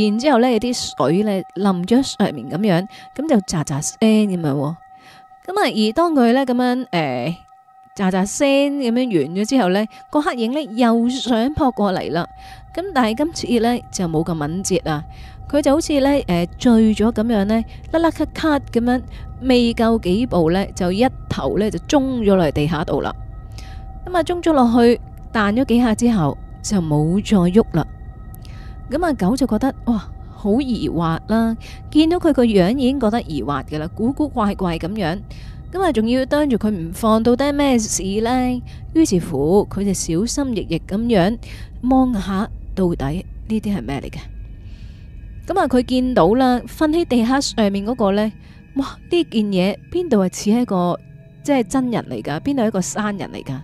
Speaker 1: 然之後咧啲水呢淋咗上面咁樣，咁就喳喳聲咁樣。咁啊，而當佢呢咁樣誒喳喳聲咁樣完咗之後呢，個黑影呢又想撲過嚟啦。咁但係今次呢就冇咁敏捷啊，佢就好似呢誒醉咗咁樣呢，甩甩咳咳咁樣。未夠幾步呢，就一頭呢，就中咗落地下度啦。咁啊，中咗落去彈咗幾下之後，就冇再喐啦。咁啊，狗就覺得哇，好疑惑啦。見到佢個樣已經覺得疑惑嘅啦，古古怪怪咁樣。咁啊，仲要當住佢唔放，到底咩事呢？於是乎，佢就小心翼翼咁樣望下到底呢啲係咩嚟嘅。咁啊，佢見到啦，瞓喺地下上面嗰個呢。哇！呢件嘢邊度係似一個即係真人嚟噶，邊度係一個山人嚟噶？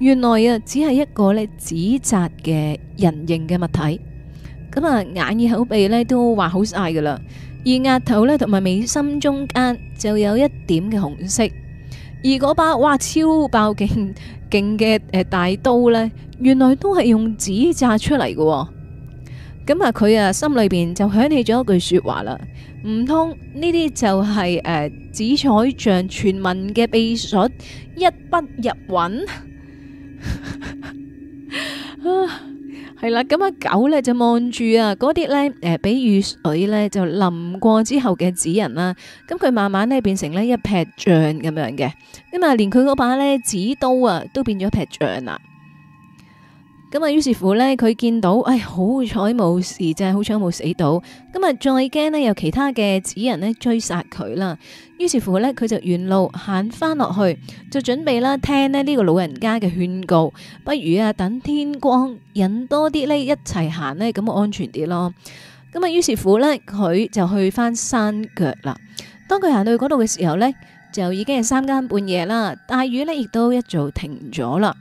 Speaker 1: 原來啊，只係一個咧紙紮嘅人形嘅物體，咁啊眼耳口鼻咧都畫好晒噶啦，而額頭咧同埋眉心中間就有一點嘅紅色，而嗰把哇超爆勁勁嘅誒大刀呢，原來都係用紙紮出嚟嘅，咁啊佢啊心裏邊就響起咗一句說話啦。唔通呢啲就係誒紫彩像傳聞嘅秘術，一筆入魂啊！係啦，咁啊狗咧就望住啊嗰啲咧誒，俾雨水咧就淋過之後嘅紙人啦，咁佢慢慢咧變成咧一劈像咁樣嘅，咁啊連佢嗰把咧紙刀啊都變咗一劈像啦。咁於是乎呢，佢見到，哎，好彩冇事，就係好彩冇死到。再驚有其他嘅紙人追殺佢啦。於是乎呢，佢就沿路行返落去，就準備啦聽咧呢個老人家嘅勸告，不如等天光，人多啲一齊行咧，咁啊安全啲咯。咁於是乎呢，佢就去返山腳啦。當佢行到嗰度嘅時候呢，就已經係三更半夜喇，大雨呢亦都一早停咗喇。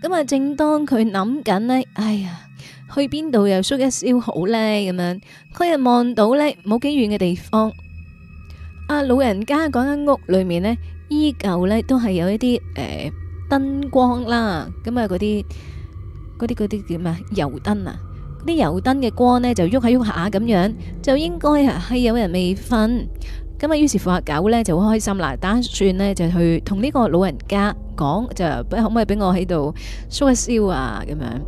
Speaker 1: 咁啊！正當佢諗緊呢，哎呀，去邊度又縮一宵好咧？咁樣佢又望到呢冇幾遠嘅地方，啊，老人家嗰間屋裏面呢，依舊呢都係有一啲誒燈光啦。咁啊，嗰啲嗰啲嗰啲叫咩油燈啊？啲油燈嘅光呢，就喐下喐下咁樣，就應該啊係有人未瞓。咁啊，於是乎阿狗咧就好開心啦，打算呢就去同呢個老人家講，就可唔可以俾我喺度 show 一 show 啊咁樣。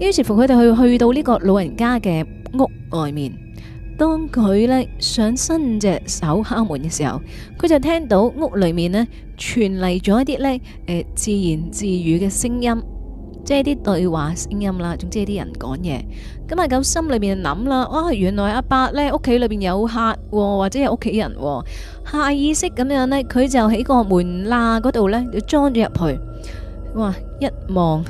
Speaker 1: 於是乎佢哋去去到呢個老人家嘅屋外面，當佢呢想伸隻手敲門嘅時候，佢就聽到屋裏面呢傳嚟咗一啲呢誒、呃、自言自語嘅聲音，即係啲對話聲音啦，總之係啲人講嘢。咁啊，咁心裏面就諗啦，啊，原來阿伯咧屋企裏面有客，或者有屋企人，下意識咁樣咧，佢就喺個門罅嗰度咧就裝咗入去。哇，一望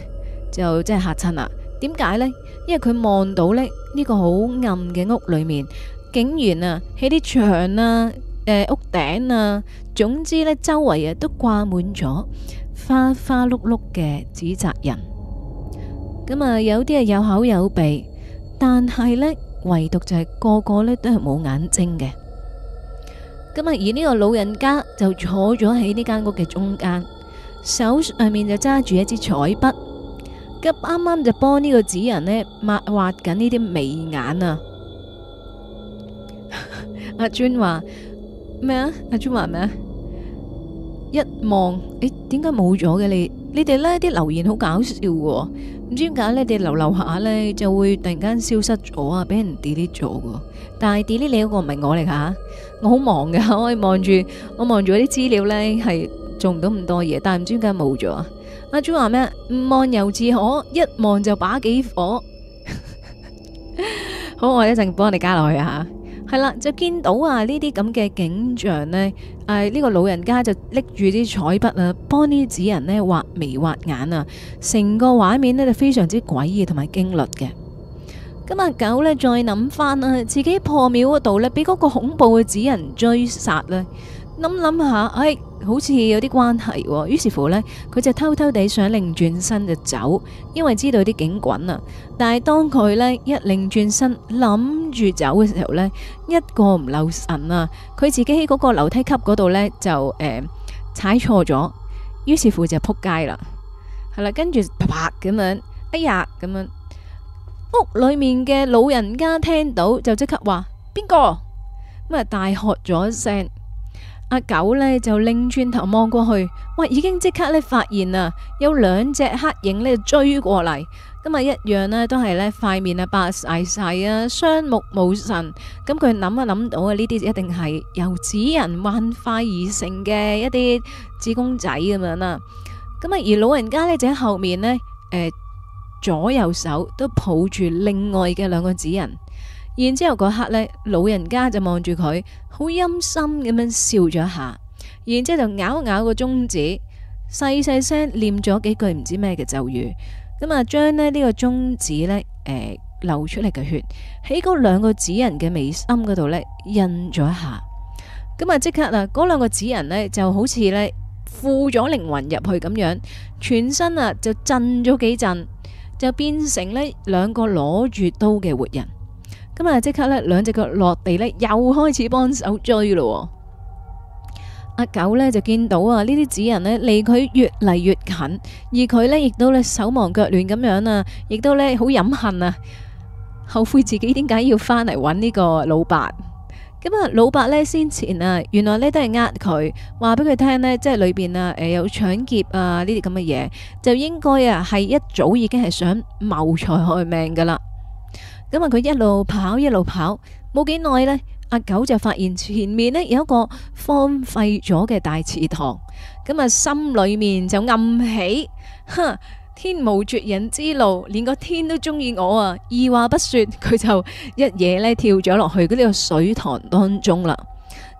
Speaker 1: 就真係吓親啦！點解咧？因為佢望到咧呢個好暗嘅屋裏面，竟然啊喺啲牆啊、誒屋頂啊，總之咧周圍啊都掛滿咗花花碌碌嘅紙紮人。咁啊，有啲啊有口有鼻。但係呢，唯獨就係個個呢都係冇眼睛嘅。咁啊，而呢個老人家就坐咗喺呢間屋嘅中間，手上面就揸住一支彩筆，急啱啱就幫呢個紙人呢抹畫緊呢啲眉眼啊。 阿尊話咩啊？阿尊話咩？一望，誒、欸，點解冇咗嘅你？你哋呢啲留言好搞笑噶。唔知點解你哋留留下咧就會突然間消失咗啊！俾人 delete 咗噶，但係 delete 你嗰個唔係我嚟噶，我好忙噶，我望住我望住啲資料咧係做唔到咁多嘢，但係唔知點解冇咗啊！阿朱話咩？唔望由自可，一望就把幾火。 好，我一陣幫你加落去吓。係啦，就見到啊呢啲咁嘅景象呢，誒呢個老人家就拎住啲彩筆啊，幫呢啲紙人呢畫眉畫眼啊，成個畫面呢就非常之詭異同埋驚栗嘅。噉啊，狗呢再諗翻啊，自己破廟嗰度呢，俾嗰個恐怖嘅紙人追殺呢。諗諗下，哎，好似有啲關係，哦。於是乎呢，佢就偷偷地想擰轉身就走，因為知道啲警滾啦。但係當佢呢一擰轉身諗住走嘅時候呢，一個唔留神啊，佢自己喺嗰個樓梯級嗰度呢，就、呃、踩錯咗，於是乎就撲街啦。係、嗯、啦，跟住啪啪咁樣，哎呀咁樣屋裏面嘅老人家聽到就即刻話邊個咁啊，大喝咗一聲。阿、啊、狗呢就擰轉頭望過去，哇！已經即刻呢發現啊，有兩隻黑影呢追過嚟。咁啊，一樣呢，都係呢塊面啊白曬曬啊，雙目無神。咁佢諗一諗到啊，呢啲一定係由紙人幻化而成嘅一啲紙公仔咁樣啦。咁啊，而老人家呢，就喺後面呢，誒、呃，左右手都抱住另外嘅兩個紙人。然之後嗰刻呢，老人家就望住佢，好陰森咁樣笑咗一下。然之後就咬一咬個中指，細細聲念咗幾句唔知咩嘅咒語。咁啊，將咧呢個中指呢，誒流出嚟嘅血喺嗰兩個紙人嘅眉心嗰度呢印咗一下。咁啊，即刻啊，嗰兩個紙人呢就好似呢，附咗靈魂入去咁樣，全身啊就震咗幾陣，就變成呢兩個攞住刀嘅活人。咁啊！即刻呢兩隻腳落地呢，又開始幫手追咯，啊。阿九呢就見到啊，呢啲紙人呢，離佢越嚟越近，而佢呢亦都呢手忙腳亂咁樣啊，亦都呢好飲恨啊，後悔自己點解要返嚟揾呢個老伯。咁、嗯、啊，老伯呢先前啊，原來呢都係呃佢，話俾佢聽呢，即係裏邊啊，有搶劫啊呢啲咁嘅嘢，就應該啊係一早已經係想謀財害命噶啦。咁啊！佢一路跑，一路跑，冇幾耐呢，阿狗就發現前面呢有一個荒廢咗嘅大池塘，咁啊心裏面就暗喜，哼，天無絕人之路，連個天都中意我啊！二話不說，佢就一嘢呢跳咗落去嗰啲個水塘當中啦。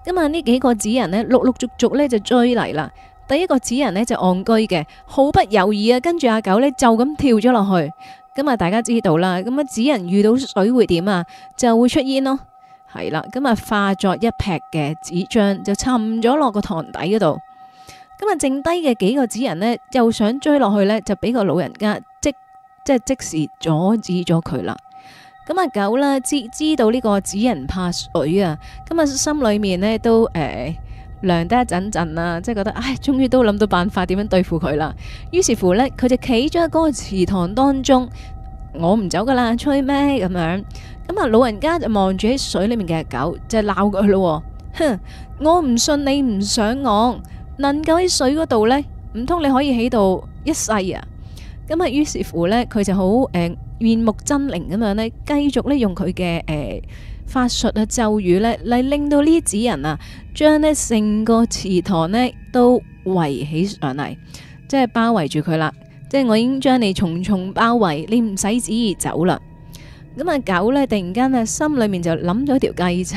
Speaker 1: 咁啊，呢幾個紙人呢，陸陸續續呢就追嚟啦。第一個紙人呢，就戇居嘅，毫不猶豫啊，跟住阿狗呢，就咁跳咗落去。咁啊，大家知道啦，咁啊紙人遇到水會點啊？就會出煙咯，係啦，咁啊化作一劈嘅紙張就沉咗落個塘底嗰度。咁啊，剩低嘅幾個紙人呢，又想追落去呢，就俾個老人家即即即時阻止咗佢啦。咁啊，狗啦知知道呢個紙人怕水啊，咁啊心裏面呢，都、呃、誒。涼得一陣陣啊！即係覺得，唉，終於都諗到辦法點樣對付佢啦。於是乎呢，佢就企咗喺嗰個池塘當中，我唔走噶啦，吹咩咁樣？咁啊，老人家就望住喺水裏面嘅狗，就鬧佢咯。哼，我唔信你唔上岸，能夠喺水嗰度呢？唔通你可以喺度一世啊？咁啊，於是乎呢，佢就好誒、呃、面目猙獰咁樣呢，繼續咧用佢嘅誒。法術啊咒語呢嚟，令到呢啲紙人啊，將呢成個祠堂呢都圍起上嚟，即係包圍住佢啦。即係我已經將你重重包圍，你唔使旨意走啦。咁啊狗呢，突然間啊心裏面就諗咗條計策，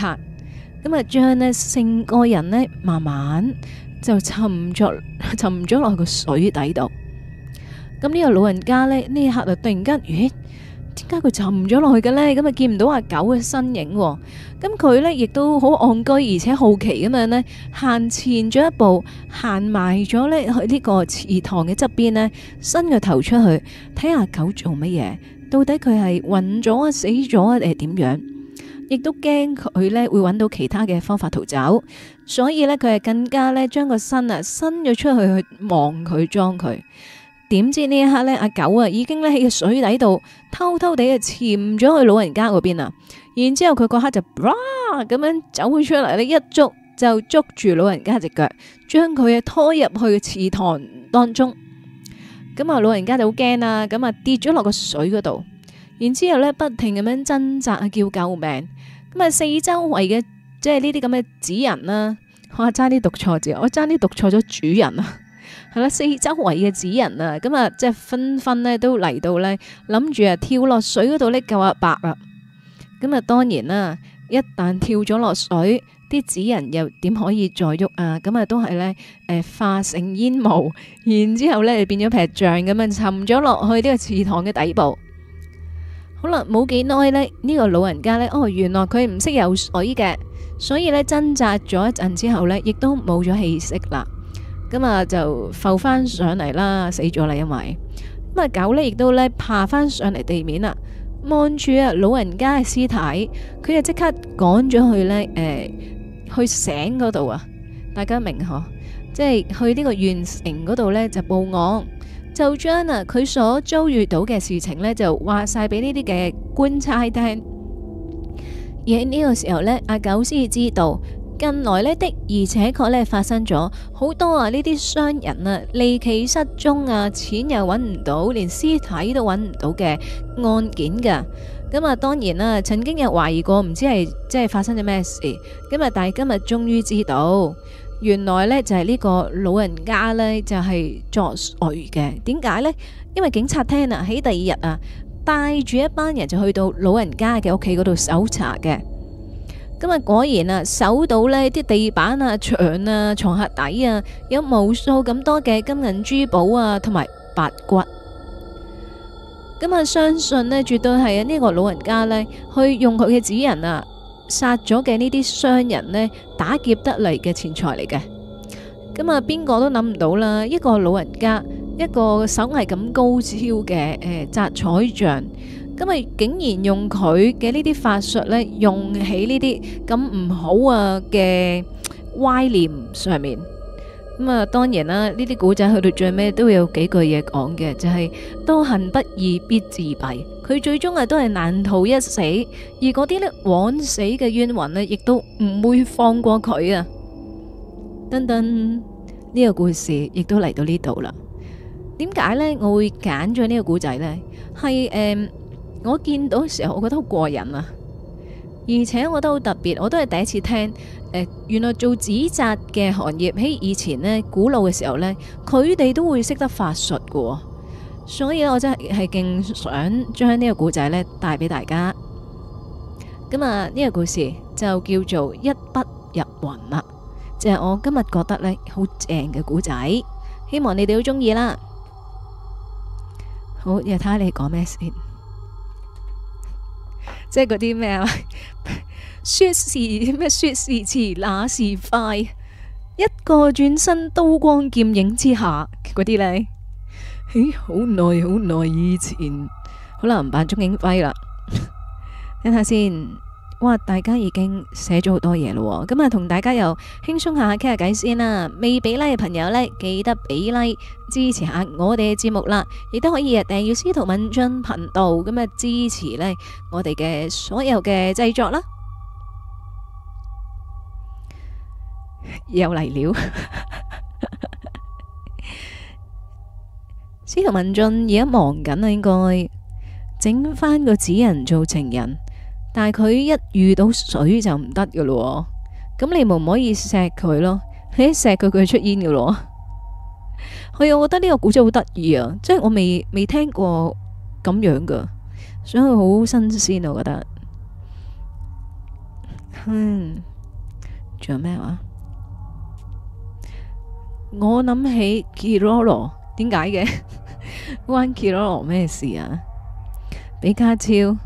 Speaker 1: 咁啊將呢成個人呢，慢慢就沉咗沉咗落去個水底度。咁呢個老人家呢，一刻呢刻就突然間咦？點解佢沉咗落去嘅咧？咁啊見唔到阿狗嘅身影喎。咁佢咧亦都好戇居，而且好奇咁樣咧，行前咗一步，行埋咗咧去呢個池塘嘅側邊咧，伸個頭出去睇下狗做乜嘢，到底佢係暈咗啊？死咗啊？定係點樣？亦都驚佢咧會揾到其他嘅方法逃走，所以咧佢係更加咧將個身啊伸咗出去去望佢裝佢。點知呢一刻咧，阿、啊、狗啊，已經咧喺個水底度偷偷地啊潛咗去老人家嗰邊啊，然之後佢嗰刻就咁樣走咗出嚟，咧，一捉就捉住老人家隻腳，將佢啊拖入去池塘當中。咁、嗯、啊，老人家就好驚啦，咁、嗯、啊跌咗落個水嗰度，然之後咧不停咁樣掙扎啊，叫救命。咁、嗯、啊，四周圍嘅即係呢啲咁嘅紙人啦，我差啲讀錯字，我差啲讀錯咗主人啊。係啦，四周圍嘅紙人啊，咁啊，即係紛紛呢都嚟到呢，諗住啊跳落水嗰度呢救阿伯啦。咁啊，當然啦，一旦跳咗落水，啲紙人又點可以再喐啊？咁啊，都係呢，誒，化成煙霧，然之後咧變咗劈像咁樣沉咗落去呢個祠堂嘅底部。好啦，冇幾耐呢，呢、呢個老人家呢，哦，原來佢唔識游水嘅，所以呢，掙扎咗一陣之後呢，亦都冇咗氣息啦。咁、嗯、啊就浮翻上嚟啦，死咗啦，因為咁啊狗呢亦都呢，爬翻上嚟地面啦，望住啊老人家嘅屍體，佢就即刻趕咗去呢，誒、呃、去省嗰度啊，大家明嗬，即係去呢個縣城嗰度呢，就報案，就將啊佢所遭遇到嘅事情呢，就話晒俾呢啲嘅官差聽。而喺呢個時候呢，阿狗先知道，近來呢的而且確咧，發生咗好多啊，呢啲商人啊離奇失蹤啊錢又揾唔到，連屍體都揾唔到嘅案件噶。咁啊當然啦曾經有懷疑過，唔知係即係發生咗咩事咁，啊但係今日終於知道，原來呢就係呢個老人家呢，就係作祟嘅。點解呢？因為警察廳啊喺第二日啊帶住一班人就去到老人家嘅屋企嗰度搜查嘅。今日果然啊，搜到呢啲地板啊、牆啊、床下底啊，有無數咁多嘅金銀珠寶啊，同埋白骨。咁、嗯、啊，相信呢，絕對係呢個老人家呢去用佢嘅指人啊殺咗嘅呢啲商人呢，打劫得嚟嘅錢財嚟嘅。咁、嗯、啊，邊個都諗唔到啦！一個老人家，一個手藝咁高超嘅誒，紮、呃、彩像。咁咪！竟然用佢嘅呢啲法術呢，用喺呢啲咁唔好啊嘅歪念上面。咁啊，當然啦，呢啲古仔去到最尾都有幾句嘢講嘅，就係多行不義必自斃。佢最終啊都係難逃一死，而嗰啲呢枉死嘅冤魂呢，亦都唔會放過佢啊！噔噔，呢個故事亦都嚟到呢度啦。點解呢？我會揀咗呢個古仔呢？係誒。我見到嘅時候，我覺得好過癮啊！而且我覺得好特別，我都係第一次聽。呃、原來做紙紮嘅行業喺以前呢，古老嘅時候呢，佢哋都會識得法術嘅、哦。所以，我真係係勁想將呢個故仔呢帶俾大家。咁啊，呢、這個故事就叫做一筆入魂啦，就係、是、我今日覺得呢好正嘅故仔，希望你哋都中意啦。好，而家睇下你講咩先。即係嗰啲咩啊？說時咩說時遲，那時快，一個轉身，刀光劍影之下嗰啲咧。咦，好耐好耐以前，好難唔扮鍾景輝啦。睇 下先。哇！大家已經寫咗好多嘢咯。咁啊同大家又輕鬆下傾下偈先啦。未俾 like 嘅朋友呢，記得俾拉、like、支持下我哋嘅節目啦，亦都可以啊訂閱司徒文進頻道，咁啊支持呢我哋嘅所有嘅製作啦。又嚟了，司 又來了笑徒文進而家忙緊啦，應該整翻個紙人做情人。但係佢一遇到水就唔得噶咯，咁你咪唔可以錫佢咯，你一錫佢佢出煙噶咯。所以我覺得呢個古仔好得意啊，即係我未未聽過咁樣噶，所以佢好新鮮，我覺得。哼，仲有咩話？我諗起 Kiroro，點解嘅？關 Kiroro 咩事啊？比卡超。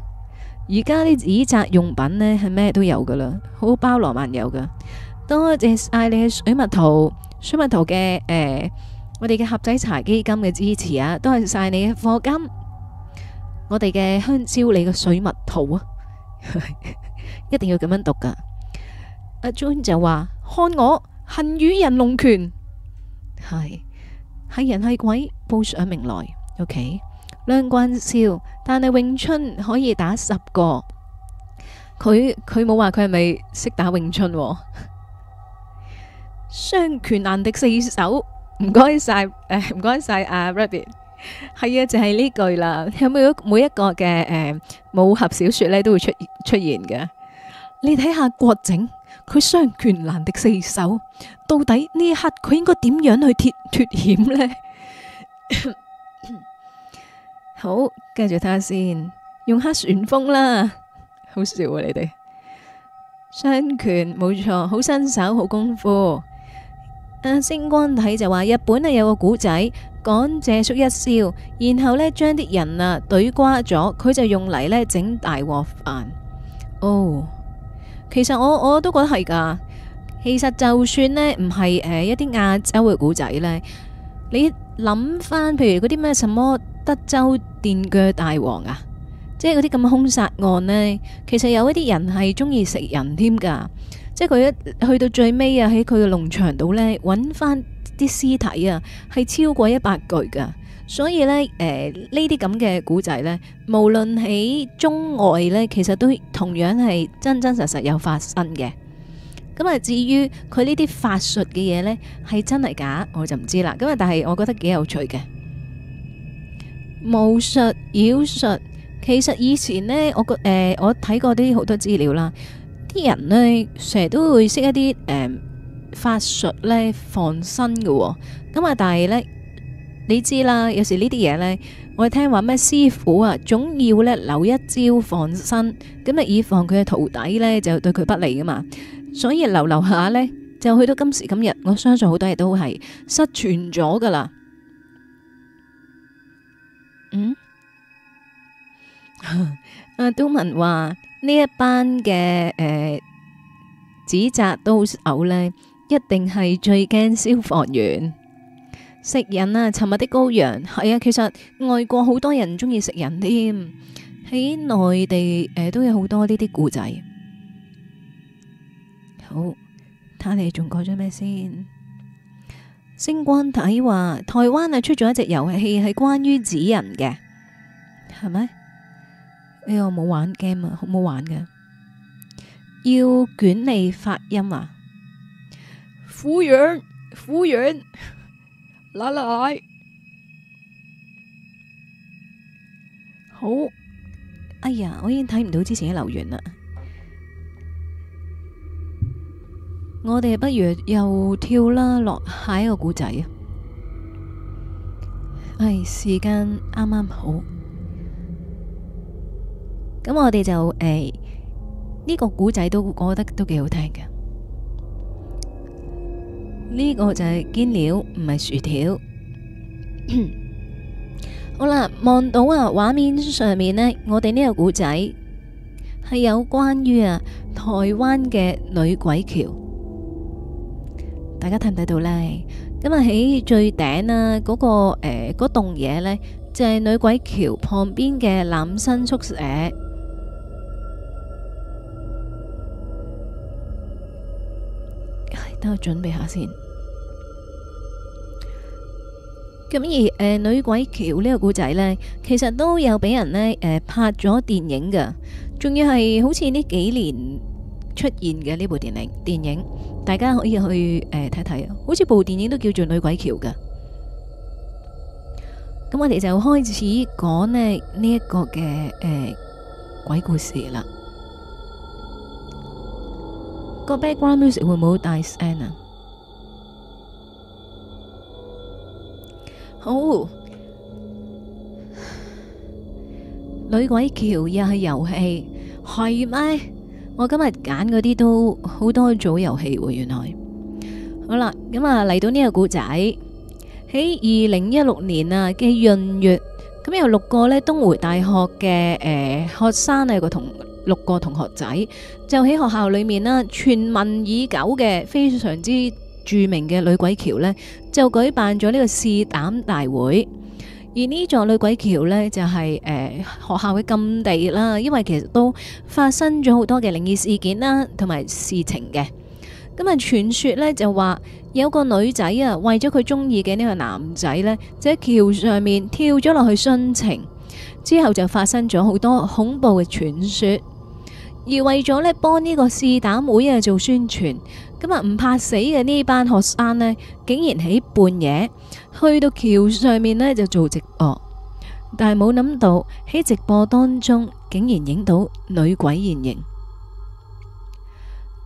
Speaker 1: 而家啲紙紮用品呢，係咩都有噶啦，好包羅萬有噶。多謝晒你嘅水蜜桃，水蜜桃嘅誒、呃，我哋嘅盒仔茶基金嘅支持啊，多謝晒你嘅課金，我哋嘅香蕉，你嘅水蜜桃啊， 一定要咁樣讀噶。阿、uh, John 就話：看我恨與人龍拳。」係係人係鬼報上名來，OK。梁關少，但係詠春可以打十個，佢佢冇話佢係咪識打詠春？哦，雙拳難敵四手，唔該晒，呃唔該晒啊！Rabbit 係啊，Rabbit、 的就係、是呢句啦。有冇每每一個嘅、呃、武俠小說呢都會出出現嘅？你睇下郭靖，佢雙拳難敵四手，到底呢一刻佢應該點樣去脱脱險呢？ 好，跟住睇下先，用黑旋風啦，好笑啊！你哋雙拳冇錯，好身手，好功夫。阿、啊、星光睇就話，日本咧有個古仔，講借宿一宵，然後呢將啲人啊懟瓜咗，佢就用嚟呢整大鑊飯。哦，其實我我都覺得係噶。其實就算呢唔係誒一啲亞洲嘅古仔呢，你諗翻譬如嗰啲咩什麼？什麼德州電鋸大王啊，即係嗰啲咁嘅凶殺案呢，其實有一啲人係中意食人添噶，即係佢一去到最尾啊，喺佢嘅農場度呢，揾翻啲屍體啊，係超過一百具噶。所以呢，誒呢啲咁嘅古仔呢，無論喺中外呢，其實都同樣係真真實實有發生嘅。咁啊，至於佢呢啲法術嘅嘢呢，係真係假的，我就唔知啦。咁啊，但係我覺得幾有趣嘅。巫術、妖術，其實以前呢，我覺誒、呃，我睇過啲好多資料啦，啲人呢，成日都會識一啲誒、呃、法術呢，防身嘅喎。咁啊，但係呢，你知啦，有時呢啲嘢呢，我聽話咩師傅啊，總要呢，留一招防身。咁啊，以防佢嘅徒弟呢，就對佢不利啊嘛。所以留留下呢，就去到今時今日，我相信好多嘢都係失傳咗噶啦。嗯，阿東文話呢一班嘅誒指責都牛咧，一定係最驚消防員食人啊！沉默的羔羊係啊，其實外國好多人中意食人添，喺內地誒、呃、都有好多呢啲故仔。好，睇下你仲講咗咩先？星光體話台灣啊出咗一隻遊戲係關於指人嘅，係咪？哎、欸、呀，冇玩 game 啊，好冇玩㗎。要捲你發音啊，苦軟苦軟，拉拉，好。哎呀，我已經睇唔到之前嘅留言啦。我哋不如又跳啦，落下一個古仔啊！唉、哎，時間啱啱好，咁我哋就誒呢、哎，這個古仔都我覺得都幾好聽嘅。呢、這個就係堅料，唔係薯條。 好啦，望到啊，畫面上面呢，我哋呢個古仔係有關於啊台灣嘅女鬼橋。大家睇唔睇到咧？咁啊喺最頂啦，嗰個誒嗰棟嘢咧，就係女鬼橋旁邊嘅冷身宿舍男生宿舍。唉，等我準備下先。咁而誒，女鬼橋呢個古仔咧，其實都有俾人咧誒拍咗電影噶，仲要係好似呢幾年出現嘅呢部電影，電影大家可以去誒睇睇，好似部電影都叫做《女鬼橋》嘅。咁我哋就開始講咧呢一個嘅誒鬼故事啦。個 background music 會唔會好大聲呀？好，女鬼橋又係遊戲係咪？我今日揀嗰啲都好多組遊戲喎，原來好啦，咁啊嚟到呢個古仔喺二零一六年啊嘅閏月，咁有六個呢東湖大學嘅誒、呃、學生呢個同六個同學仔就喺學校裏面啦，傳聞已久嘅非常之著名嘅女鬼橋呢，就舉辦咗呢個試膽大會。而呢座女鬼橋呢，就係、是、誒、呃、學校嘅禁地啦，因為其實都發生咗好多嘅靈異事件啦，同埋事情嘅。咁啊，傳說呢，就話有個女仔啊，為咗佢中意嘅呢個男仔呢，就喺橋上面跳咗落去殉情，之後就發生咗好多恐怖嘅傳說。而為咗呢幫呢個試膽會啊做宣傳，咁啊唔怕死嘅呢班學生呢，竟然喺半夜，去到橋上面呢，就做直播，但係冇諗到喺直播當中竟然影到女鬼現形。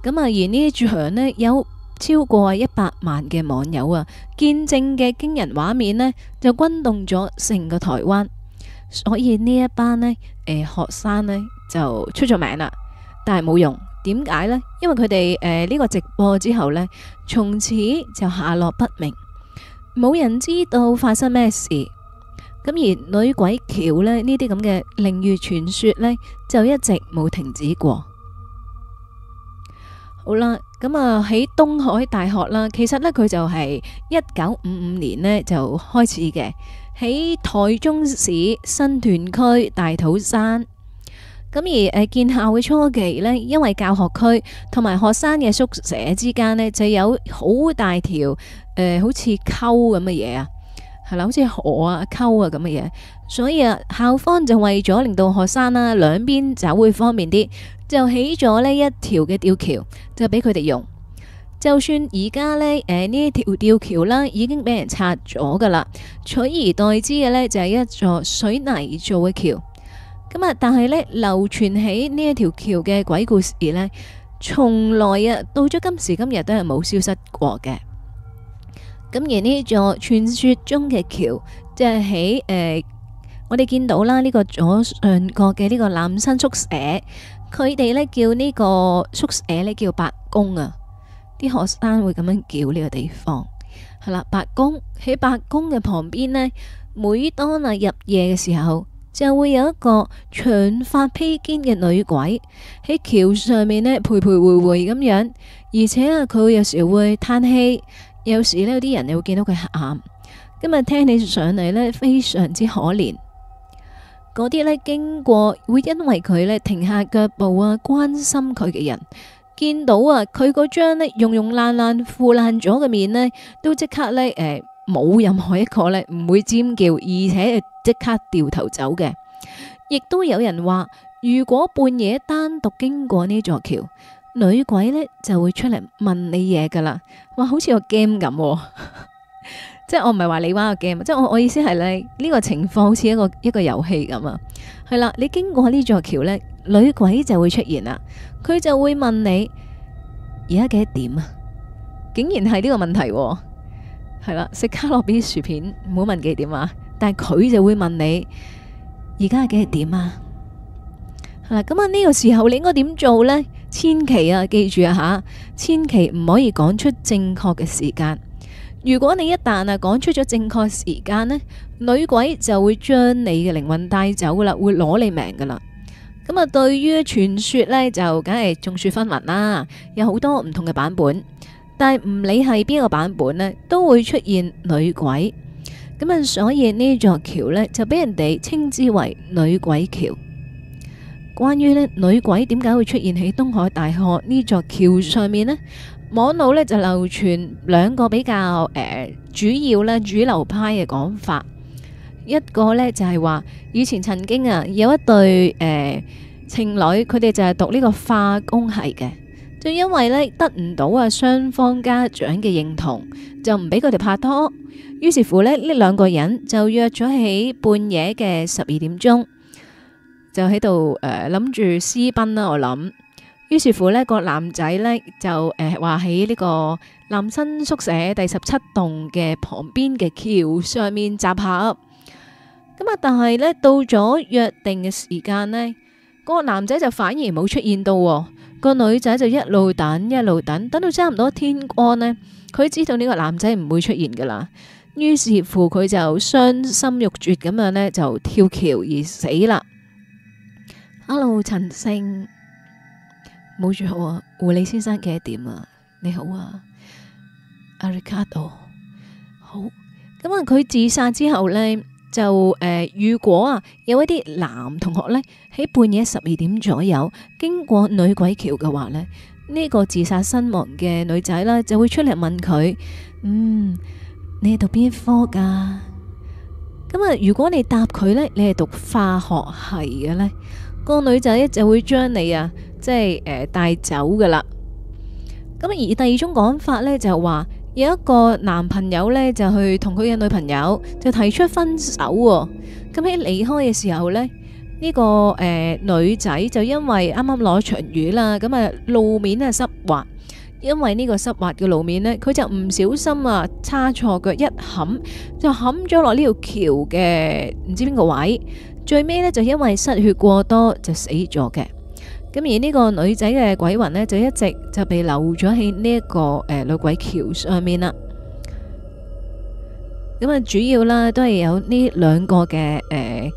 Speaker 1: 咁啊，而呢一場呢，有超過一百萬嘅網友啊見證嘅驚人畫面呢，就轟動咗成個台灣。所以呢一班呢誒、呃、學生呢，就出咗名啦，但係冇用。點解呢？因為佢哋誒呢個直播之後呢，從此就下落不明。冇人知道發生咩事，咁而女鬼橋咧，呢啲咁嘅靈異傳說呢，就一直冇停止過。好啦，咁啊喺東海大學啦，其實呢，佢就係一九五五年呢，就開始嘅，喺台中市新屯區大肚山。咁而誒建校嘅初期呢，因為教學區同埋學生嘅宿舍之間呢，就有好大條誒好似溝咁嘅嘢啊，係、呃、啦，好似河啊、溝啊咁嘅嘢，所以啊，校方就為咗令到學生啦兩邊就會方便啲，就起咗呢一條嘅吊橋，就俾佢哋用。就算而家呢誒呢一條、呃、吊橋啦，已經俾人拆咗噶啦，取而代之嘅呢就係、是、一座水泥做嘅橋。咁啊！但係呢，流傳起呢一條橋嘅鬼故事呢，從來啊到咗今時今日都係冇消失過嘅。咁而呢座傳說中嘅橋，即係喺誒，我哋見到啦呢個左上角嘅呢個男生宿舍，佢哋呢叫呢個宿舍呢叫白宮啊，啲學生會咁樣叫呢個地方係啦。白宮喺白宮嘅旁邊呢，每當啊入夜嘅時候，就會有一個長髮披肩嘅女鬼喺橋上面呢，徘徊徘徊咁樣，而且啊，佢有時會嘆氣，有時呢，有啲人又會見到佢喊。今日聽起上嚟呢，非常之可憐。嗰啲呢，經過會因為佢呢停下腳步啊，關心佢嘅人，見到啊，佢嗰張呢，庸庸爛爛、腐爛咗嘅面呢，都即刻呢。誒、呃。冇任何一個咧唔會尖叫，而且即刻掉頭走嘅。亦都有人話，如果半夜單獨經過呢座橋，女鬼呢就會出嚟問你嘢噶啦。哇，好似個 game 咁， 即係我唔係話你玩個 game，即係我我意思係咧呢個情況好似一個一個遊戲咁啊。係啦，你經過呢座橋呢，女鬼就會出現啦，佢就會問你而家幾點啊？竟然係呢個問題。係啦，食卡樂比薯片，唔好問幾點啊！但係佢就會問你而家係幾多點啊？嗱，咁啊呢個時候你應該點做呢？千祈啊，記住啊吓，千祈唔可以講出正確嘅時間。如果你一旦啊講出咗正確時間呢，女鬼就會將你嘅靈魂帶走噶啦，會攞你命噶啦。咁啊，對於傳說呢，就梗係眾說紛紜啦，有好多唔同嘅版本。但係唔理係邊個版本呢，都會出現女鬼咁啊，所以呢座橋呢，就俾人哋稱之為女鬼橋。關於呢女鬼點解會出現喺東海大學呢座橋上面呢？網路呢，就流傳兩個比較誒、呃、主要咧主流派嘅講法，一個呢，就係話以前曾經啊有一對誒、呃、情侶，佢哋就係讀呢個化工系嘅。就因為咧得唔到啊雙方家長嘅認同，就唔俾佢哋拍拖。於是乎咧，呢兩個人就約咗喺半夜嘅十二點鐘，就喺度誒諗住私奔啦。我諗，於是乎呢個男仔咧就誒話喺呢個男生宿舍第十七棟嘅旁邊嘅橋上面集合。咁啊，但係咧到咗約定嘅時間呢，個男仔就反而冇出現到。那個女仔就一路等，一路等等到差唔多天光呢，佢知道呢個男仔唔會出現噶啦，於是乎佢就傷心欲絕咁樣呢，就跳橋而死啦。Hello，陳勝，冇住好啊，狐狸先生幾點啊？你好啊，阿 Ricardo，好，咁啊佢自殺之後呢。就誒、呃，如果啊有一啲男同學呢，喺半夜十二點左右經過女鬼橋嘅話咧，呢、呢個自殺身亡嘅女仔啦就會出嚟問佢，嗯，你係讀邊一科噶？咁、嗯、啊，如果你答佢呢，你係讀化學系嘅呢，個女仔就會將你啊即係誒帶走噶啦。咁、嗯、而第二種講法呢，就係話。有一個男朋友呢，就去同佢嘅女朋友就提出分手喎、哦。咁喺離開嘅時候呢，呢、這個誒、呃、女仔就因為啱啱落咗場雨啦，咁啊路面啊濕滑，因為呢個濕滑嘅路面呢，佢就唔小心啊差錯腳一冚，就冚咗落呢條橋嘅唔知邊個位，最尾呢，就因為失血過多就死咗嘅。咁而呢個女仔嘅鬼魂呢，就一直就被留咗喺呢一個誒、呃、女鬼橋上面啦。咁啊，主要啦都係有呢兩個嘅誒、呃、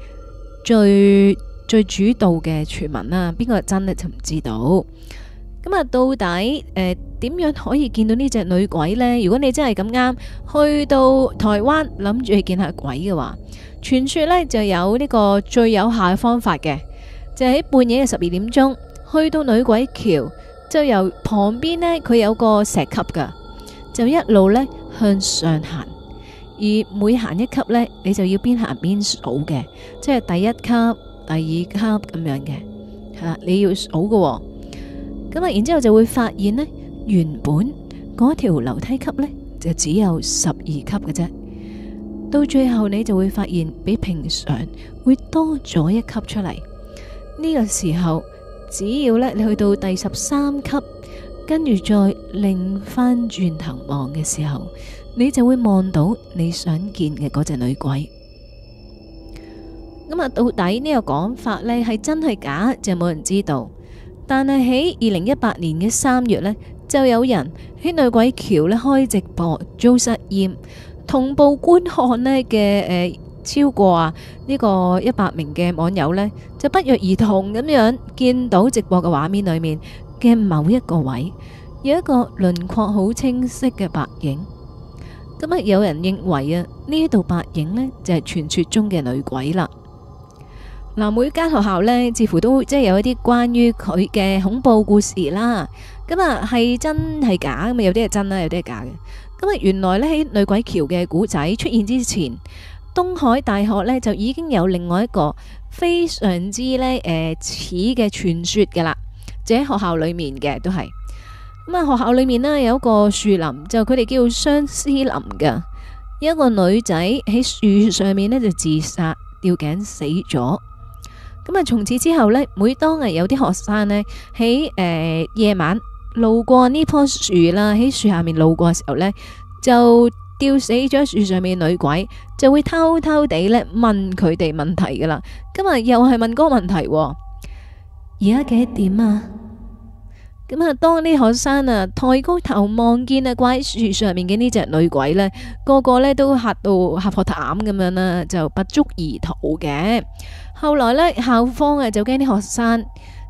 Speaker 1: 最最主導嘅傳聞啦，邊個真係就唔知道。咁啊，到底誒點、呃、樣可以見到呢隻女鬼呢？如果你真係咁啱去到台灣諗住去見下鬼嘅話，傳說呢就有呢個最有效嘅方法嘅，就喺半夜嘅十二點鐘。去到女鬼橋，就由旁邊呢，佢有個石級嘅，就一路呢向上行。而每行一級呢，你就要邊行邊數嘅，即係第一級、第二級咁樣嘅，係你要數嘅。咁啊，然之後就會發現呢，原本嗰條樓梯級呢，就只有十二級嘅啫。到最後你就會發現，比平常會多咗一級出嚟。呢個時候。只要呢你去到第十三級，跟住再擰翻轉頭望嘅時候，你就會望到你想見嘅嗰隻女鬼。咁啊，到底呢個講法呢係真係假，就冇人知道。但係喺二零一八年嘅三月呢，就有人喺女鬼橋呢開直播，做實驗，同步觀看呢嘅誒。超過啊呢個一百名嘅網友呢，就不約而同咁樣見到直播嘅畫面裏面嘅某一個位，有一個輪廓好清晰嘅白影。咁、嗯、啊，有人認為啊呢度白影呢，就係傳說中嘅女鬼啦。嗱、嗯，每間學校呢，似乎都即係有一啲關於佢嘅恐怖故事啦。咁、嗯、啊，係真係假咁啊。有啲係真啦，有啲係假嘅。咁、嗯、啊，原來呢，喺女鬼橋嘅古仔出現之前。東海大學呢，就已經有另外一個非常之咧誒、呃、似嘅傳說嘅啦，就喺學校裏面嘅都係咁啊。學校裏面呢，有一個樹林，就佢哋叫相思林嘅，一個女仔喺樹上面呢，就自殺吊頸死咗。咁、嗯、啊，從此之後呢，每當誒有啲學生呢，喺誒夜晚路過呢棵樹啦，喺樹下面路過嘅時候呢，就。吊死咗喺樹上面女鬼就會偷偷地咧，問佢哋問題噶啦。今日又係問嗰個問題，而家幾點啊？咁啊，當啲學生啊抬高頭望見啊，掛喺樹上面嘅呢隻女鬼咧，個個咧都嚇到嚇破膽咁樣啦，就拔足而逃嘅。後來咧，校方啊就驚啲學生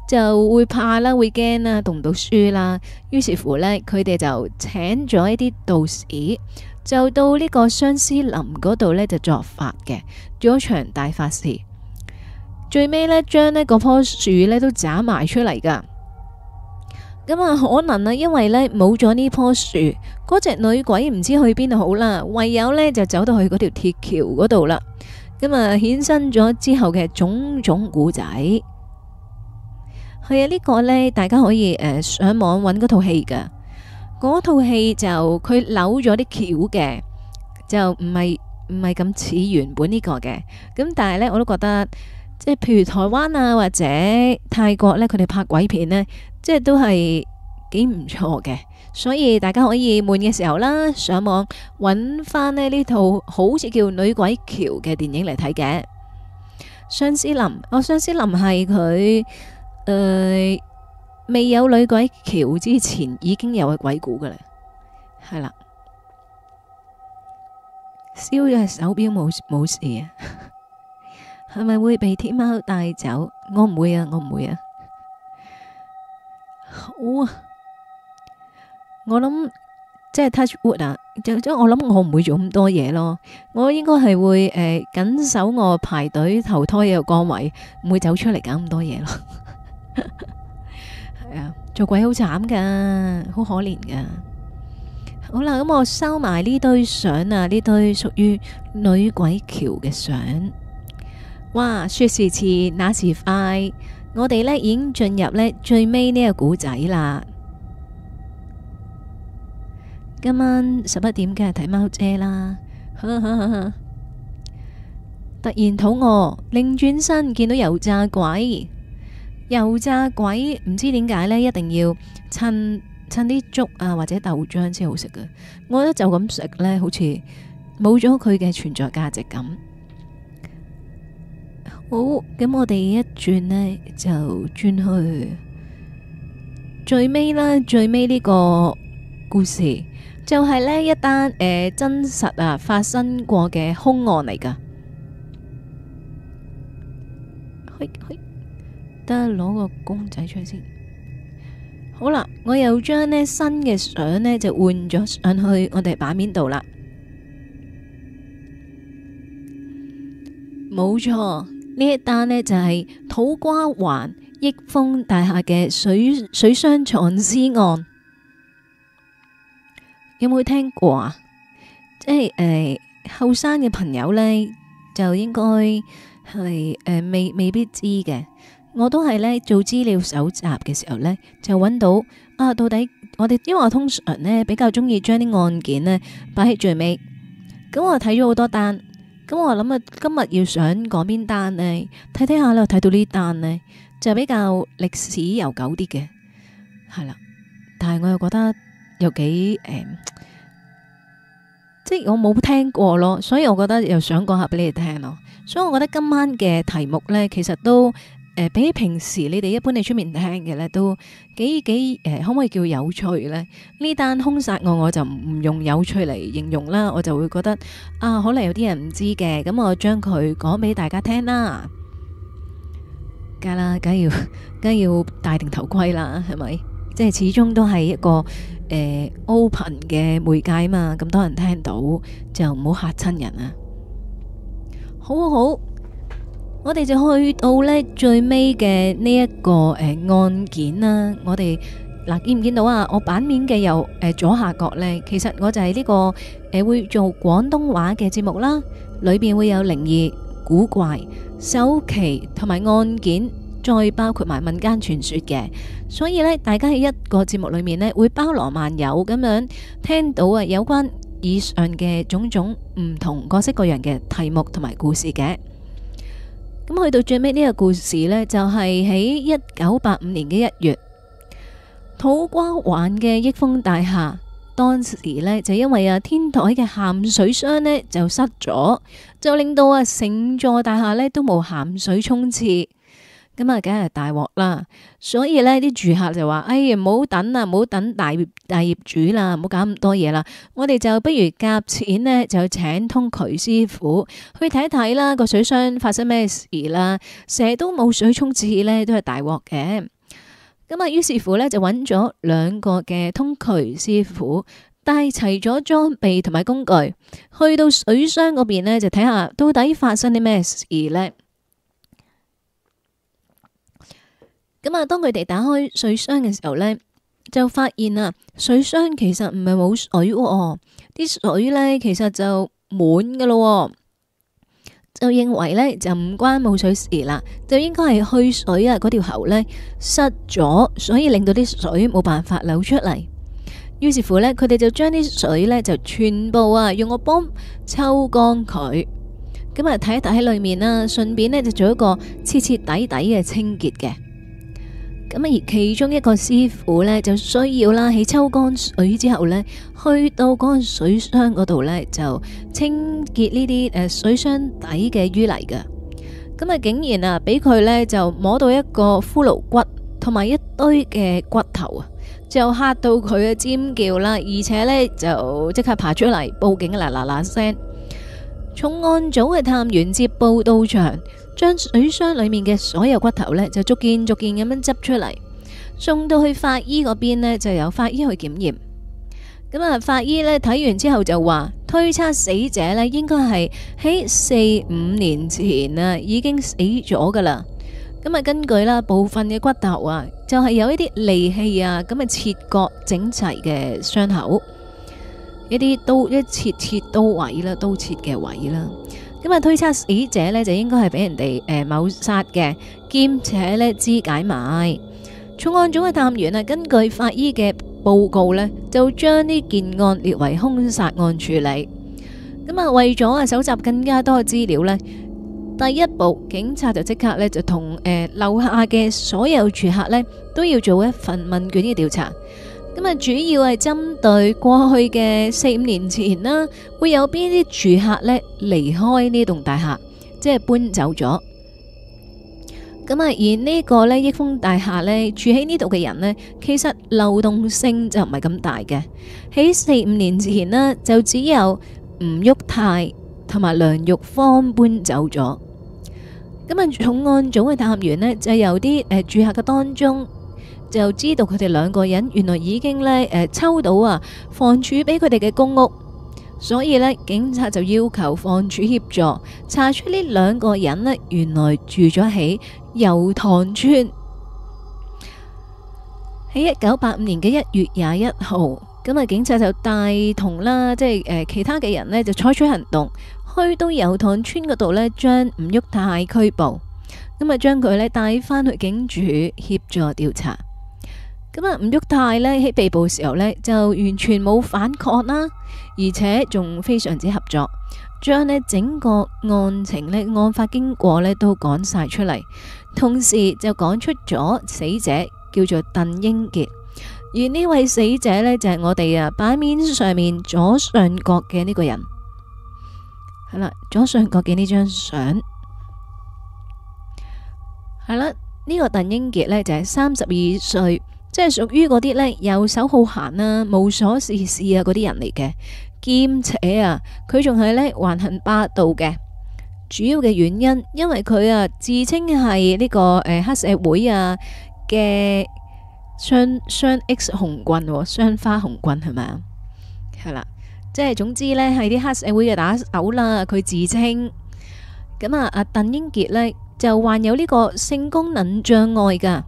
Speaker 1: 就會怕啦，會驚啦，讀唔到書啦，於是乎咧，佢哋就請咗一啲道士。就到呢個相思林嗰度呢，就作法嘅，做一場大法事。最尾呢，將呢嗰棵樹呢都斬埋出嚟噶。咁、嗯、啊，可能啊，因為呢冇咗呢棵樹，嗰隻女鬼唔知道去邊好啦，唯有呢就走到去嗰條鐵橋嗰度啦。咁、嗯、啊，衍生咗之後嘅種種古仔，係、嗯、啊，呢、呢個呢，大家可以上網揾嗰套戲噶。嗰套戲就佢扭咗啲橋嘅，就唔係唔係咁似原本呢個嘅。咁但係呢，我都覺得即係譬如台灣啊或者泰國呢，佢哋拍鬼片呢，即係都係幾唔錯嘅。所以大家可以悶嘅時候啦，上網揾翻呢呢套好似叫《女鬼橋》嘅電影嚟睇嘅。相思林，我、哦、相思林係佢誒。呃未有女鬼橋之前，已經有鬼故噶啦，係啦。燒咗手表冇冇事啊？係 咪會被天貓帶走？我唔會啊，我唔會啊。好啊，我諗即係 Touch Wood 啊，就即我諗我唔會做咁多嘢咯。我應該係會誒，緊、呃、守我排隊投胎嘅崗位，唔會走出嚟搞咁多嘢咯。 做鬼好慘噶，好可憐噶。好啦，咁我收埋呢堆相啊，呢堆屬於女鬼橋嘅相。哇，說時遲那時快，我哋呢已經進入呢最尾呢個古仔啦。今晚十一點梗係睇貓姐啦， 突然肚餓，擰轉身見到油炸鬼。油炸鬼唔知點解呢，一定要襯襯啲粥啊，或者豆漿先好食嘅。我覺得就咁食呢，好似冇咗佢嘅存在價值咁。好，咁我哋一轉呢就轉去最尾啦，最尾呢個故事就係呢一單誒真實啊發生過嘅凶案嚟噶。去去。得攞個公仔出先，好啦，我有張咧新嘅相呢，就換咗上去我哋版面度啦。冇錯，呢一單呢，就係、是、土瓜灣益豐大廈嘅水水箱藏屍案，有冇聽過啊？即係誒，後生嘅朋友呢，就應該係誒，未未必知嘅。我都係咧做資料搜集嘅時候咧，就揾到啊。到底我哋因為我通常咧比較中意將啲案件咧擺喺最尾。咁我睇咗好多單，咁我諗啊，今日要想講邊單呢？睇睇下咧，睇到呢單呢，就比較歷史悠久啲嘅，係啦。但係我又覺得又幾誒、嗯，即係我冇聽過咯，所以我覺得又想講下俾你哋聽咯。所以，我覺得今晚嘅題目咧，其實都～呃、比起平時你哋一般喺出面聽嘅呢，都幾幾、呃、可唔可以叫有趣呢？呢單兇殺案我就唔用有趣嚟形容啦，我就會覺得啊，可能有啲人唔知嘅，咁我將佢講俾大家聽啦。梗啦，梗要梗要戴定頭盔啦，係咪？即係始終都係一個、呃、open 嘅媒介啊嘛，咁多人聽到就唔好吓親人啊。好好好。我哋就去到咧最尾嘅呢一個誒案件啦。我哋嗱見唔見到啊？我版面嘅右誒左下角咧，其實我就係呢個誒會做廣東話嘅節目啦。裏邊會有靈異、古怪、首期同埋案件，再包括埋民間傳說嘅。所以咧，大家喺一個節目裏面咧，會包羅萬有咁樣聽到啊有關以上嘅種種唔同角色、各樣嘅題目同埋故事嘅。咁去到最尾呢個故事呢，就係喺一九八五年嘅一月，土瓜灣嘅益豐大廈，當時呢，就因為啊天台嘅咸水箱呢就塞咗，就令到啊成座大廈呢都冇咸水沖廁。咁啊，梗係大鑊啦！所以咧，啲住客就話：哎呀，唔好等啦，唔好等大業大業主啦，唔好搞咁多嘢啦。我哋就不如夾錢咧，就請通渠師傅去睇睇啦。個水箱發生咩事啦？成日都冇水沖廁咧，都係大鑊嘅。咁啊，於是乎咧，就揾咗兩個嘅通渠師傅，帶齊咗裝備同埋工具，去到水箱嗰邊咧，就睇下到底發生啲咩事咧。咁啊，當佢哋打開水箱嘅時候呢，就發現啊，水箱其實唔係冇水，啲水呢，其實就滿噶咯，就認為呢，就唔關冇水事啦，就應該係去水啊嗰條喉呢，塞咗，所以令到啲水冇辦法流出嚟。於是乎呢，佢哋就將啲水呢，就全部啊用個泵抽乾佢。咁啊，睇一睇喺裏面啦，順便呢，就做一個徹徹底底嘅清潔嘅。咁而其中一個師傅呢，就需要啦，喺抽乾水之後呢，去到嗰個水箱嗰度呢，就清潔呢啲誒水箱底嘅淤泥嘅。咁啊，竟然啊，俾佢呢，就摸到一個骷髏骨同埋一堆嘅骨頭啊，就嚇到佢嘅尖叫啦，而且呢，就即刻爬出嚟報警啦嗱嗱聲。重案組嘅探員接報到場。將水箱裏面嘅所有骨頭呢，就逐件逐件咁樣執出嚟，送到去法醫嗰邊呢，就由法醫去檢驗。咁啊，法醫呢睇完之後就話，推測死者呢應該係喺四五年前啊，已經死咗噶啦。咁啊，根據啦部分嘅骨頭啊，就係有一啲利器啊咁啊切割整齊嘅傷口，一啲刀一切切刀位啦，刀切嘅位啦。咁啊，推測死者咧就應該係俾人哋誒、呃、謀殺嘅，兼且咧肢解埋。重案組嘅探員咧，根據法醫嘅報告咧，就將呢件案列為兇殺案處理。咁啊，為咗啊搜集更加多嘅資料咧，第一步警察就即刻咧就同誒樓下嘅所有住客咧都要做一份問卷嘅調查。咁啊，主要係針對過去嘅四五年前啦，會有邊啲住客呢離開呢棟大廈，即係搬走咗。咁啊，而呢個呢益豐大廈呢，住喺呢度嘅人呢，其實流動性就唔係咁大嘅。喺四五年前呢，就只有吳旭泰同埋梁玉芳搬走咗。咁啊，重案組嘅探員呢，就由啲誒住客嘅當中。就知道佢哋兩個人原來已經咧誒抽到啊房署俾佢哋嘅公屋，所以咧警察就要求房署協助查出呢兩個人咧原來住咗喺油塘村，喺一九八五年嘅一月廿一號，咁啊，警察就帶同啦，即係誒其他嘅人咧就採取行動去到油塘村嗰度咧，將吳旭泰拘捕，咁啊，將佢咧帶翻去警署協助調查。咁啊，吳旭泰呢，喺被捕時候呢，就完全冇反抗啦，而且仲非常之合作，將呢整個案情呢，案發經過呢都講晒出嚟，同時就講出咗死者叫做鄧英傑，而呢位死者呢，就係、是、我哋啊版面上面左上角嘅呢個人，係啦，左上角嘅呢張相，係啦，呢、這個鄧英傑呢，就係三十二歲。即係屬於嗰啲呢，遊手好閒啊、無所事事啊嗰啲人嚟嘅，兼且啊佢仲係呢，橫行霸道嘅。主要嘅原因，因為佢啊自稱係呢、呢個誒、呃、黑社會啊嘅雙雙、X、紅棍、哦、雙花紅棍係咪啊？係啦，即係總之呢，係啲黑社會嘅打手啦。佢自稱。咁啊阿鄧英傑呢，就患有呢個性功能障礙噶。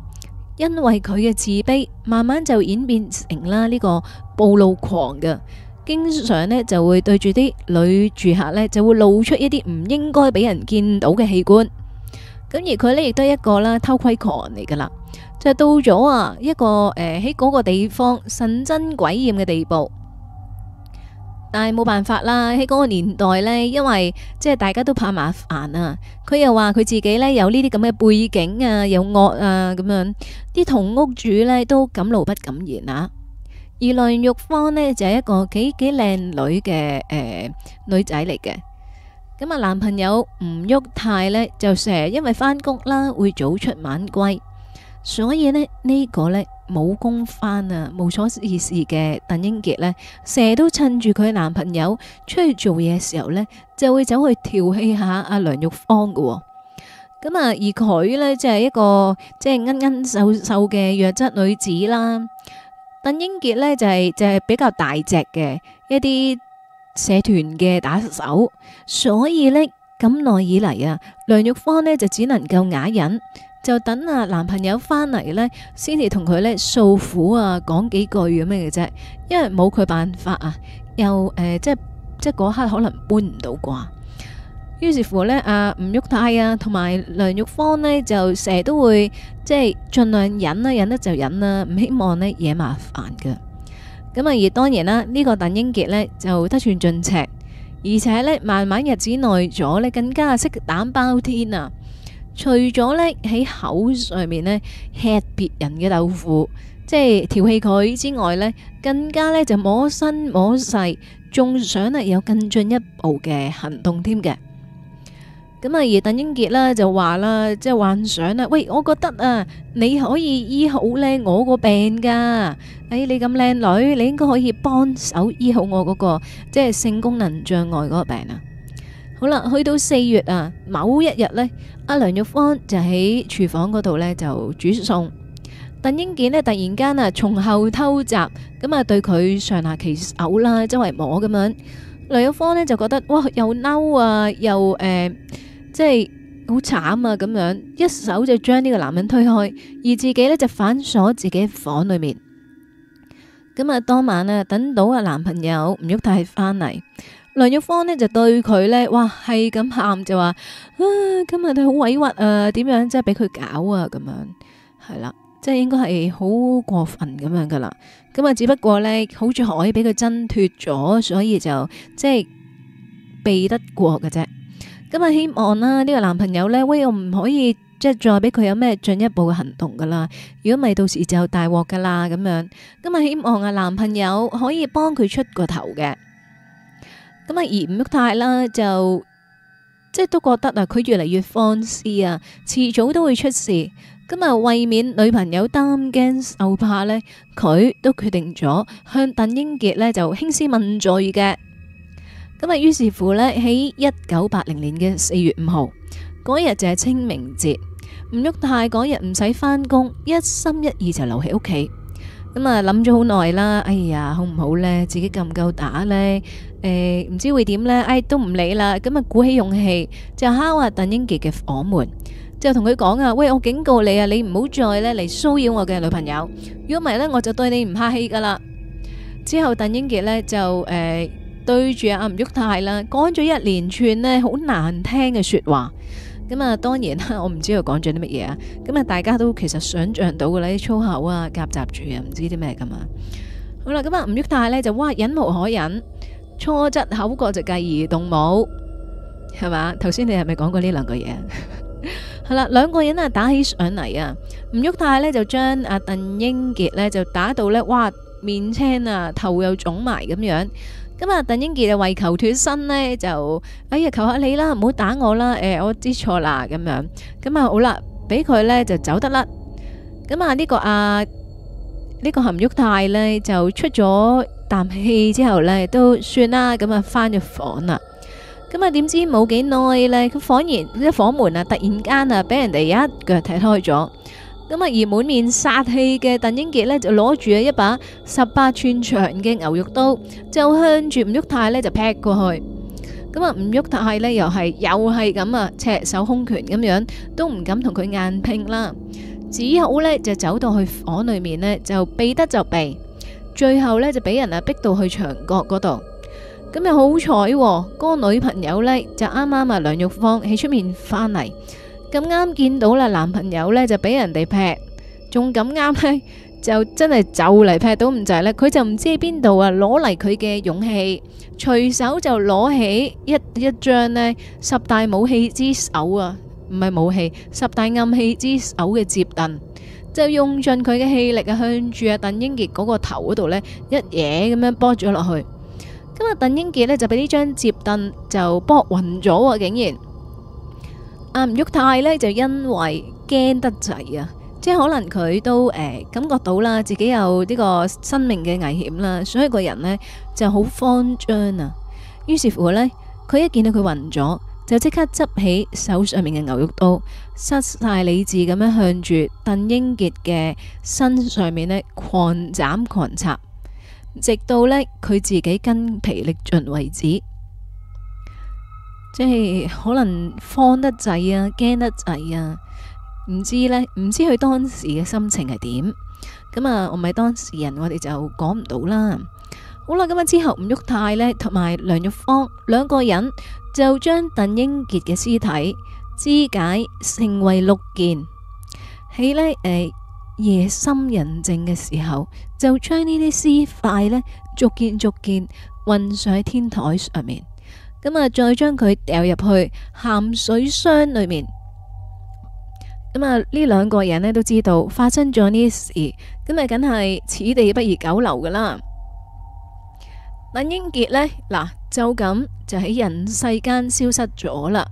Speaker 1: 因為佢嘅自卑，慢慢就演變成啦呢個暴露狂嘅，經常呢就會對住啲女住客呢，就會露出一啲唔應該俾人見到嘅器官，咁而佢呢，亦都係一個啦偷窺狂嚟噶啦，就是、到咗啊一個誒喺嗰個地方神憎鬼厭嘅地步。但係冇辦法啦，喺嗰個年代咧，因為即係大家都怕麻煩啊。佢又話佢自己咧有呢啲咁嘅背景啊，有惡啊咁樣，啲同屋主咧都敢怒不敢言啊。而梁玉芳咧就係一個幾幾靚女嘅誒女仔嚟嘅。咁啊，男朋友吳旭泰咧就成日因為返工啦會早出晚歸。所以咧，呢、這個咧冇工返啊，無所事事嘅鄧英傑呢成日都趁住佢男朋友出去做嘢嘅時候呢，就會走去調戲下阿梁玉芳嘅。咁啊，而佢呢，就係一個即係奀奀瘦瘦嘅弱質女子啦。鄧英傑呢、就是，就係就係比較大隻嘅一啲社團嘅打手，所以呢，咁耐以嚟啊，梁玉芳呢，就只能夠啞忍。就等啊男朋友返嚟呢，先至同佢呢訴苦啊，講幾句咁樣嘅啫，因為冇佢辦法啊，又誒、呃、即係即係嗰刻可能搬唔到啩。於是乎呢，阿吳旭泰啊，同埋梁玉芳呢，就成日都會即係盡量忍啊、忍咧就忍啦，唔希望呢惹麻煩嘅。咁啊，而當然啦，呢、這個鄧英杰呢，就得寸進尺，而且呢，慢慢日子耐咗呢，更加色膽包天啊！除咗呢喺口上面呢吃別人嘅豆腐，即係調戲佢之外呢，更加呢就摸身摸細，仲想咧有更進一步嘅行動添嘅。咁啊，而鄧英杰呢就話啦，即係幻想啦，喂，我覺得啊，你可以醫好呢我個病噶。哎，你咁靚女，你應該可以幫手醫好我嗰個即係性功能障礙嗰個病啊！好啦，去到四月啊，某一日呢，阿梁玉芳就喺廚房嗰度呢就煮餸，鄧英健呢突然間啊從後偷襲，咁啊對佢上下其手啦，周圍摸咁樣，梁玉芳呢就覺得哇又嬲啊，又誒即係好慘啊咁樣，一手就將呢個男人推開，而自己呢就反鎖自己房裏面，咁啊當晚啊等到啊男朋友吳旭泰翻嚟。梁玉芳呢就對佢呢，哇係咁喊就話，啊今日佢好委屈啊，點樣即係俾佢搞啊咁樣，係啦，即係應該係好過分咁樣噶啦。咁啊只不過呢，好似海俾佢掙脫咗，所以就即係避得過嘅啫。咁啊希望啦、啊，呢、呢個男朋友呢，威又唔可以即係再俾佢有咩進一步嘅行動噶啦。如果唔係到時就大鑊噶啦咁樣。咁啊希望啊男朋友可以幫佢出個頭嘅。咁啊，而吳旭泰啦，就即係都覺得啊，佢越嚟越放肆啊，遲早都會出事。咁啊，為免女朋友擔驚受怕呢，佢都決定咗向鄧英傑呢就興師問罪嘅。咁啊，於是乎呢，喺一九八零年嘅四月五號嗰日就係清明節，吳旭泰嗰日唔使翻工，一心一意就留喺屋企。咁啊，諗咗好耐啦，哎呀，好唔好呢？自己夠唔夠打呢？誒、欸，唔知會點呢？唉，都唔理啦。咁啊，鼓起勇氣就敲啊鄧英杰嘅房門，就同佢講啊：喂，我警告你啊，你唔好再咧嚟騷擾我嘅女朋友。如果唔係呢，我就對你唔客氣噶啦。之後鄧英杰呢，就誒、呃、對住阿吳旭泰啦，講咗一連串呢好難聽嘅說話。咁啊，當然啦，我唔知佢講咗啲乜嘢啊。咁啊，大家都其實想象到嘅呢啲粗口啊夾雜住啊，唔知啲咩噶嘛。好啦，咁啊，吳旭泰呢，就哇忍無可忍。初則口角就繼而動武，係嘛？頭先你係咪講過呢兩個嘢？係啦，兩個人啊打起上嚟啊，吳旭泰呢就將阿鄧英傑呢就打到呢，哇面青啊，頭又腫埋咁樣。咁啊，鄧英傑就為求脫身呢，就哎呀求下你啦，唔好打我啦，誒、呃、我知錯啦咁樣。咁、這個、啊好啦，俾佢呢就走得甩。咁啊呢個阿呢個韓旭泰呢，就出咗啖氣之後咧，都算啦，咁啊翻入房啦。咁啊，點知冇幾耐咧，佢反而呢房門啊，突然間啊，俾人哋一腳踢開咗。咁啊，而滿面殺氣嘅鄧英傑咧，就攞住啊一把十八寸長嘅牛肉刀，就向住吳旭泰咧就劈過去。咁啊，吳旭泰咧又係又係咁啊，赤手空拳咁樣都唔敢同佢硬拼啦，只好咧就走到去房裏面咧就避得就避。最後咧就俾人啊逼到去牆角嗰度，咁又好彩，個女朋友咧就啱啱啊梁玉芳喺出面返嚟，咁啱見到啦，男朋友咧就俾人哋劈，仲咁啱咧就真係就嚟劈到咁滯咧，佢就唔知喺邊度啊，攞嚟佢嘅勇氣，隨手就攞起一一張咧十大武器之手啊，唔係武器，十大暗器之首嘅折凳。就用盡佢嘅氣力啊，向住啊鄧英杰嗰個頭嗰度呢一嘢，咁樣波咗落去。咁阿鄧英杰呢，就俾呢張摺凳就波暈咗，竟然阿吳玉泰呢，就因為驚得滯啊，即係可能佢都誒、呃、感覺到啦自己有呢個生命嘅危險啦，所以個人呢就好慌張啊。於是乎呢，佢一見到佢暈咗。就即刻執起手上面嘅牛肉刀，失晒理智咁樣向住鄧英杰嘅身上面呢狂斬狂插，直到呢佢自己筋疲力盡為止，即係可能慌得滯啊，驚得滯啊，唔知呢，唔知佢當時嘅心情係點，咁啊，我唔係當事人，我哋就講唔到啦。好啦，咁啊之後不，吳旭泰呢同埋梁玉芳兩個人就將鄧英傑嘅屍體肢解，成為六件。喺呢誒夜深人靜嘅時候，就將呢啲屍塊呢逐件逐件運上喺天台上面，咁啊再將佢掉入去鹹水箱裏面。咁啊呢兩個人呢都知道發生咗呢事，咁啊梗係此地不宜久留噶啦。鄧英杰呢，嗱，就咁就喺人世間消失咗啦。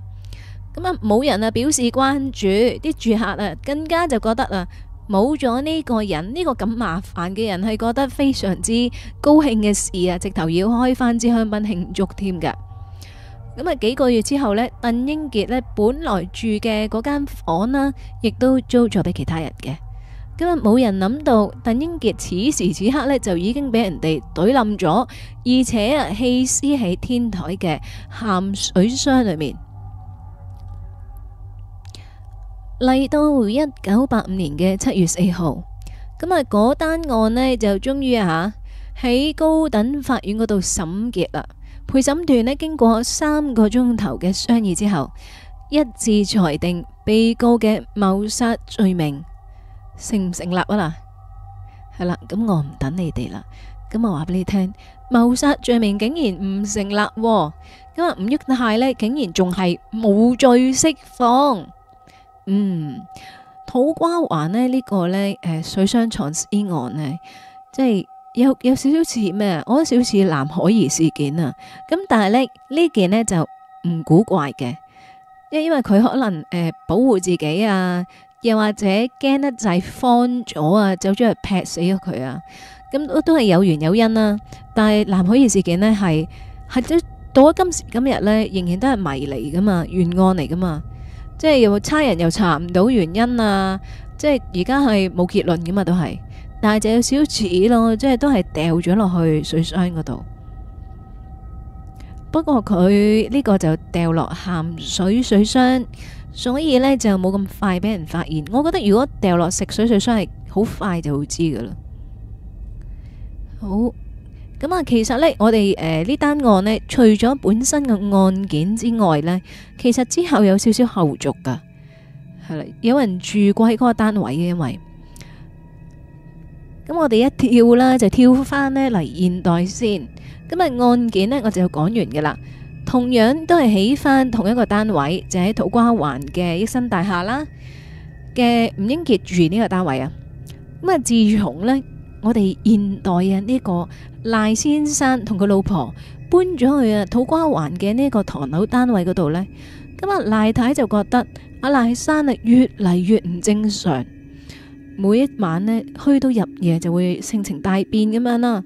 Speaker 1: 咁啊，冇人啊表示關注，啲住客啊更加就覺得啊，冇咗呢個人呢，呢個咁麻煩嘅人係覺得非常之高興嘅事啊，直頭要開翻支香檳慶祝添噶。咁啊，幾個月之後呢，鄧英杰呢，本來住嘅嗰間房啦，亦都租咗俾其他人嘅。今日冇人諗到，鄧英杰此時此刻呢，就已經俾人哋隊冧咗，而且啊，棄屍喺天台嘅咸水箱裏面。嚟到一九八五年嘅七月四號，咁啊，嗰單案呢，就終於啊喺高等法院嗰度審結啦。陪審團呢，經過三個鐘頭嘅商議之後，一致裁定被告嘅謀殺罪名。成唔成立啊啦？係啦，咁我唔等你哋啦。咁我話俾你聽，謀殺罪名竟然唔成立，咁啊吳益泰呢，竟然仲係無罪釋放。嗯，土瓜灣呢呢個呢，誒水箱藏屍案呢，即係有有少少似咩？我有少少似藍可兒事件啊。咁但係咧呢件呢，這個，就唔古怪嘅，因因為佢可能誒、呃、保護自己啊。又或者驚得就係慌咗啊，走咗去劈死咗佢啊！咁都都係有緣有因啦。但係南海熱事件呢，係係到咗今時今日呢，仍然都係迷離噶嘛，懸案嚟噶嘛。即係又差人又查唔到原因啊！即係而家係冇結論噶嘛，都係。但係就有少似咯，即係都係掉咗落去水箱嗰度。不過佢呢個就掉落鹹水水箱。所以呢，就冇咁快俾人發現。我覺得如果掉落食水水箱係好快就會知噶啦。好，咁啊，其實呢，我哋誒呢單案呢，除咗本身嘅案件之外呢，其實之後有少少後續噶，係啦，有人住過喺嗰個單位嘅，因為咁我哋一跳啦，就跳翻呢嚟現代先。今日案件呢，我就講完噶啦。同樣都係起翻同一個單位，就喺、是、土瓜灣嘅益新大廈啦嘅吳英傑住呢個單位啊。咁啊，自從呢，我哋現代嘅呢個賴先生同佢老婆搬咗去啊土瓜灣嘅呢個唐樓單位嗰度呢。咁啊賴太，太就覺得阿賴先生啊越嚟越唔正常，每一晚呢，去到入夜就會性情大變咁樣啦。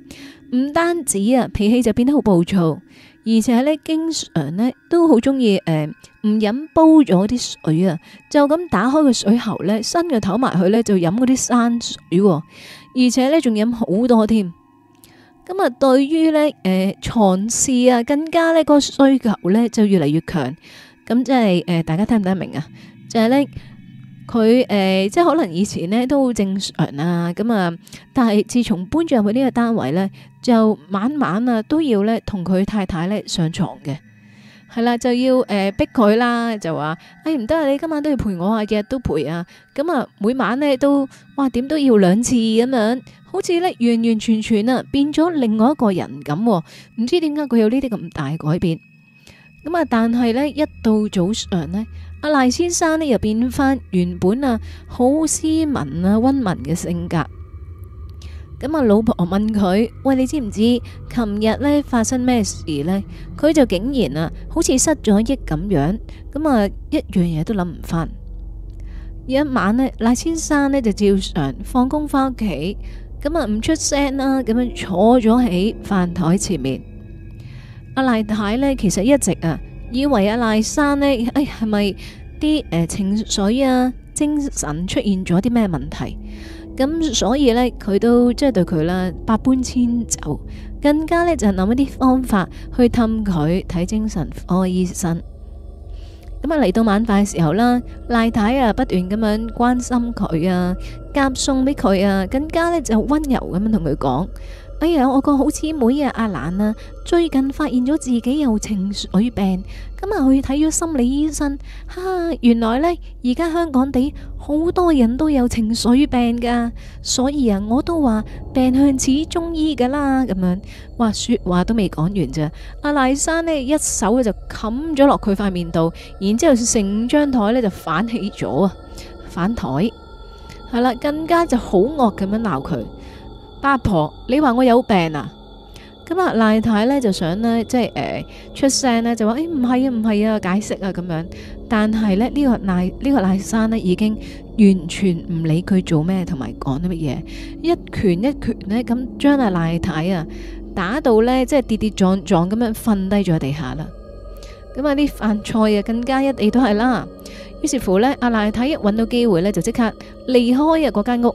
Speaker 1: 唔單止啊，脾氣就變得好暴躁，而且咧，經常咧都好中意誒，唔、呃、飲煲咗啲水啊，就咁打開個水喉咧，伸個頭埋去咧就飲嗰啲山水，而且咧仲飲好多添。咁、嗯、啊，對於咧誒，嘗、呃、試啊，更加呢、這個需求咧就越嚟越強。咁即係誒，大家聽唔聽得明啊？就係、是、咧。佢誒、呃、即係可能以前咧都正常啊，咁啊，但係自從搬咗入去呢個單位呢，就晚晚啊都要咧同佢太太咧上床嘅，係啦，就要誒逼佢啦，就話誒唔得啊，你今晚都要陪我啊，日日都陪啊，咁啊每晚呢都哇點都要兩次咁樣，好似呢完完全全啊變咗另外一個人咁，唔知點解佢有呢啲咁大改變，咁啊但係呢一到早上呢。阿賴先生呢，又變返原本啊好斯文啊溫文嘅性格，咁啊老婆問佢：「喂，你知唔知琴日呢發生咩事呢？」佢就竟然啊好似失咗憶咁樣，咁啊一樣嘢都諗唔返。有一晚呢，賴先生呢就照常放工返屋企，咁啊唔出聲啦，咁樣坐咗喺飯台前面。阿賴太呢，其實一直啊。以為阿賴生呢，哎，係咪啲誒情緒啊、精神出現咗啲咩問題？咁所以呢，佢都即係對佢啦百般遷就，更加呢就諗一啲方法去氹佢睇精神科、哦、醫生。咁啊，嚟到晚飯嘅時候啦，賴太啊不斷咁樣關心佢啊，夾餸俾佢啊，更加呢就溫柔咁樣同佢講。哎呀，我個好姊妹啊，阿蘭啊，最近發現咗自己有情緒病，今日去睇咗心理醫生。哈，哈，原來呢，而家香港地好多人都有情緒病噶，所以啊，我都話病向似中醫噶啦，咁樣話，說話都未講完咋。阿賴生咧一手就冚咗落佢塊面度，然之後成五張台咧就反起咗啊，反台，係啦，更加就好惡咁樣鬧佢。八婆，你話我有病啊？咁、呃哎、啊，賴太咧就想咧，即係誒出聲咧，就話誒唔係啊，唔係啊，解釋啊咁樣。但係咧呢、這個賴、這個、呢個賴生咧已經完全唔理佢做咩同埋講啲乜嘢，一拳一拳呢，咁將阿賴太啊打到咧即係跌跌撞撞咁樣瞓低咗喺地下啦。咁啊啲飯菜啊更加一地都係啦。於是乎呢，阿賴太一揾到機會咧就即刻離開啊嗰間屋。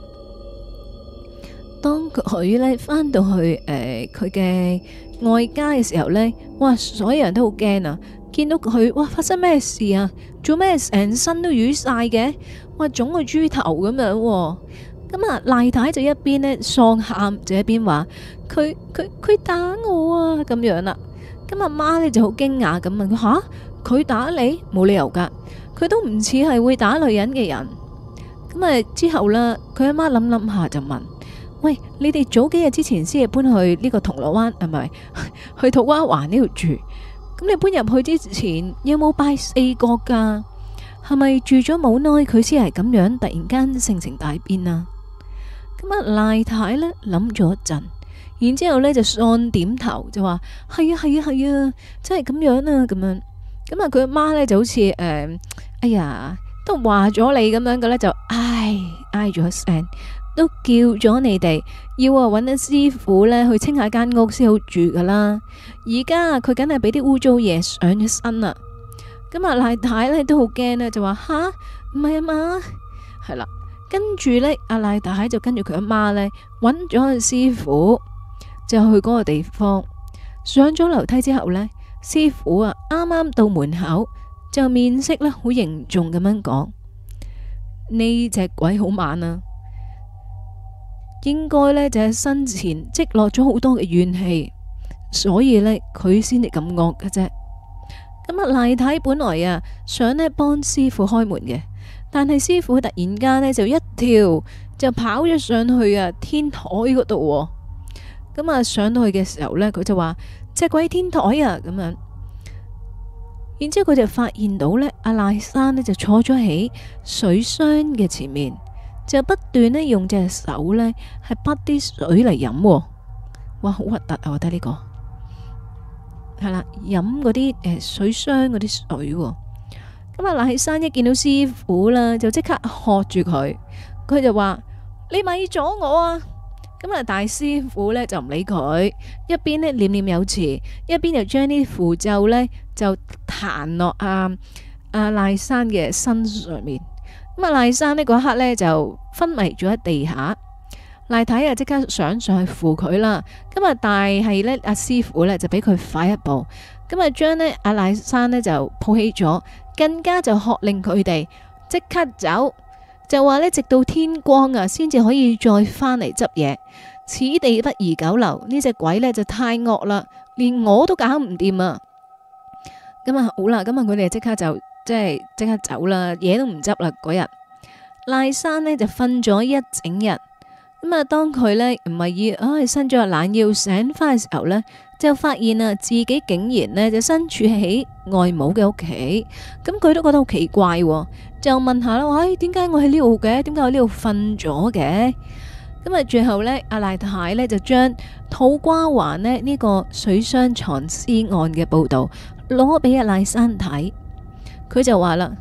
Speaker 1: 當佢咧返到去誒，佢嘅外家嘅時候呢，哇！所有人都好驚啊，見到佢哇，發生咩事啊？做咩成身都瘀晒嘅？哇，腫個豬頭咁樣。咁啊，賴太就一邊呢喪喊，就一邊話：佢佢佢打我啊！咁樣啦。咁阿媽呢就好驚訝咁問佢：吓、啊，佢打你冇理由噶，佢都唔似係會打女人嘅人。咁啊，之後呢，佢阿媽諗諗下就問。喂，你哋早幾日之前先係搬去呢個銅鑼灣，係咪 去土瓜灣呢度住？咁你搬入去之前有冇拜四角噶？係咪住咗冇耐佢先係咁樣突然間性情大變啊？咁啊賴太呢，諗咗一陣，然之後咧就暗點頭就話係啊係啊係啊，真係咁樣啊咁樣。咁啊佢阿媽呢，就好似誒、呃，哎呀都話咗你咁樣嘅呢，就唉挨住一都叫咗你哋要啊，搵阿師傅呢去清下間屋先好住噶啦。而家佢梗係俾啲污糟嘢上咗身啦。咁阿賴太呢都好驚咧，就話吓唔係啊嘛，係啦。跟住呢，阿賴太就跟住佢阿媽呢搵咗個師傅就去嗰個地方。上咗樓梯之後呢，師傅啊啱啱到門口就面色呢好凝重咁樣講：呢隻鬼好猛啊！應該呢，就係生前積落咗好多嘅怨氣，所以呢，佢先至咁惡㗎啫。咁啊，賴太本來啊想呢幫師傅開門嘅，但係師傅突然間呢，就一跳就跑咗上去啊天台嗰度。咁啊上到去嘅時候呢，佢就話隻鬼天台啊咁樣。然之後佢就發現到呢，阿賴山呢，就坐咗喺水箱嘅前面。就不斷咧用隻手咧，係滗啲水嚟飲，哇好核突啊！我覺得呢個係啦，飲嗰啲誒水箱嗰啲水。咁啊賴山一見到師傅啦，就即刻喝住佢。佢就話：你咪阻我啊！咁啊大師傅咧就唔理佢，一邊咧念念有詞，一邊就將啲符咒咧就彈落阿阿賴山嘅身上面。咁啊！賴生呢嗰刻呢，就昏迷咗喺地下，賴太啊即刻想上去扶佢啦。咁啊，但係呢，阿師傅呢，就比佢快一步，咁啊將呢，阿賴生呢，就抱起咗，更加就喝令佢哋即刻走，就話呢，直到天光啊先至可以再翻嚟執嘢。此地不宜久留，呢隻鬼呢，就太惡啦，連我都搞唔掂啊！咁啊好啦，咁啊佢哋即刻就。即係即刻走啦，嘢都唔執啦。嗰日賴山呢就瞓咗一整日咁啊。當佢呢唔係、哎、要唉伸咗懶腰醒翻嘅時候呢，就發現啊自己竟然呢就身處喺外母嘅屋企。咁佢都覺得好奇怪，哦，就問下啦，唉、哎，點解我喺呢度嘅？點解我喺呢度瞓咗嘅？咁啊，最後呢，阿賴太呢就將土瓜灣呢呢，這個水箱藏屍案嘅報道攞俾阿賴山睇。佢就話啦，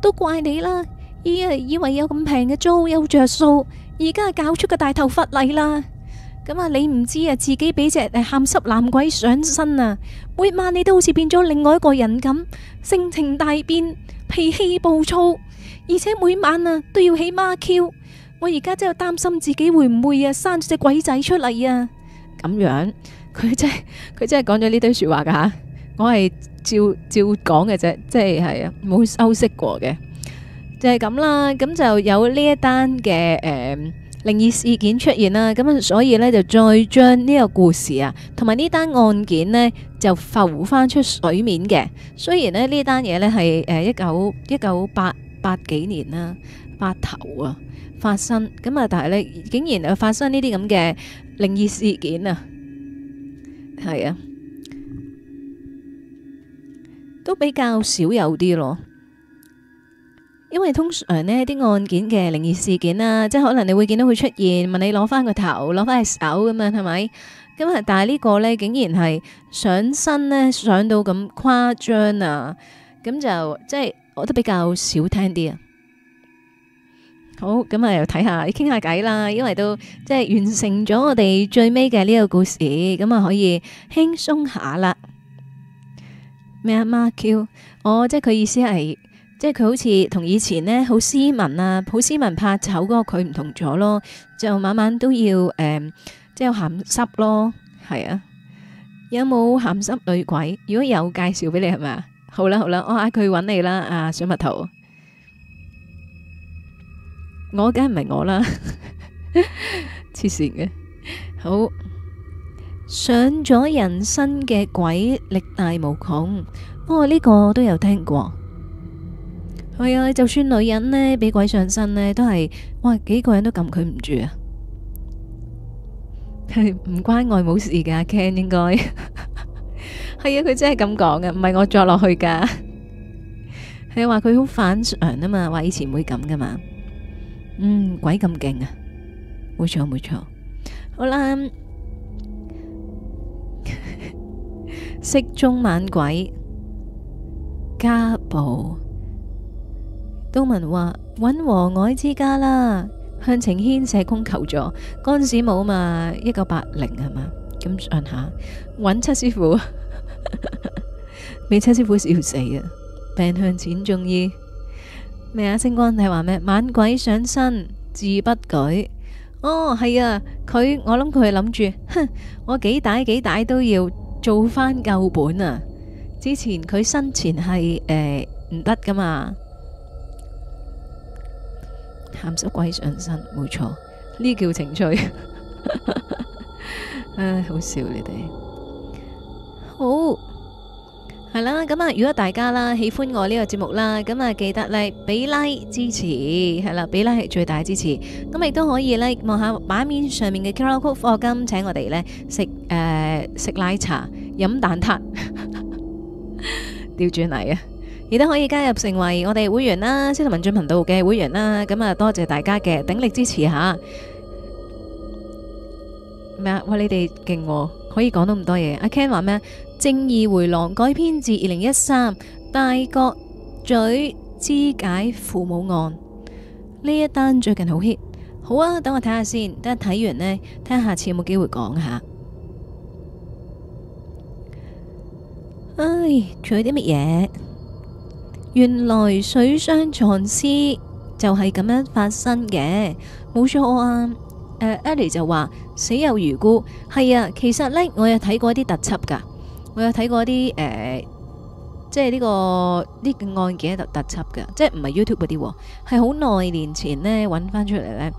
Speaker 1: 都怪你啦！依啊以為有咁平嘅租有着數，而家搞出個大頭佛嚟啦！咁啊，你唔知啊自己俾隻誒咸濕男鬼上身啊，每晚你都好似變咗另外一個人咁，性情大變，脾氣暴躁，而且每晚啊都要起孖 Q。我而家真係擔心自己會唔會啊生咗隻鬼仔出嚟啊！咁樣，佢真係佢真係講咗呢堆說話噶吓，我係。照照講嘅啫，即係係啊，冇修飾過嘅，就係、是、咁啦。咁就有呢一單嘅誒靈異事件出現啦。咁所以呢，就再將呢個故事啊，同埋呢單案件呢，就浮翻出水面嘅。雖然咧呢單嘢呢係誒一九一九八八幾年啦、啊，八頭啊發生咁啊，但係呢，竟然發生呢啲咁嘅靈異事件啊，係啊。都比較少有啲咯，因為通常呢啲案件嘅靈異事件啦、啊，即係可能你會見到佢出現，問你攞翻個頭，攞翻隻手咁樣，係咪？咁啊，但係呢個咧竟然係上身咧上到咁誇張啊！咁就即係我都比較少聽啲啊。好，咁啊又睇下傾下偈啦，因為都即係完成咗我哋最尾嘅呢個故事，咁啊可以輕鬆下啦。咩阿媽 q 我、oh，即係佢意思係，即係佢好似同以前咧好斯文啊，好斯文怕醜嗰個佢唔同咗咯，就晚晚都要誒、嗯，即係鹹濕咯，係啊，有冇鹹濕女鬼？如果有介紹，介紹畀你係咪啊？好啦好啦，我嗌佢揾你啦，阿水蜜桃，我梗係唔係我啦，黐線嘅，好。上咗人身嘅鬼力大無窮，不過呢個都有聽過。係啊，就算女人呢俾鬼上身呢，都係哇，幾個人都撳佢唔住啊！唔關外冇事嘅，Ken 應該係啊，佢真係咁講嘅，唔係我作落去噶。係話佢好反常啊嘛，話以前唔會咁噶嘛。嗯，鬼咁勁啊！冇錯冇錯，好啦。 色中猛鬼，家暴。東文話：搵和藹之家啦。向晴軒社工求助，陣時冇嘛，一九八零係嘛。咁上下搵七師傅，俾 七師傅笑死啊！病向淺中醫，咩啊？星光你話咩？猛鬼上身，自不舉。哦，係啊，佢我諗佢係諗住，哼，我幾大幾大都要做返舊本啊！之前佢生前係誒唔得㗎嘛，鹹濕鬼上身，冇錯，呢叫情趣，唉，好笑你哋，好。係啦，咁啊，如果大家啦喜歡我呢個節目啦，咁啊記得咧俾 Like 支持，係啦，俾 Like 係最大的支持。咁亦都可以咧望下版面上面嘅 QR Code 課金，請我哋咧食誒食奶茶、飲蛋撻，調轉嚟啊！亦都可以加入成為我哋會員啦，司徒文進頻道嘅會員啦。咁啊，多謝大家嘅鼎力支持吓。咩啊？喂，你哋勁可以講到咁多嘢。阿 Ken 話咩？《正義迴廊》改編自二零一三《大角咀肢解父母案》呢一單最近好 hit，好啊，等我睇下先。等下睇完呢，睇下下次有冇機會講下。唉，仲有啲乜嘢？原來水上藏屍就係咁樣發生嘅，冇錯啊。Ellie 就話死有餘辜，係啊。其實呢，我有睇過一啲特輯噶。佢有睇過啲誒、呃，即係呢、這個啲、這個、案件喺度特輯嘅，即係唔係 YouTube 嗰啲，係好耐年前呢揾翻出嚟呢。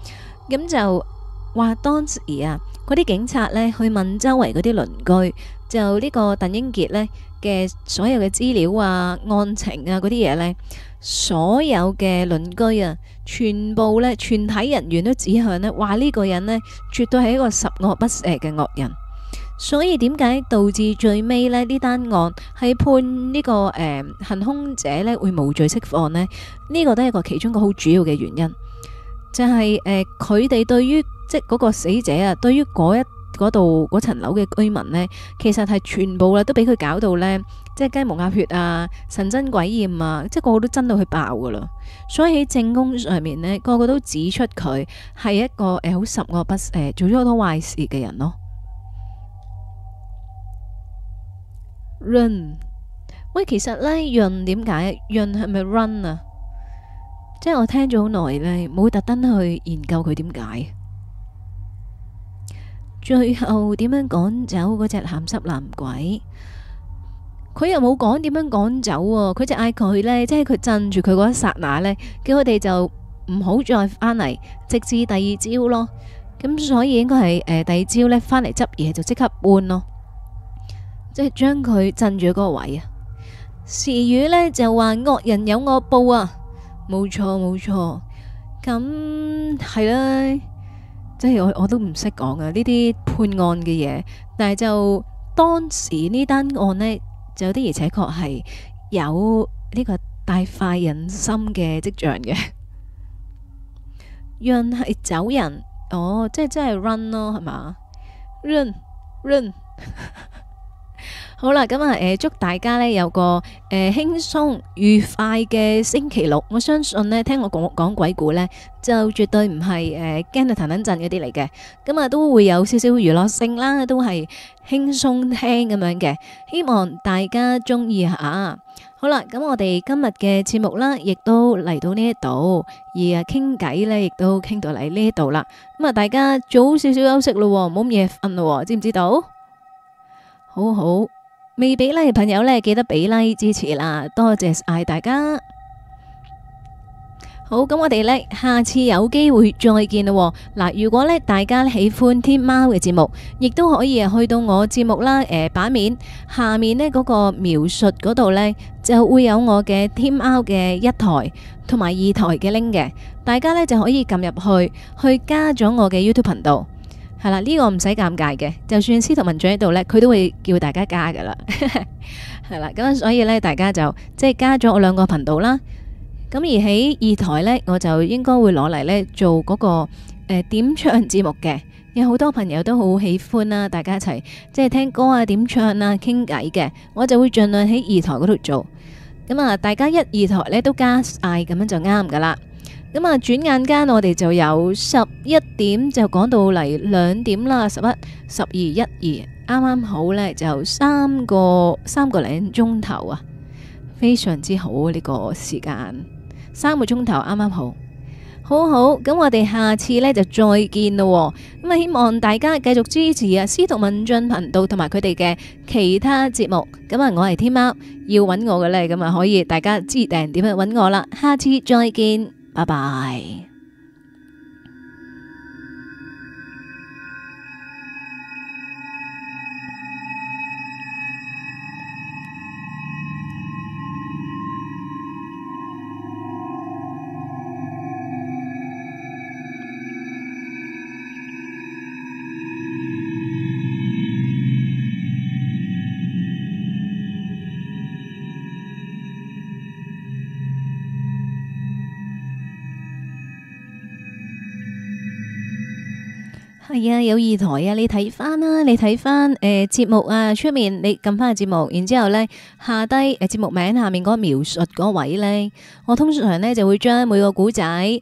Speaker 1: 咁就話當時啊，嗰啲警察呢去問周圍嗰啲鄰居，就這個鄧呢個鄧英杰呢嘅所有嘅資料啊、案情啊嗰啲嘢呢，所有嘅鄰居啊，全部呢，全體人員都指向呢話呢個人呢，絕對係一個十惡不赦嘅惡人。所以點解導致最尾呢呢單案係判呢、這個誒、呃、行兇者呢會無罪釋放呢？呢、這個都係一個其中一個好主要嘅原因，就係誒佢哋對於即係嗰、那個死者啊，對於嗰一嗰度嗰層樓嘅居民呢，其實係全部都俾佢搞到呢，即係雞毛鴨血啊、神憎鬼厭啊，即係個個都憎到佢爆噶啦。所以喺證供上面呢，個個都指出佢係一個誒好、呃、十惡不誒、呃、做咗好多壞事嘅人咯。run 喂，其實咧 run 點解 run 係咪 run 啊？即係我聽咗好耐咧，冇特登去研究佢點解。最後點樣趕走嗰隻鹹濕男鬼？佢又冇講點樣趕走喎，佢就嗌佢咧，即係佢鎮住佢嗰一剎那咧，叫我哋就唔好再翻嚟，直至第二朝咯。咁所以應該係誒第二朝咧翻嚟執嘢就即刻搬咯。即係將佢鎮住嗰個位啊。時語呢就話惡人有惡報啊，冇錯冇錯。咁係啦，即係我我都唔識講啊。呢啲判案嘅嘢，但係就當時呢單案呢，就確確是有啲，而且確係有呢個大快人心嘅跡象嘅。run 係走人哦，即係即係 run 咯，係嘛？run run。 好啦，咁啊，誒、呃，祝大家咧有個誒、呃、輕鬆愉快嘅星期六。我相信咧，聽我講講鬼故咧，就絕對唔係誒驚得騰騰震嗰啲嚟嘅。咁、呃、啊，都會有少少娛樂性啦，都係輕鬆聽咁樣嘅。希望大家中意吓。好啦，咁我哋今日嘅節目啦，亦都嚟到呢度而啊傾偈咧，亦都傾到嚟呢度啦。咁啊，大家早少少休息咯，唔好咁夜瞓咯，知唔知道？好好。未俾 like 朋友，呢，記得俾 like 支持啦，多謝晒大家。好，咁我哋呢，下次有機會再見啦。嗱，如果呢，大家喜歡天喵嘅節目，亦都可以去到我節目啦。誒，版面下面呢，嗰個描述嗰度呢，就會有我嘅天喵嘅一台同埋二台嘅 link 嘅，大家呢，就可以撳入去，去加咗我嘅 YouTube 頻道。係啦，呢個唔使尷尬嘅，就算司徒文進喺度呢，佢都會叫大家加噶啦、 嗯。係啦，咁所以呢，大家就即係加咗我兩個頻道啦。咁而喺二台呢，我就應該會攞嚟呢做嗰，那個誒、呃、點唱節目嘅。有好多朋友都好喜歡啊，大家一齊即係聽歌啊、點唱啊、傾偈嘅，我就會盡量喺二台嗰度做。咁、嗯、啊，大家一、二台呢都加晒，咁樣就啱噶啦。咁啊！轉眼間，我哋就有十一點就講到嚟兩點啦，十一、十二、一二，啱啱好呢，就三個三個零鐘頭啊，非常之好呢、呢個時間，三個鐘頭啱啱好，好好咁，我哋下次呢，就再見咯。咁啊，希望大家繼續支持啊，司徒文進頻道同埋佢哋嘅其他節目。咁啊，我係天貓，要揾我嘅呢。咁啊可以大家知定點樣揾我啦。下次再見。拜拜。係、哎、啊，有二台啊，你睇翻啦，你睇翻，誒節目啊，出面你撳翻個節目，然之後咧下低誒、呃、節目名下面嗰個描述嗰位呢，我通常呢就會將每個古仔嘅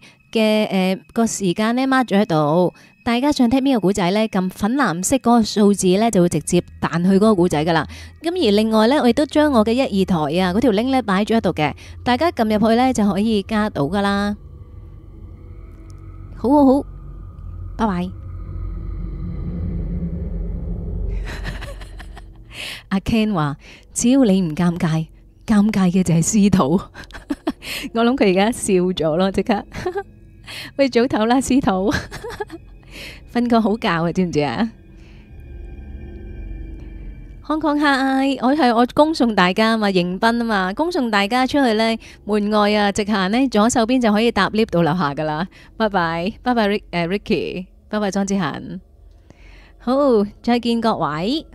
Speaker 1: 誒個時間咧 mark 咗喺度，大家想聽邊個古仔呢，撳粉藍色嗰個數字呢，就會直接彈去嗰個古仔噶啦。咁而另外呢，我亦都將我嘅一二台啊嗰條 link 咧擺咗喺度嘅，大家撳入去呢，就可以加到噶啦。好好好，拜拜。阿 Ken 話：只要你唔尷尬，尷尬嘅就係司徒。我諗佢而家笑咗咯，即刻。喂，早唞啦，司徒，瞓個好覺啊，知唔知啊？康康 hi，我係我恭送大家嘛，迎賓啊嘛，恭送大家出去呢。門外啊，直行呢，左手邊就可以搭 lift 到樓下噶啦。拜拜，拜拜，誒，Ricky，拜拜，莊志恒。好，再見各位。